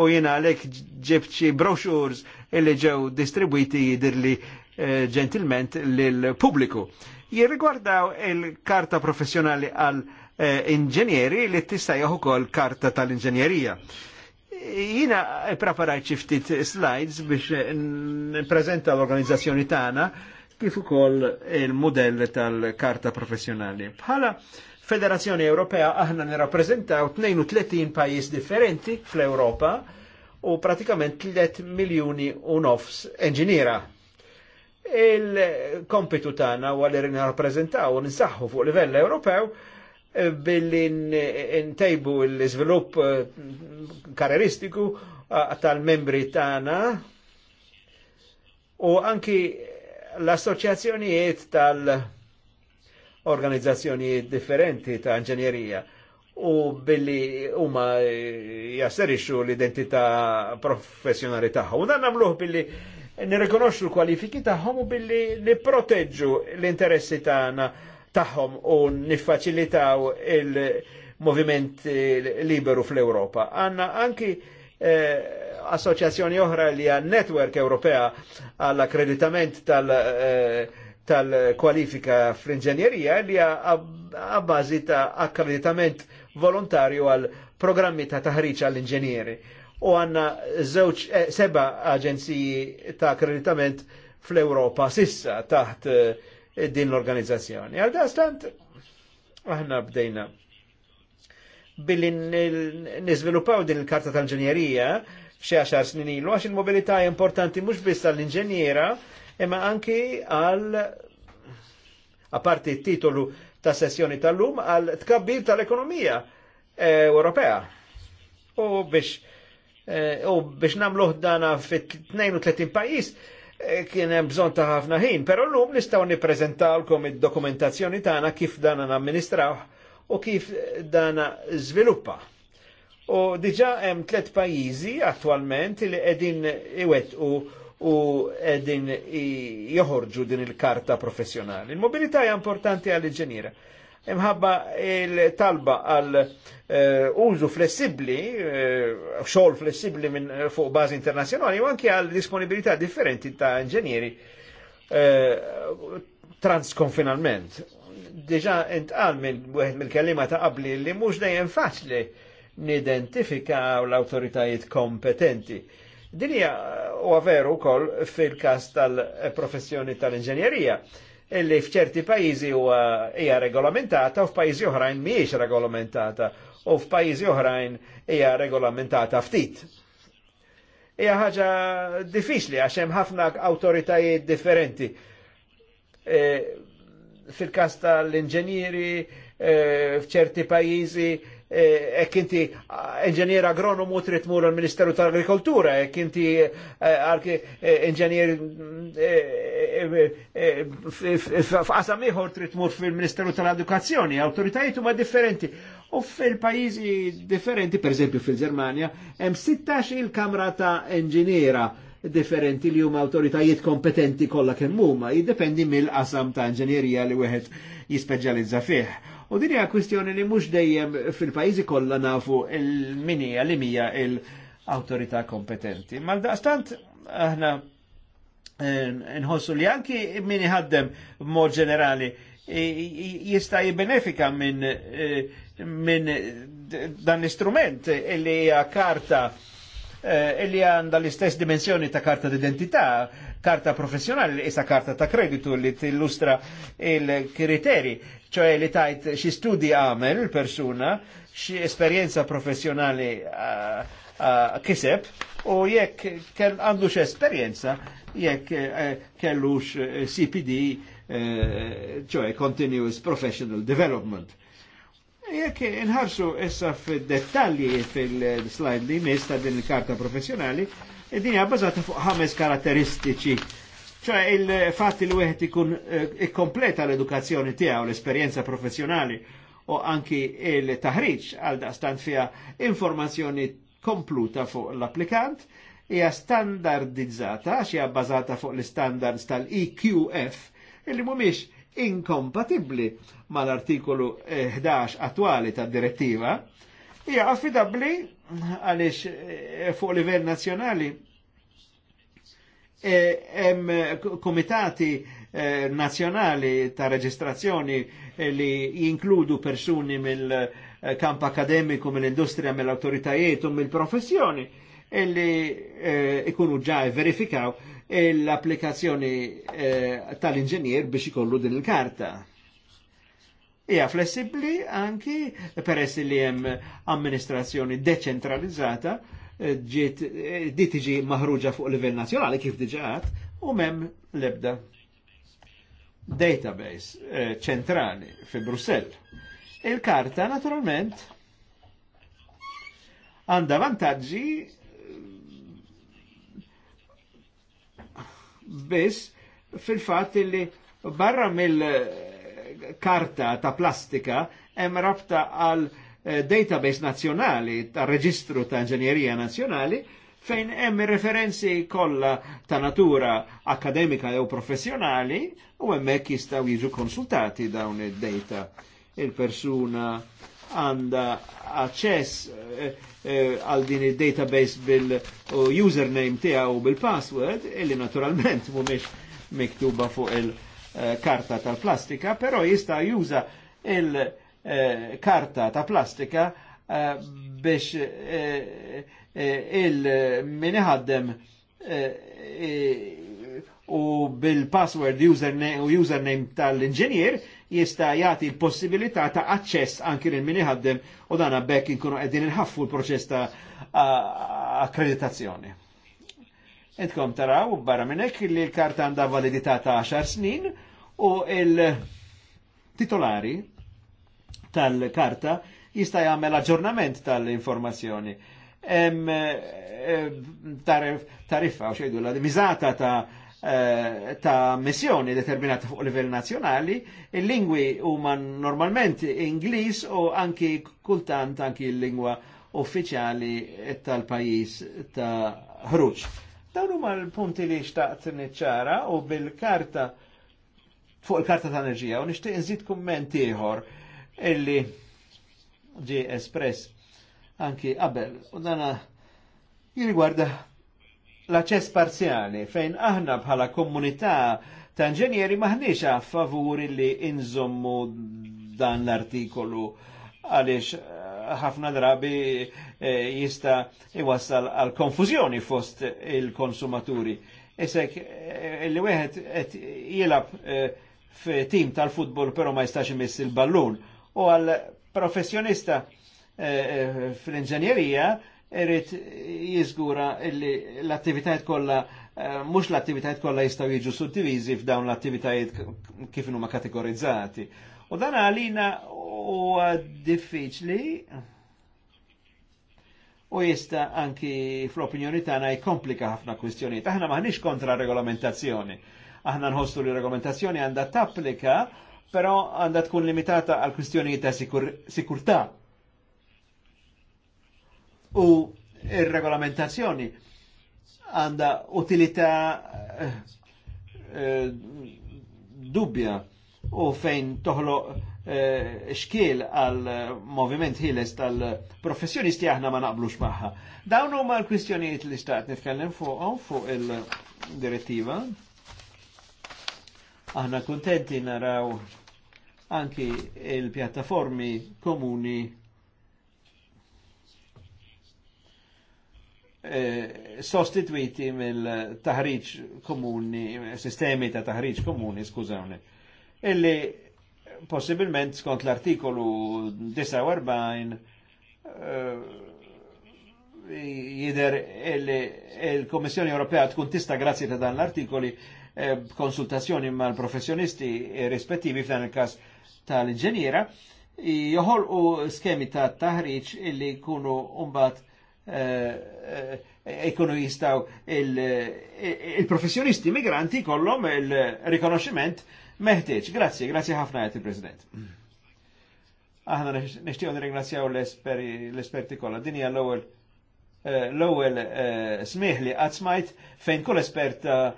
u jena għalek ġibċi brochures illi ġew distribuiti jidirli eh, ġentilment l-publiku. Jirrigwardaw il-karta professjonali għal eh, inġenieri li tista' joħu kol karta tal-inġenjerija. Jina preparajt ftit slides biex n prezenta l-organizzazzjoni tana kif ukoll il-modell tal-karta professjonali. Bħala Federazzjoni Ewropea aħna nirrappreżentaw 32 pajjiż differenti fl-Ewropa u pratikament 3 miljuni u nofs enġiniera. Il-kompitu tagħna huwa li nirrappreżentaw u ninsaħħu fuq livell Ewropew eh, billi ntejbu l-iżvilupp eh, karrieristiku eh, tal-membri tagħna u anki l-assoċjazzjonijiet tal-, -tal organizzazzjoni differenti ta' inġenjerija u billi huma jasserixxu l-identità professjonali tagħhom. U dan nagħmluh billi nirrikonoxxu l-kwalifiki tagħhom u billi nipproteġġu l-interessi tagħna tagħhom u niffaċilitaw il-moviment liberu fl-Ewropa. Għanna anki eh, assoċjazzjoni oħra li għan Network Ewropea għall-akkreditament tal- eh, tal-kwalifika fl-inġenjerija li għabbażi ta' akkreditament volontarju għal programmi ta' taħriġ għall inġenjeri U għanna zewċ seba aġenziji ta' akkreditament fl-Europa sissa taħt din l-organizzazzjoni. Għal dastant, aħna bdejna billi nizvilupaw din il-karta tal-inġenjerija xie għaxar snin ilu, għax il-mobilità importanti mux biss tal inġenjera imma anki għal a aparti titolu ta' sessjoni tal-lum għal tkabbir tal-ekonomija eh, Ewropea. U biex eh, u biex namlu dana fit 32 pajis eh, kien hemm bżonn ta' ħafna ħin, però llum nistgħu nippreżentawlkom id-dokumentazzjoni tagħna kif dana namministraw u kif dana żviluppa. U diġà hemm tliet pajjiżi attwalment li qegħdin iwettqu u u edin joħorġu din il-karta professjonali. Il-mobilità hija importanti għall-inġeniera. Imħabba il-talba għal eh, użu flessibli, eh, xogħol flessibli minn eh, fuq bażi internazzjonali u anke għal disponibilità differenti ta' inġenieri transkonfinalment. Diġa intqal mill-kellima ta' qabli li mhux dejjem faċli nidentifika l-autoritajiet kompetenti Din eh, u għaveru veru wkoll fil kas tal-professjoni tal-inġenjerija illi f'ċerti pajizi u hija regolamentata u f'pajjiżi oħrajn miex regolamentata u f'pajjiżi oħrajn hija regolamentata ftit. Hija ħaġa diffiċli għax hemm ħafna awtoritajiet differenti. E, fil-każ tal-inġenieri e, f'ċerti pajjiżi jekk eh, inti eh, inġenier agronomu trid tmur l-Ministeru tal-Agrikoltura, jekk inti eh, inġenier f'qasam ieħor trid tmur fil-Ministeru tal-Edukazzjoni, awtoritajiet huma differenti. U fil-pajjiżi differenti, per eżempju fil germania hemm 16 il-Kamra ta' Inġiniera differenti li huma awtoritajiet kompetenti kollha kemm huma, jiddependi mill-qasam ta' inġenierija li wieħed jispeċjalizza fih. U din hija kwistjoni li mhux dejjem fil pajizi kolla nafu l-minija li mija l-awtorità kompetenti. Mal-daqstant aħna eh, nħossu li anki min ħaddem mod ġenerali jista jibbenefika minn eh, min dan l-istrument illi hija karta eh, illi għanda l-istess dimensjoni ta' karta d'identità karta professjonali li isa karta ta' kreditu li tillustra il-kriteri, ċoħe li tajt xi studi għamel persuna xi esperienza professjonali kiseb u jekk għandu esperienza, jekk eh, kellux eh, CPD eh, ċoħe Continuous Professional Development Jekk inħarsu issa fid-dettalji fil-slide li mis ta' din il-karta professjonali, id-din għabbażata fuq ħames karatteristiċi. ċoħe il-fat li wieħed ikun eh, ikkompleta l-edukazzjoni tiegħu l-esperjenza professjonali u anki il-taħriġ għal daqstant fija informazzjoni kompluta fuq l-applikant hija standardizzata għax hija bbażata fuq l-standards tal-EQF illi mhumiex inkompatibbli mal-artikolu 11 attuali ta' direttiva, hija affidabbli għaliex eh, fuq livell nazzjonali eh, hemm komitati eh, nazzjonali ta' reġistrazzjoni eh, li jinkludu persuni mill-kamp akademiku, mill-industrija, mill-autoritajiet u mill-professjoni illi ikunu ġa verifikaw l-applikazzjoni tal inġenier biex ikollu din il-karta hija flessibbli anki peress li hemm amministrazzjoni deċentralizzata eh, ġiet eh, di tiġi maħruġa fuq livell nazzjonali kif diġaħat u mem lebda database eh, ċentrali fi Brussel. Il-karta naturalment għanda vantaġġi biss fil-fat li barra mill karta ta' plastika hemm rabta għal eh, database nazzjonali ta' reġistru ta' inġenjerija nazzjonali fejn hemm referenzi kollha ta' natura akademika jew professjonali u hemmhekk jistgħu jiġu konsultati dawn id-data il-persuna għanda access eh, eh, għal din il-database bil-username tiegħu u bil-password illi naturalment mhumiex miktuba fuq il- Eh, karta tal-plastika, però jista juża il-karta eh, ta' plastika eh, biex il-miniħaddem u bil-password u username tal-inġinier jista jati l-possibilità ta' access anki il min iħaddem u dana bekk inkunu il-ħaffu l-proċess ta' akkreditazzjoni. Entkom taraw barra minnek li l-karta għanda validità ta' 10 snin u il-titolari tal-karta jista' jagħmel aġġornament tal-informazzjoni. Eh, tariffa u xejdu l-admizata ta' eh, ta' missjoni determinata fuq livell nazjonali, il-lingwi huma normalment Ingliż u anki kultant anki l-lingwa uffiċjali tal-pajis ta' ħruġ. Dawn huma l-punti li xtaqt niċċara u bil-karta fuq il-karta ta' enerġija u nixtieq nżid kumment ieħor illi ġi espress anki qabel u dana jirrigwarda l-aċċess parzjali fejn aħna bħala komunità ta' inġenieri maħniex a favur li inżommu dan l-artikolu għaliex eh, ħafna drabi E, jista jwassal għal konfuzjoni fost il-konsumaturi. Isek, e, li wieħed qed jilab e, f'tim tal-futbol però ma jistax imiss il-ballun. U għal professjonista fl-inġenjerija irrid jiżgura l-attivitajiet kollha mux l-attivitajiet kollha jistgħu jiġu suddiviżi f'dawn l-attivitajiet kif huma kategorizzati. U dan għalina huwa diffiċli u jista anki fl-opinjoni tagħna jkomplika ħafna kwistjoni. Aħna maħniex kontra regolamentazzjoni. Aħna nħossu li regolamentazzjoni għandha tapplika, però għandha tkun limitata għal kwistjoni ta' sikur sikurtà. U ir-regolamentazzjoni għandha utilità eh, eh, dubja u fejn toħlo eh, xkiel għal moviment ħiles tal-professjonisti aħna ma naqblux maħħa. Dawn huma l-kwistjonijiet li staqt nitkellem fuqhom fuq il-direttiva. Aħna kontenti naraw anki il-pjattaformi komuni eh, sostituiti mill-taħriġ komuni, sistemi ta' taħriġ komuni, skużawni illi possibilment skont l-artikolu 49 eh, jider illi il-Komissjoni Ewropea tkun tista grazzi ta' dan l-artikoli eh, konsultazzjoni mal professjonisti rispettivi f'dan il-kas tal-inġeniera u skemi ta' taħriċ illi jkunu umbat eh, jkunu jistaw il-professjonisti migranti kollom il-rikonoxximent il meħtieġ. Grazzi, grazzi ħafna għet il-President. Aħna nishtiju nirringrazzjaw l-esperti kollha. Din hija l ewel eh, l eh, smieħ li qatt smajt fejn kull espert eh,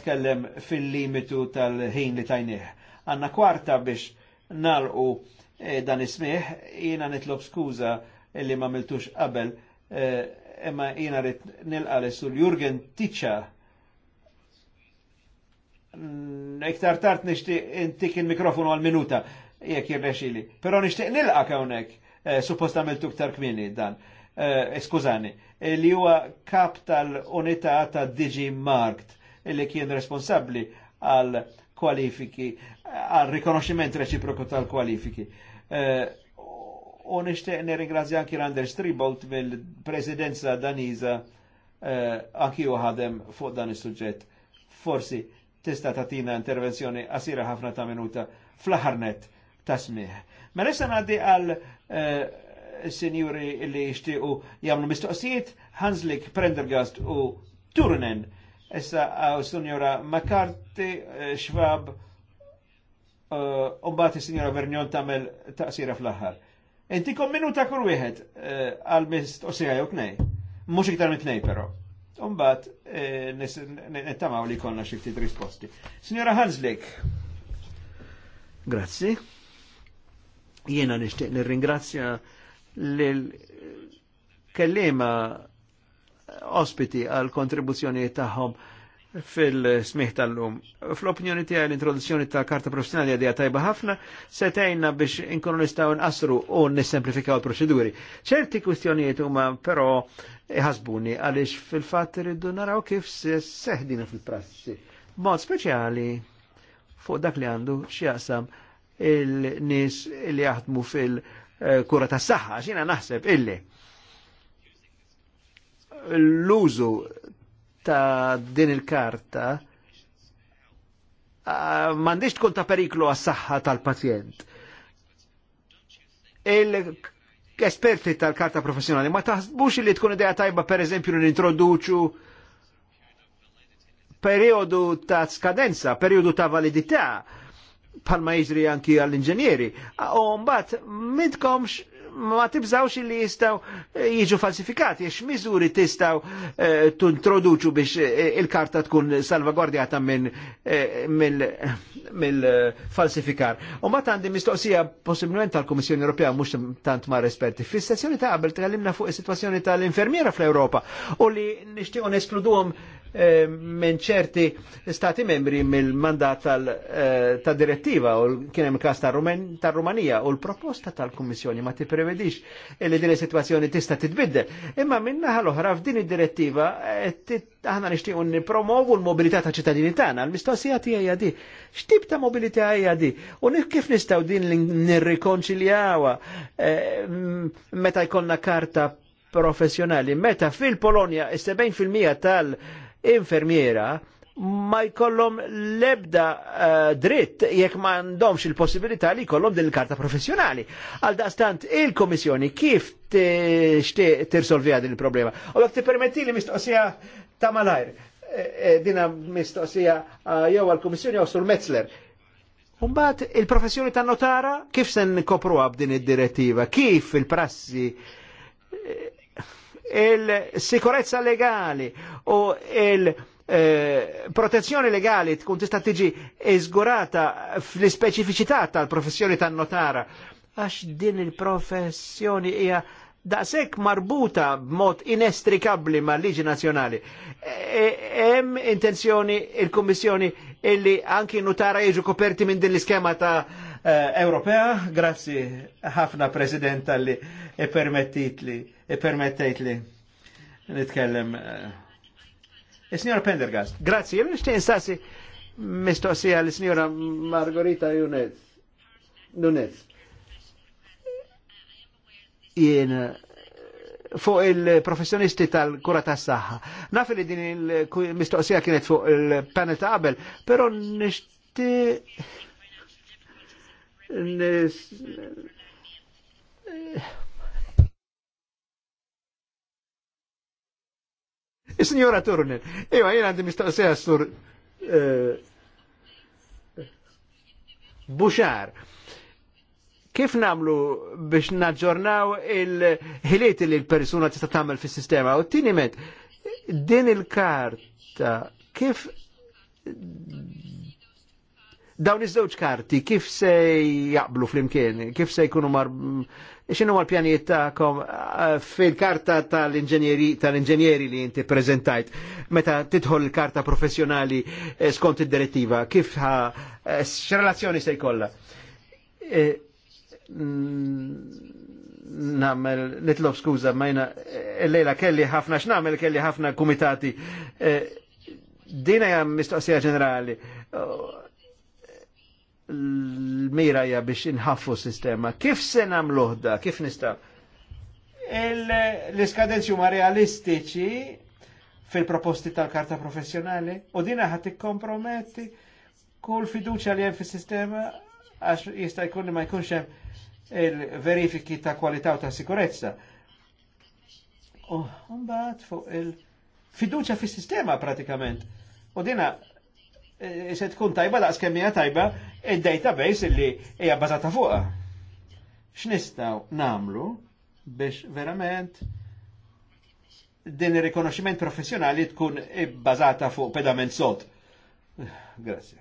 tkellem fil-limitu tal-ħin li tajniħ. Għanna kwarta biex nalqu dan ismieħ jiena nitlob skuża li ma miltux qabel imma jiena rrid nilqa l-sul Jurgen Tiċċa iktar tard nixtieq intik il-mikrofonu għal minuta jekk jirrexili. Però nil nilqak hawnhekk eh, supposta għamiltu iktar kmini dan. Eh, eskużani, eh, li huwa kap tal-unità ta' Digi Markt li kien responsabbli għal kwalifiki, għal rikonoxximent reċiproku tal-kwalifiki. U nishtiq nirringrazzja anki Anders Stribolt mill-presidenza Daniza anki u ħadem fuq dan is-suġġett. Forsi tista' tatina intervenzjoni asira ħafna ta' minuta fl ħarnet ta' smih. Ma mela nista' għaddi għal eh, sinjuri li jishtiqu jamlu mistoqsijiet Hanslik, Prendergast u Turnen, Issa għaw sinjora McCarthy, eh, Schwab, eh, umbati sinjora Vernjon tamel Asira fl ħar Inti kom minuta kur wieħed għal mistoqsija jew tnej. Mux iktar minn tnej però. Umbat, eh, nittamaw li konna xiftit risposti. Signora Hanslik. Grazzi. Jena nishtiq nirringrazzja l-kellima ospiti għal kontribuzzjoni taħħom fil-smiħ tal-lum. Fl-opinjoni tiegħi l-introduzzjoni ta' karta professjonali għadija tajba ħafna se biex inkunu nistgħu nqasru u nissemplifikaw il-proċeduri. ċerti kwistjonijiet huma però ħasbuni għaliex fil-fatt irridu naraw kif se seħdina fil-prassi. Mod speċjali fuq dak li għandu x'jaqsam il-nies li jaħdmu fil-kura tas-saħħa, xina naħseb illi l-użu ta' din il-karta ah, mandiġ tkun ta' periklu għas saħħa tal-pazjent. Il-esperti tal-karta professjonali ma taħsbux li tkun ideja tajba per eżempju nintroduċu periodu ta' skadenza, periodu ta' validità palma jiġri anki għall-inġenieri. Ah, u mbagħad midkomx ma tibżawx li jistaw eh, jiġu falsifikati, jiex miżuri tistaw eh, t-introduċu biex eh, il-karta tkun salvagordjata mill-falsifikar. U ma tandi mistoqsija possibilment tal-Komissjoni Ewropea mux tant ma esperti. Fis-sessjoni ta' qabel tkellimna fuq is-sitwazzjoni tal-infermiera fl-Ewropa u li nixtiequ neskluduhom Eh, minn ċerti stati membri mill-mandat eh, ta' direttiva u kien hemm każ ta' Rumanija u l-proposta tal-Kummissjoni ma tipprevedix li din is-sitwazzjoni tista' titbiddel. Imma naħa l-oħra f'din id-direttiva eh, aħna nixtiequ nippromovu l-mobilità ta' ċittadini tagħna, l-mistoqsija tiegħi di. X'tib ta' mobilità hija di? U kif nistgħu din nirrikonċiljawha meta jkollna karta professjonali. Meta fil-Polonja, 70% tal- infermiera ma jkollhom lebda uh, dritt jekk ma għandhomx il-possibilità li jkollhom din il-karta professjonali. Għal daqstant il-Komissjoni kif tirsolvija din il-problema. U jekk tippermetti li mistoqsija ta' malajr. E, e, dina mistoqsija uh, jew għal-Komissjoni jew sur Metzler. Umbat il-professjoni ta' notara kif se nkopru din id-direttiva? Kif il-prassi il-sikurezza legali u il- eh, protezzjoni legali tkun tista' tiġi iżgurata fl-ispeċifiċità tal-professjoni tan-notara. Għax din il-professjoni hija daqshekk marbuta b'mod inestrikabbli mal-liġi nazzjonali. E, e, hemm intenzjoni il-Kummissjoni illi anki notara jiġu koperti minn din l-iskema ta' eh, Ewropea, grazzi ħafna President li e permettitli permettejt li nitkellem. Eh, Il-Signor Pendergast, grazzi, jem nishtin stasi mistoqsija l-Signora Margarita Junez. Nunez. Jena fuq il-professjonisti tal-kura ta' s saħħa Nafi li din il-mistoqsija kienet fuq il-panel ta' qabel, pero nishti nis Is-Sinjora Turunen, iwa jien għandi mistoqsija sur eh, Buxar. Kif namlu biex naġġornaw il-ħiliet li l-persuna tista' tagħmel fis-sistema? U tieni met, din il-karta kif dawn iż-żewġ karti kif se jaqblu flimkien, kif se jkunu mar xinu għal pjanijiet ta'kom eh, fil-karta tal-inġenieri tal li inti prezentajt, meta titħol il-karta professjonali eh, skont id-direttiva, kif ha, eh, x-relazzjoni se jkolla? namel, nitlob skuza, majna, l-lejla kelli ħafna, x-namel kelli ħafna kumitati. Dina jgħam mistoqsija ġenerali l-mira biex inħaffu sistema. Kif se nagħmluh da? Kif nista' l iskadenzju ma realistiċi fil-proposti tal-karta professjonali u dina ħadd komprometti kull fiduċa li jem fil sistema għax jista' jkun ma jkunx hemm il-verifiki ta' kwalità u ta' sikurezza. U mbagħad fuq il-fiduċa fis-sistema pratikament. U dina Eh, se tkun tajba laqs kemmija tajba id-database illi hija bbażata fuqha. X'nistgħu namlu biex verament din ir-rikonoxximent professjonali tkun bbażata fuq pedament sod. Grazzi.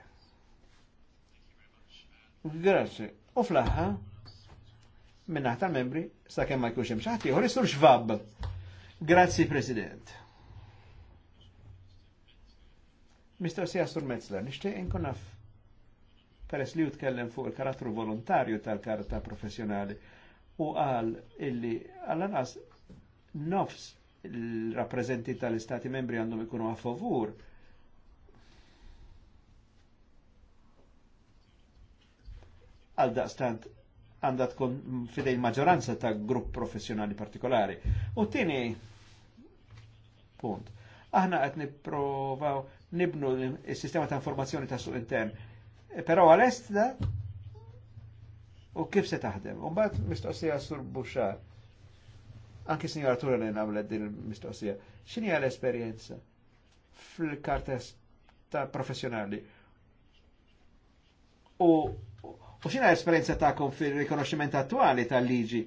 Grazzi. U fl-aħħa minnaħta membri sa' kemm ma jkunx hemm xi ħadd isur xvab. Grazzi President. Mr. Sur Metzler, nixtieq inkun naf peress li jutkellem fuq il-karattru volontarju tal-karta professjonali u għal illi għall-anqas nofs il-rappreżenti tal-istati membri għandhom ikunu a favur għal daqstant għandha tkun fidej maġġoranza ta' grupp professjonali partikolari. U tini, punt. Aħna qed nipprovaw nibnu il-sistema ta' informazzjoni ta' suq intern. E, però għal-est da u kif se taħdem. Umbat mistoqsija sur Buxar. Anki signor Tura li namlet din mistoqsija. Xini għal-esperienza fil-karta ta' professjonali? U, u xini għal-esperienza ta'kom fil rikonoximent attuali tal-liġi?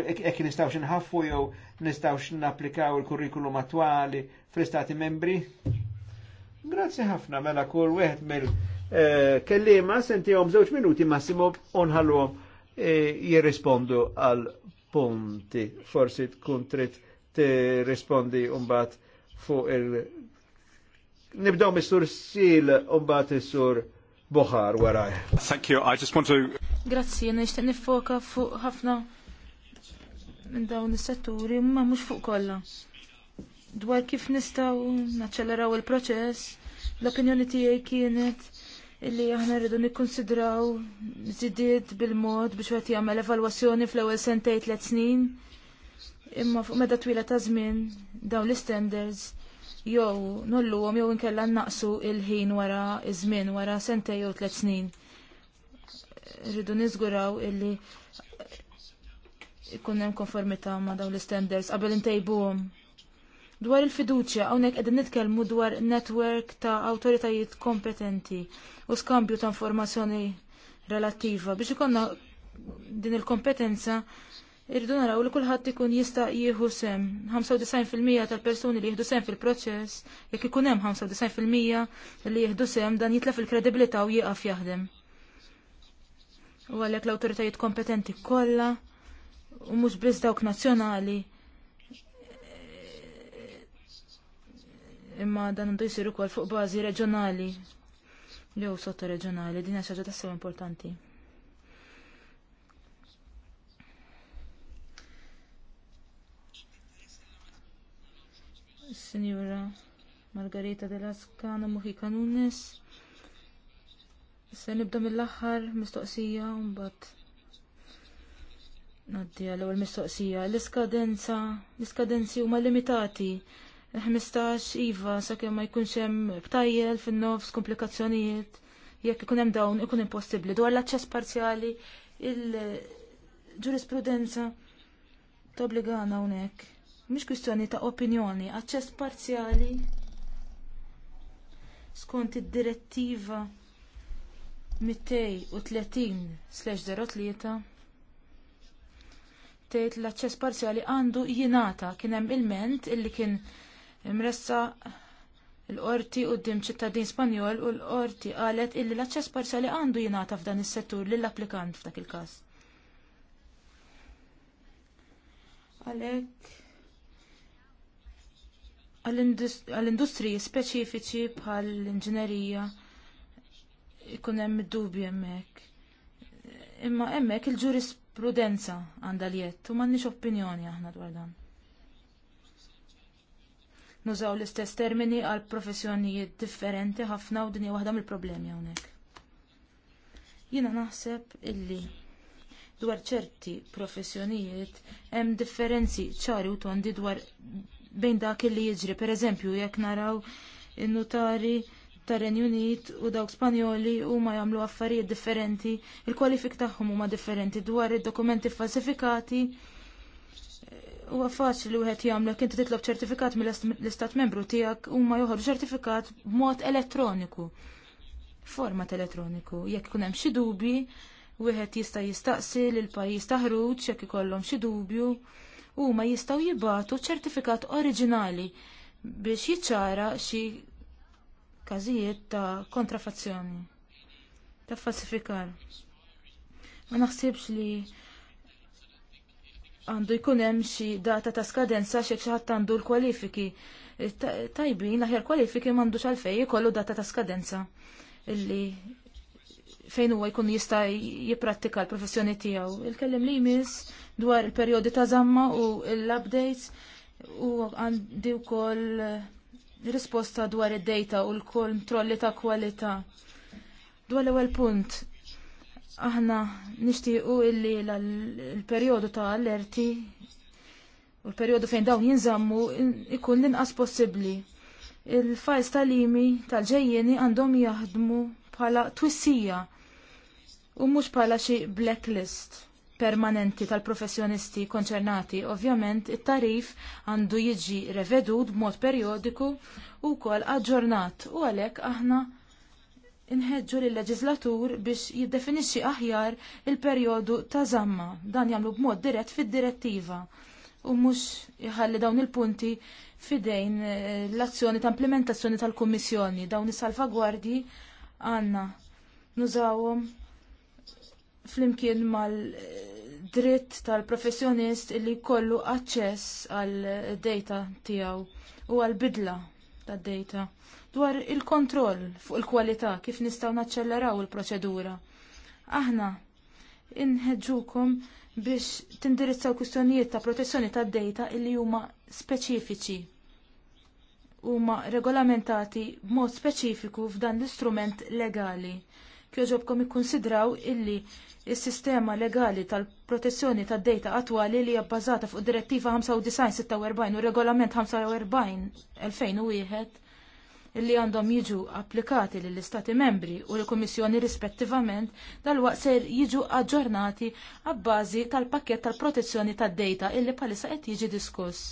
ek nistawx nħaffu jew nistawx napplikaw il-kurrikulum attwali fl-istati membri. Grazie ħafna mela kull wieħed mill-kellima eh, senti għom żewġ minuti massimo għom eh, jirrispondu għal punti. Forsi tkun trid tirrispondi mbagħad fuq il- Nibdaw mis-sur Sil mbagħad is-sur Bohar waraj. Thank you. I just want to Grazzi, nixtieq nifoka fuq ħafna minn dawn is-setturi ma mhux fuq kollha. Dwar kif nistgħu naċċeleraw il-proċess, l-opinjoni tiegħi kienet illi aħna rridu nikkonsidraw żidiet bil-mod biex wieħed jagħmel evalwazzjoni fl-ewwel sentej tliet snin. Imma fuq meta twila ta' żmien dawn l-standards jew nolluhom jew inkella naqsu il-ħin wara iż-żmien wara sentej jew tliet snin. Rridu niżguraw illi ikun hemm konformità ma' dawn l-standards qabel intejbuhom. Dwar il-fiduċja hawnhekk qegħdin nitkellmu dwar netwerk ta' awtoritajiet kompetenti u skambju ta' informazzjoni relattiva biex ikonna din il-kompetenza irridu naraw li kulħadd ikun jista' jieħu sem. 95% tal-persuni li jieħdu sem fil-proċess, jekk ikun hemm 95% li jieħdu sem dan jitla fil-kredibilità u jieqaf jaħdem. U għalhekk l-awtoritajiet kompetenti kollha u mhux biss dawk nazzjonali. Imma dan għandu jsir ukoll fuq bażi reġjonali jew reġjonali, din hija xi tassew importanti. Signora Margarita de las Cana Kanunis. Se nibda mill-aħħar mistoqsija u mbagħad Naddi għal ewwel mistoqsija, l-iskadenza, l-iskadenzi huma limitati. 15 iva sakemm ma jkunx hemm btajjel fin-nofs, komplikazzjonijiet. Jekk ikun hemm dawn ikun impossibbli. Dwar l-aċċess parzjali il-ġurisprudenza tobbligana hawnhekk. Mhix kwistjoni ta' opinjoni, aċċess parzjali skont id-direttiva 230/03 tgħid l-aċċess parzjali għandu jingħata kien hemm ilment illi kien imressa l-qorti quddiem ċittadin Spanjol u l-qorti qalet illi l-aċċess parzjali għandu jingħata f'dan is-settur lill-applikant f'dak il-każ. Għalhekk għall-industriji speċifiċi bħall-inġinerija ikun hemm id-dubju hemmhekk. Imma hemmhekk il-ġuris prudenza għandha li jett u m'għandniex opinjoni aħna dwar dan. Nużaw l-istess termini għal professjonijiet differenti ħafna u dinja waħda mill-problemi hawnhekk. Jiena naħseb illi dwar ċerti professjonijiet hemm differenzi ċari u tondi dwar bejn dak li jiġri. Pereżempju, jekk naraw in-notari tar renju Unit u dawk Spanjoli huma jagħmlu affarijiet differenti, il-kwalifik tagħhom huma differenti dwar id-dokumenti falsifikati. Eh, huwa faċli wieħed jagħmlek inti titlob ċertifikat mill-istat membru tiegħek huma joħorġu ċertifikat b'mod elettroniku. Format elettroniku. Jekk ikun hemm xi dubji, wieħed jista' jistaqsi lil pajjiż ta' ħruġ jekk ikollhom xi dubju, huma jistgħu jibgħatu ċertifikat oriġinali biex jiċċara xi każijiet ta' kontrafazzjoni, ta' falsifikar. Ma naħsibx li għandu jkun hemm xi data ta' skadenza xi ħadd għandu l-kwalifiki. Tajbin, aħjar kwalifiki m'għandux għalfejn ikollu data ta' skadenza illi fejn huwa jkun jista' jipprattika l-professjoni tiegħu. Il-kellim li jmiss dwar il-perjodi ta' żamma u l-updates u għandi wkoll risposta dwar id-data u l-kontrolli ta' kwalità. Dwar l-ewwel punt, aħna nixtiequ illi l-perjodu ta' allerti u l-perjodu fejn dawn jinżammu ikun l-inqas possibbli. Il-files tal-imi tal-ġejjeni għandhom jaħdmu bħala twissija u mhux bħala xi blacklist permanenti tal-professjonisti konċernati. Ovvjament, it-tarif għandu jiġi revedut b'mod perjodiku u kol aġġornat u għalek aħna inħedġu l leġislatur biex jiddefinixxi aħjar il-perjodu ta' zamma. Dan jagħmlu b'mod dirett fid-direttiva u mhux jħalli dawn il-punti fidejn eh, l-azzjoni ta' implementazzjoni tal-Kummissjoni. Dawn is-salvagwardji għandna nużawhom flimkien mal-dritt tal-professjonist illi jkollu aċċess għal data tiegħu u għall bidla tad data dwar il-kontroll fuq il-kwalità kif nistgħu naċċelleraw il-proċedura. Aħna inħeġġukom biex tindirizzaw kwistjonijiet ta' protezzjoni tad data illi huma speċifiċi huma regolamentati b'mod speċifiku f'dan l-istrument legali kjoġobkom ikkonsidraw illi il-sistema legali tal-protezzjoni tad dejta attwali li hija bbażata fuq direttiva 95-46 u regolament 45-2001 li għandhom jiġu applikati lill istati membri u l-Kummissjoni rispettivament dal ser jiġu aġġornati għabbażi tal-pakket tal-protezzjoni tad dejta illi bħalissa qed jiġi diskuss.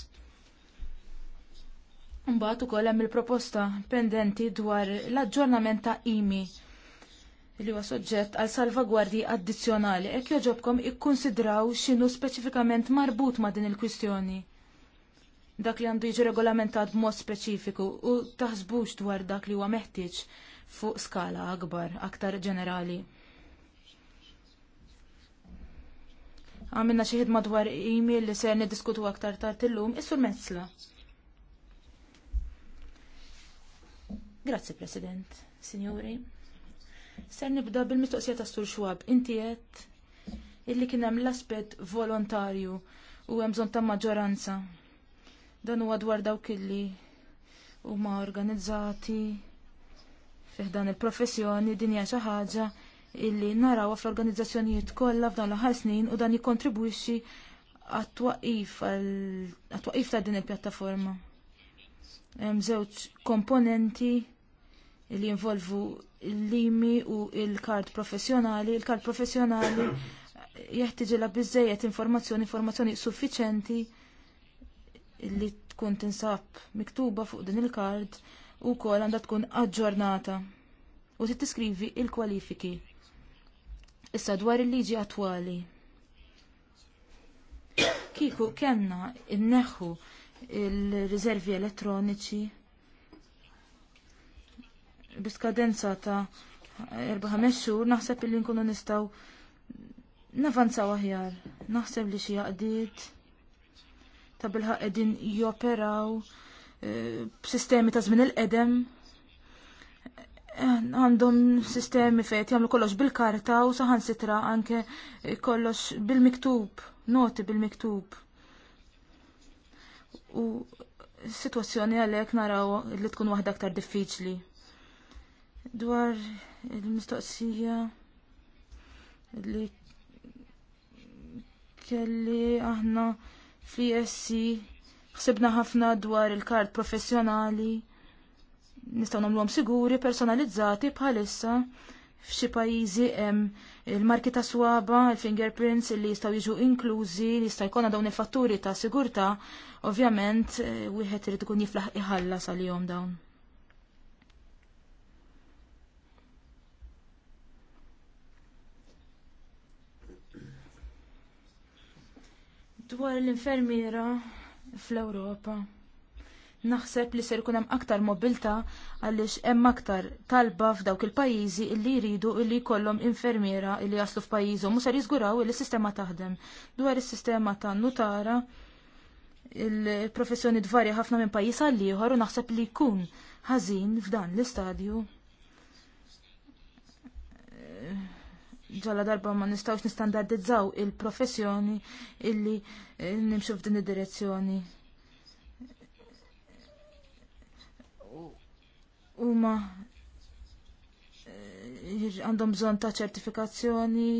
Mbagħad ukoll hemm il-proposta pendenti dwar l-aġġornament ta' IMI li huwa soġġett għal salvagwardji addizzjonali hekk joġobkom ikkunsidraw x'inhu speċifikament marbut ma' din il-kwistjoni. Dak li għandu jiġi regolamentat b'mod speċifiku u taħsbux dwar dak li huwa meħtieġ fuq skala akbar, aktar ġenerali. Għamilna xi ħidma dwar email li ser niddiskutu aktar tard illum is-sur Metzla. Grazzi President, Signori. Ser nibda bil-mistoqsija ta' Sur Xwab. Inti qed illi kien hemm l-aspett volontarju u hemm bżonn ta' maġġoranza. Dan huwa dwar dawk illi huma organizzati f'dan il-professjoni din hija xi ħaġa illi narawha fl-organizzazzjonijiet kollha f'dan l-aħħar snin u dan jikkontribwixxi għat-twaqif ta' din il-pjattaforma. Hemm żewġ komponenti li jinvolvu l limi u il-kart professjonali. Il-kart professjonali jeħtiġi la informazzjoni, informazzjoni suffiċenti li tkun tinsab miktuba fuq din il-kard u kol għanda tkun aġġornata u tiskrivi il-kwalifiki. Issa dwar il-liġi attwali. Kiku kenna inneħu il-rizervi elettroniċi biskadenza ta' 4-5 naħseb illi nkunu nistgħu navanzaw aħjar. Naħseb li xi jaqdiet ta' bilħaq qegħdin joperaw eh, b'sistemi ta' żmien il-qedem eh, għandhom sistemi fejt jamlu kollox bil-karta u saħan sitra anke kollox bil-miktub, noti bil-miktub. U situazzjoni sitwazzjoni għalhekk naraw li tkun waħda aktar diffiċli dwar il-mistoqsija li kelli aħna fi essi ħsibna ħafna dwar il-kart professjonali nistgħu nagħmluhom siguri personalizzati bħalissa f'xi pajjiżi hemm il-marki ta' swaba, il-fingerprints li jistgħu jiġu inklużi, li jista' jkollna dawn il-fatturi ta' sigurtà, ovvjament eh, wieħed irid ikun jiflaħ iħallas għalihom dawn. Dwar l-infermiera fl-Ewropa. Naħseb li ser ikun hemm aktar mobilta għaliex hemm aktar talba f'dawk il-pajjiżi li jridu illi jkollhom infermiera li jaslu f'pajizu. u ser jiżguraw li s-sistema taħdem. Dwar is-sistema ta' nutara il-professjoni dvarja ħafna minn pajjiż għal ieħor u naħseb li jkun ħażin f'dan l-istadju ġalla darba ma nistawx nistandardizzaw il-professjoni illi eh, nimxu f'din id-direzzjoni. Huma eh, għandhom bżonn ta' ċertifikazzjoni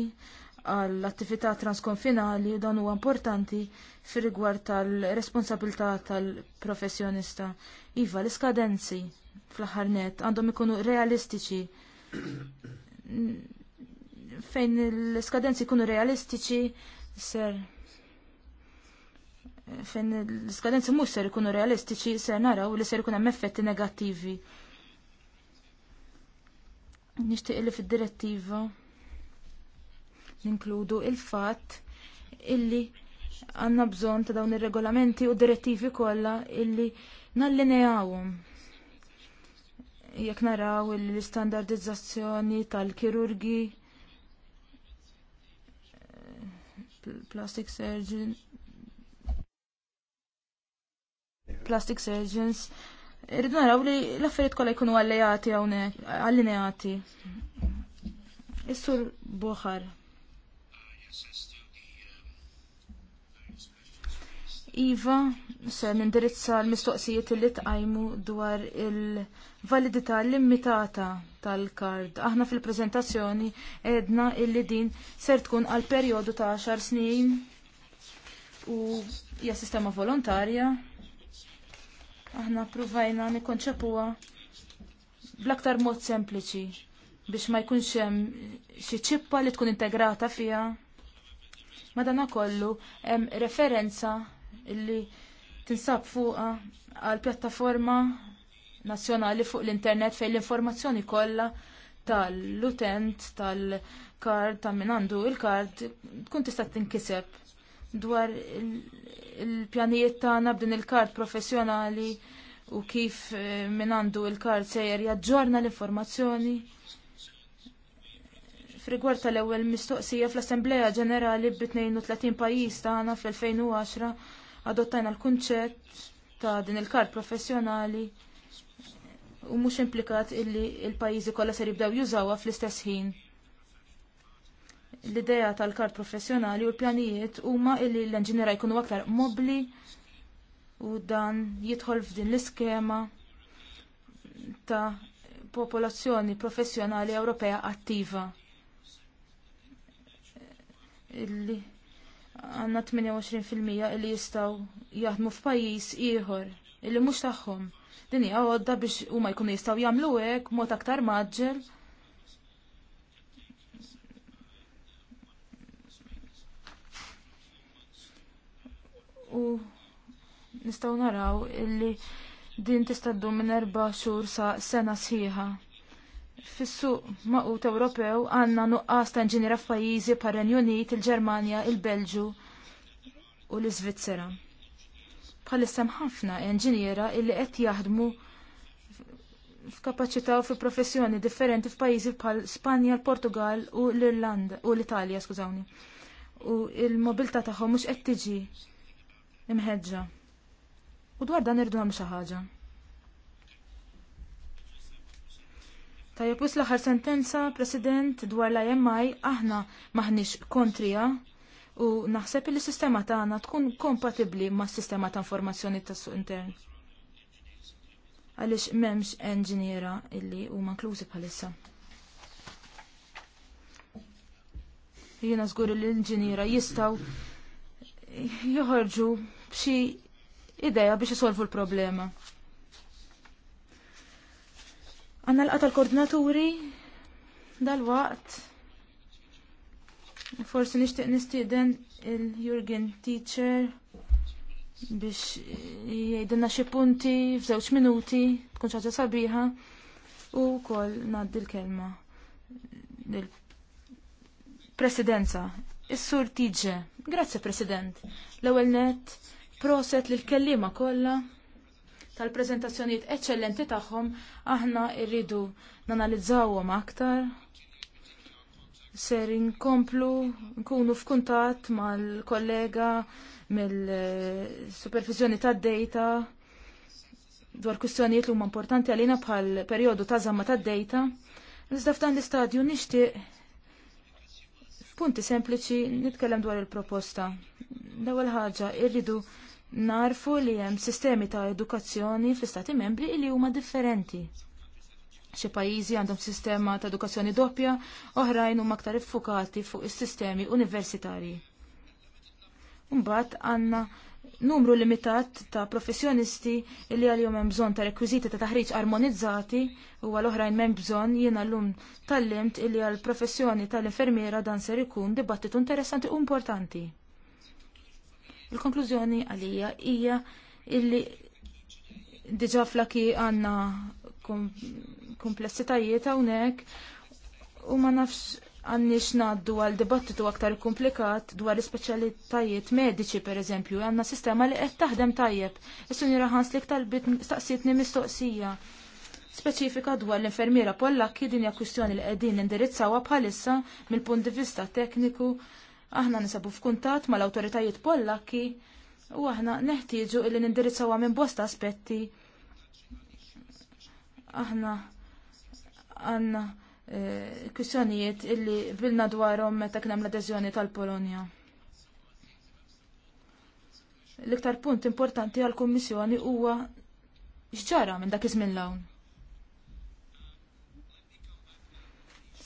għall-attività transkonfinali u dan huwa importanti fir-rigward tal-responsabilità tal-professjonista. Iva, l-iskadenzi fl-aħħar net għandhom ikunu realistiċi fejn l-skadenzi jkunu realistiċi ser fejn l-skadenzi mhux ser ikunu realistiċi ser naraw li ser ikun hemm effetti negattivi. Nixtieq li fid-direttiva ninkludu il-fatt illi għandna bżonn ta' dawn ir-regolamenti u direttivi kollha illi nallinejawhom jekk naraw l-istandardizzazzjoni tal-kirurgi plastic surgeons plastic surgeons irridu naraw li l-affarijiet kollha jkunu għallejati hawnhekk allineati. Is-sur Boħar. Iva, se nindirizza l-mistoqsijiet li tqajmu dwar il-validità limitata tal-kard. Aħna fil-prezentazzjoni edna illi din ser tkun għal perjodu ta' 10 snin u hija sistema volontarja. Aħna provajna nikkonċepuha bl-aktar mod sempliċi biex ma jkunx hemm xi ċippa li tkun integrata fiha. Madanakollu hemm referenza illi tinsab fuq għal pjattaforma nazzjonali fuq l-internet fejn l-informazzjoni kollha tal-utent tal-kard ta' min għandu il-kard tkun tista' tinkiseb dwar il-pjanijiet tagħna b'din il-kard professjonali u kif eh, min għandu il-kard sejjer jaġġorna l-informazzjoni. Frigward tal-ewwel mistoqsija fl-Assembleja Ġenerali b'32 pajjiż tagħna fl-2010 adottajna l-kunċett ta' din il-kart professjonali u mhux implikat illi il-pajjiżi kollha ser jibdew jużawha fl-istess ħin. L-idea tal-kart professjonali u l-pjanijiet huma illi l inġinera jkunu aktar mobbli u dan jidħol f'din l-iskema ta' popolazzjoni professjonali Ewropea attiva. Illi għanna 28% illi jistaw jaħdmu f'pajjiż ieħor illi mhux tagħhom. Din hija għodda biex huma jkunu jistgħu jagħmlu hekk mod aktar maġġel. U nistgħu naraw illi din tista' ddum minn erba' xhur sa sena sħiħa. Fis-suq maqut Ewropew għandna nuqqas ta' inġiniera f'pajjiżi par Unit, il-Ġermanja, il-Belġu u l-Iżvizzera. Bħalissa ħafna inġiniera illi qed jaħdmu f'kapaċità u f'professjoni differenti f'pajjiżi bħal Spanja, l-Portugal u l-Irlanda u l-Italja, skużawni. U l-mobilità tagħhom mhux qed tiġi imħeġġa. U dwar dan irdu hemm xi ħaġa. Tajjeb wis l-aħħar sentenza, President, dwar la jemmaj, aħna maħniex kontrija u naħseb li s-sistema tagħna tkun kompatibbli mas-sistema ta' informazzjoni tas-suq intern. Għaliex m'hemmx enġiniera illi huma inklużi bħalissa. Jiena żgur l-inġiniera jistgħu joħorġu b'xi ideja biex isolvu l-problema. Għanna l-qata l-koordinaturi dal-waqt. Forsi nishtiq nistiqden il-Jurgen Teacher biex jgħidilna xi punti f'żewġ minuti, tkun ħaġa sabiħa u kol ngħaddi l-kelma presidenza Is-sur Tiġe. Grazzi President. L-ewwel net proset l kellima kollha tal-prezentazzjonijiet eċċellenti tagħhom aħna rridu nanalizzawhom aktar. Ser inkomplu nkunu f'kuntatt mal-kollega mill-supervizjoni tad-data dwar kwistjonijiet li huma importanti għalina bħal perjodu ta' żamma tad-dejta. Iżda f'dan l-istadju nixtieq f'punti sempliċi nitkellem dwar il-proposta. L-ewwel ħaġa irridu narfu li hemm sistemi ta' edukazzjoni fl-istati membri li huma differenti. Xi pajjiżi għandhom sistema ta' edukazzjoni doppja, oħrajn huma aktar iffukati fuq is-sistemi universitarji. Mbagħad għandna numru limitat ta' professjonisti li għalihom hemm bżonn ta' rekwiżiti ta' taħriġ armonizzati u għal oħrajn m'hemm bżonn jiena llum tallimt li għall professjoni tal-infermiera dan ser ikun dibattitu interessanti u importanti. Il-konklużjoni għalija hija illi diġa flaki għanna komplessitajiet hawnhekk u ma nafx għannix naddu għal dibattitu aktar komplikat dwar l-speċalitajiet mediċi per eżempju, għanna sistema li qed taħdem tajjeb. Is-sunjura li talbit staqsitni mistoqsija speċifika dwar l-infermiera Pollakki din hija kwistjoni li qegħdin indirizzawha bħalissa mill-punt di vista tekniku Aħna nisabu f'kuntat mal-awtoritajiet Pollakki u aħna neħtieġu illi nindirizzawha minn bosta aspetti. Aħna għandna eh, kwistjonijiet illi bilna dwarhom meta kien hemm l-adeżjoni tal-Polonja. L-iktar punt importanti għall-Kummissjoni huwa x'ċara minn dak iż-żmien l-hawn.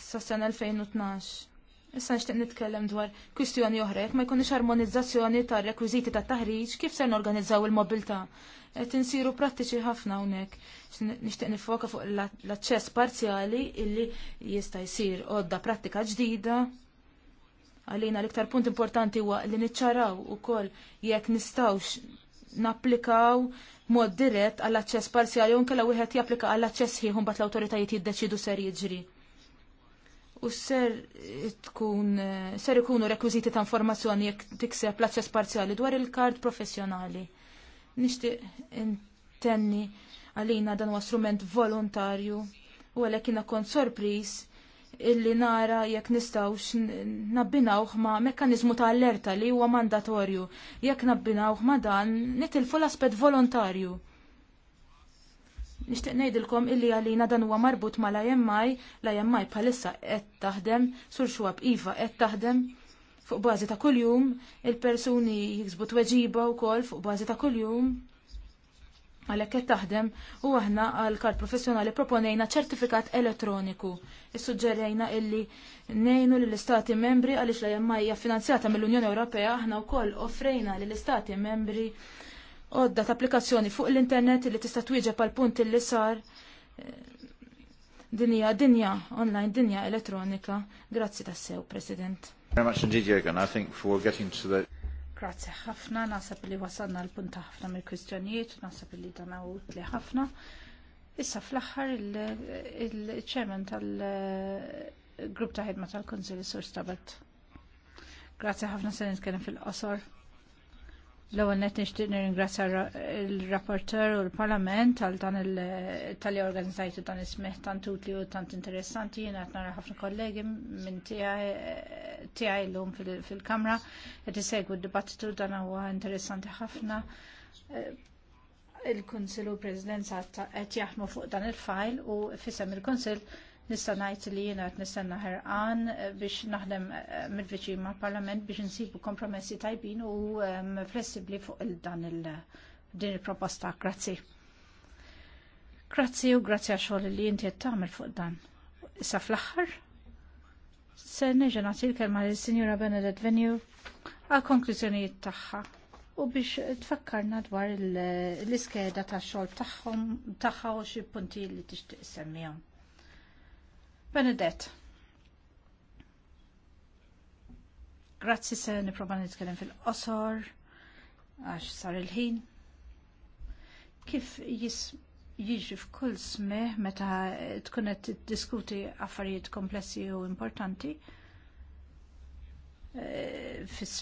Sas-sena 2012. Issa nixtieq nitkellem dwar kwistjoni oħra, jekk ma jkunx armonizzazzjoni tar-rekwiżiti tat-taħriġ, kif se norganizzaw il-mobilità? Qed insiru prattiċi ħafna hawnhekk. Nixtieq nifoka fuq l-aċċess parzjali illi jista' jsir għodda prattika ġdida. Għalina l-iktar punt importanti huwa li niċċaraw ukoll jekk nistgħux napplikaw mod dirett għall-aċċess parzjali u nkella wieħed japplika għall-aċċess ħieħ mbagħad l-awtoritajiet jiddeċidu ser jiġri u ser tkun eh, ser ikunu rekwiżiti ta' informazzjoni jekk tikseb l-aċċess parzjali dwar il-kard professjonali. Nixtieq intenni għalina dan huwa strument volontarju u għalhekk jina kont sorpris illi nara jekk nistgħux nabbinawx ma' mekkaniżmu ta' allerta li huwa mandatorju. Jekk nabbinawx ma' dan nitilfu l-aspett volontarju. Nixtieq ngħidilkom illi għalina dan huwa marbut ma' l-IMI, l-IMI bħalissa qed taħdem, sur xwab iva qed taħdem fuq bażi ta' kuljum, il-persuni jiksbu tweġiba wkoll fuq bażi ta' kuljum. Għalhekk qed taħdem u aħna għal kart professjonali proponejna ċertifikat elettroniku. Issuġġerejna illi nejnu lill-Istati membri għaliex l-IMI hija finanzjata mill-Unjoni Ewropea aħna wkoll offrejna lill-Istati membri odda ta' applikazzjoni fuq l-internet li tista' twieġeb għal punti li sar dinja dinja online, dinja elettronika. Grazzi tassew, President. Very much indeed, Jürgen. I think for getting to the Grazie ħafna, nasab li wasanna l-punta ħafna mill kwistjonijiet nasab li dan li ħafna. Issa fl-axħar il-ċemen tal-grupp ta' ħidma tal-Konsil Sur Stabat. Grazie ħafna se nitkellem fil-qosor. L-ewwel net nixtieq nirringrazzja l-rapporter u l-Parlament għal dan tal-li organizzajtu dan is-smih tant utli u tant interessanti jien qed nara ħafna kollegi minn tiegħi llum fil-Kamra qed isegwu d-dibattitu dan huwa interessanti ħafna. Il-Kunsill u l-Presidenza qed jaħdmu fuq dan il-fajl u fisem il-Kunsill nista' ngħid li jiena qed nistenna ħerqan biex naħdem eh, mill-viċin mal-Parlament biex insibu kompromessi tajbin u eh, flessibbli fuq il-dan il-din il-proposta. Grazzi. Grazzi u grazzi għax xogħol li inti qed tagħmel fuq dan. Issa fl-aħħar se neġa' nagħti l-kelma lis-Sinjura Benedet Venju għal konklużjonijiet tagħha u biex tfakkarna dwar l-iskeda tax xogħol tagħhom tagħha u xi punti li tixtieq semmihom. Benedett. Grazzi se niprofa nitkellem fil-qosor għax sar il-ħin. Kif jis jiġri f'kull sme meta tkun qed tiddiskuti affarijiet komplessi u importanti eh, fis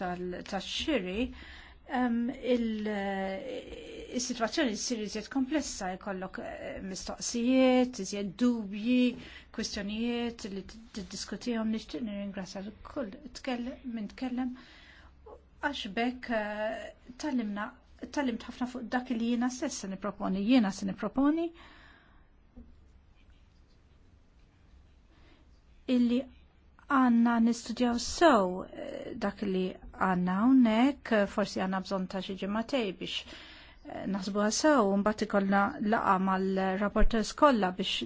tal-xiri. tal xiri il-situazzjoni eh, s siri iżjed komplessa, jkollok eh, mistoqsijiet, iżjed dubji, kwestjonijiet li t-diskutijom nishtiq nir-ingrasa kull minn tkellem. Għax bekk eh, tal-imna tal-imt ħafna fuq dak li jiena stess niproponi, jiena se niproponi illi għanna nistudjaw sew eh, dak li għanna unnek, eh, forsi għanna bżon ta' xieġematej biex nasbu għasaw, un-batti laqa mal-rapporters kolla biex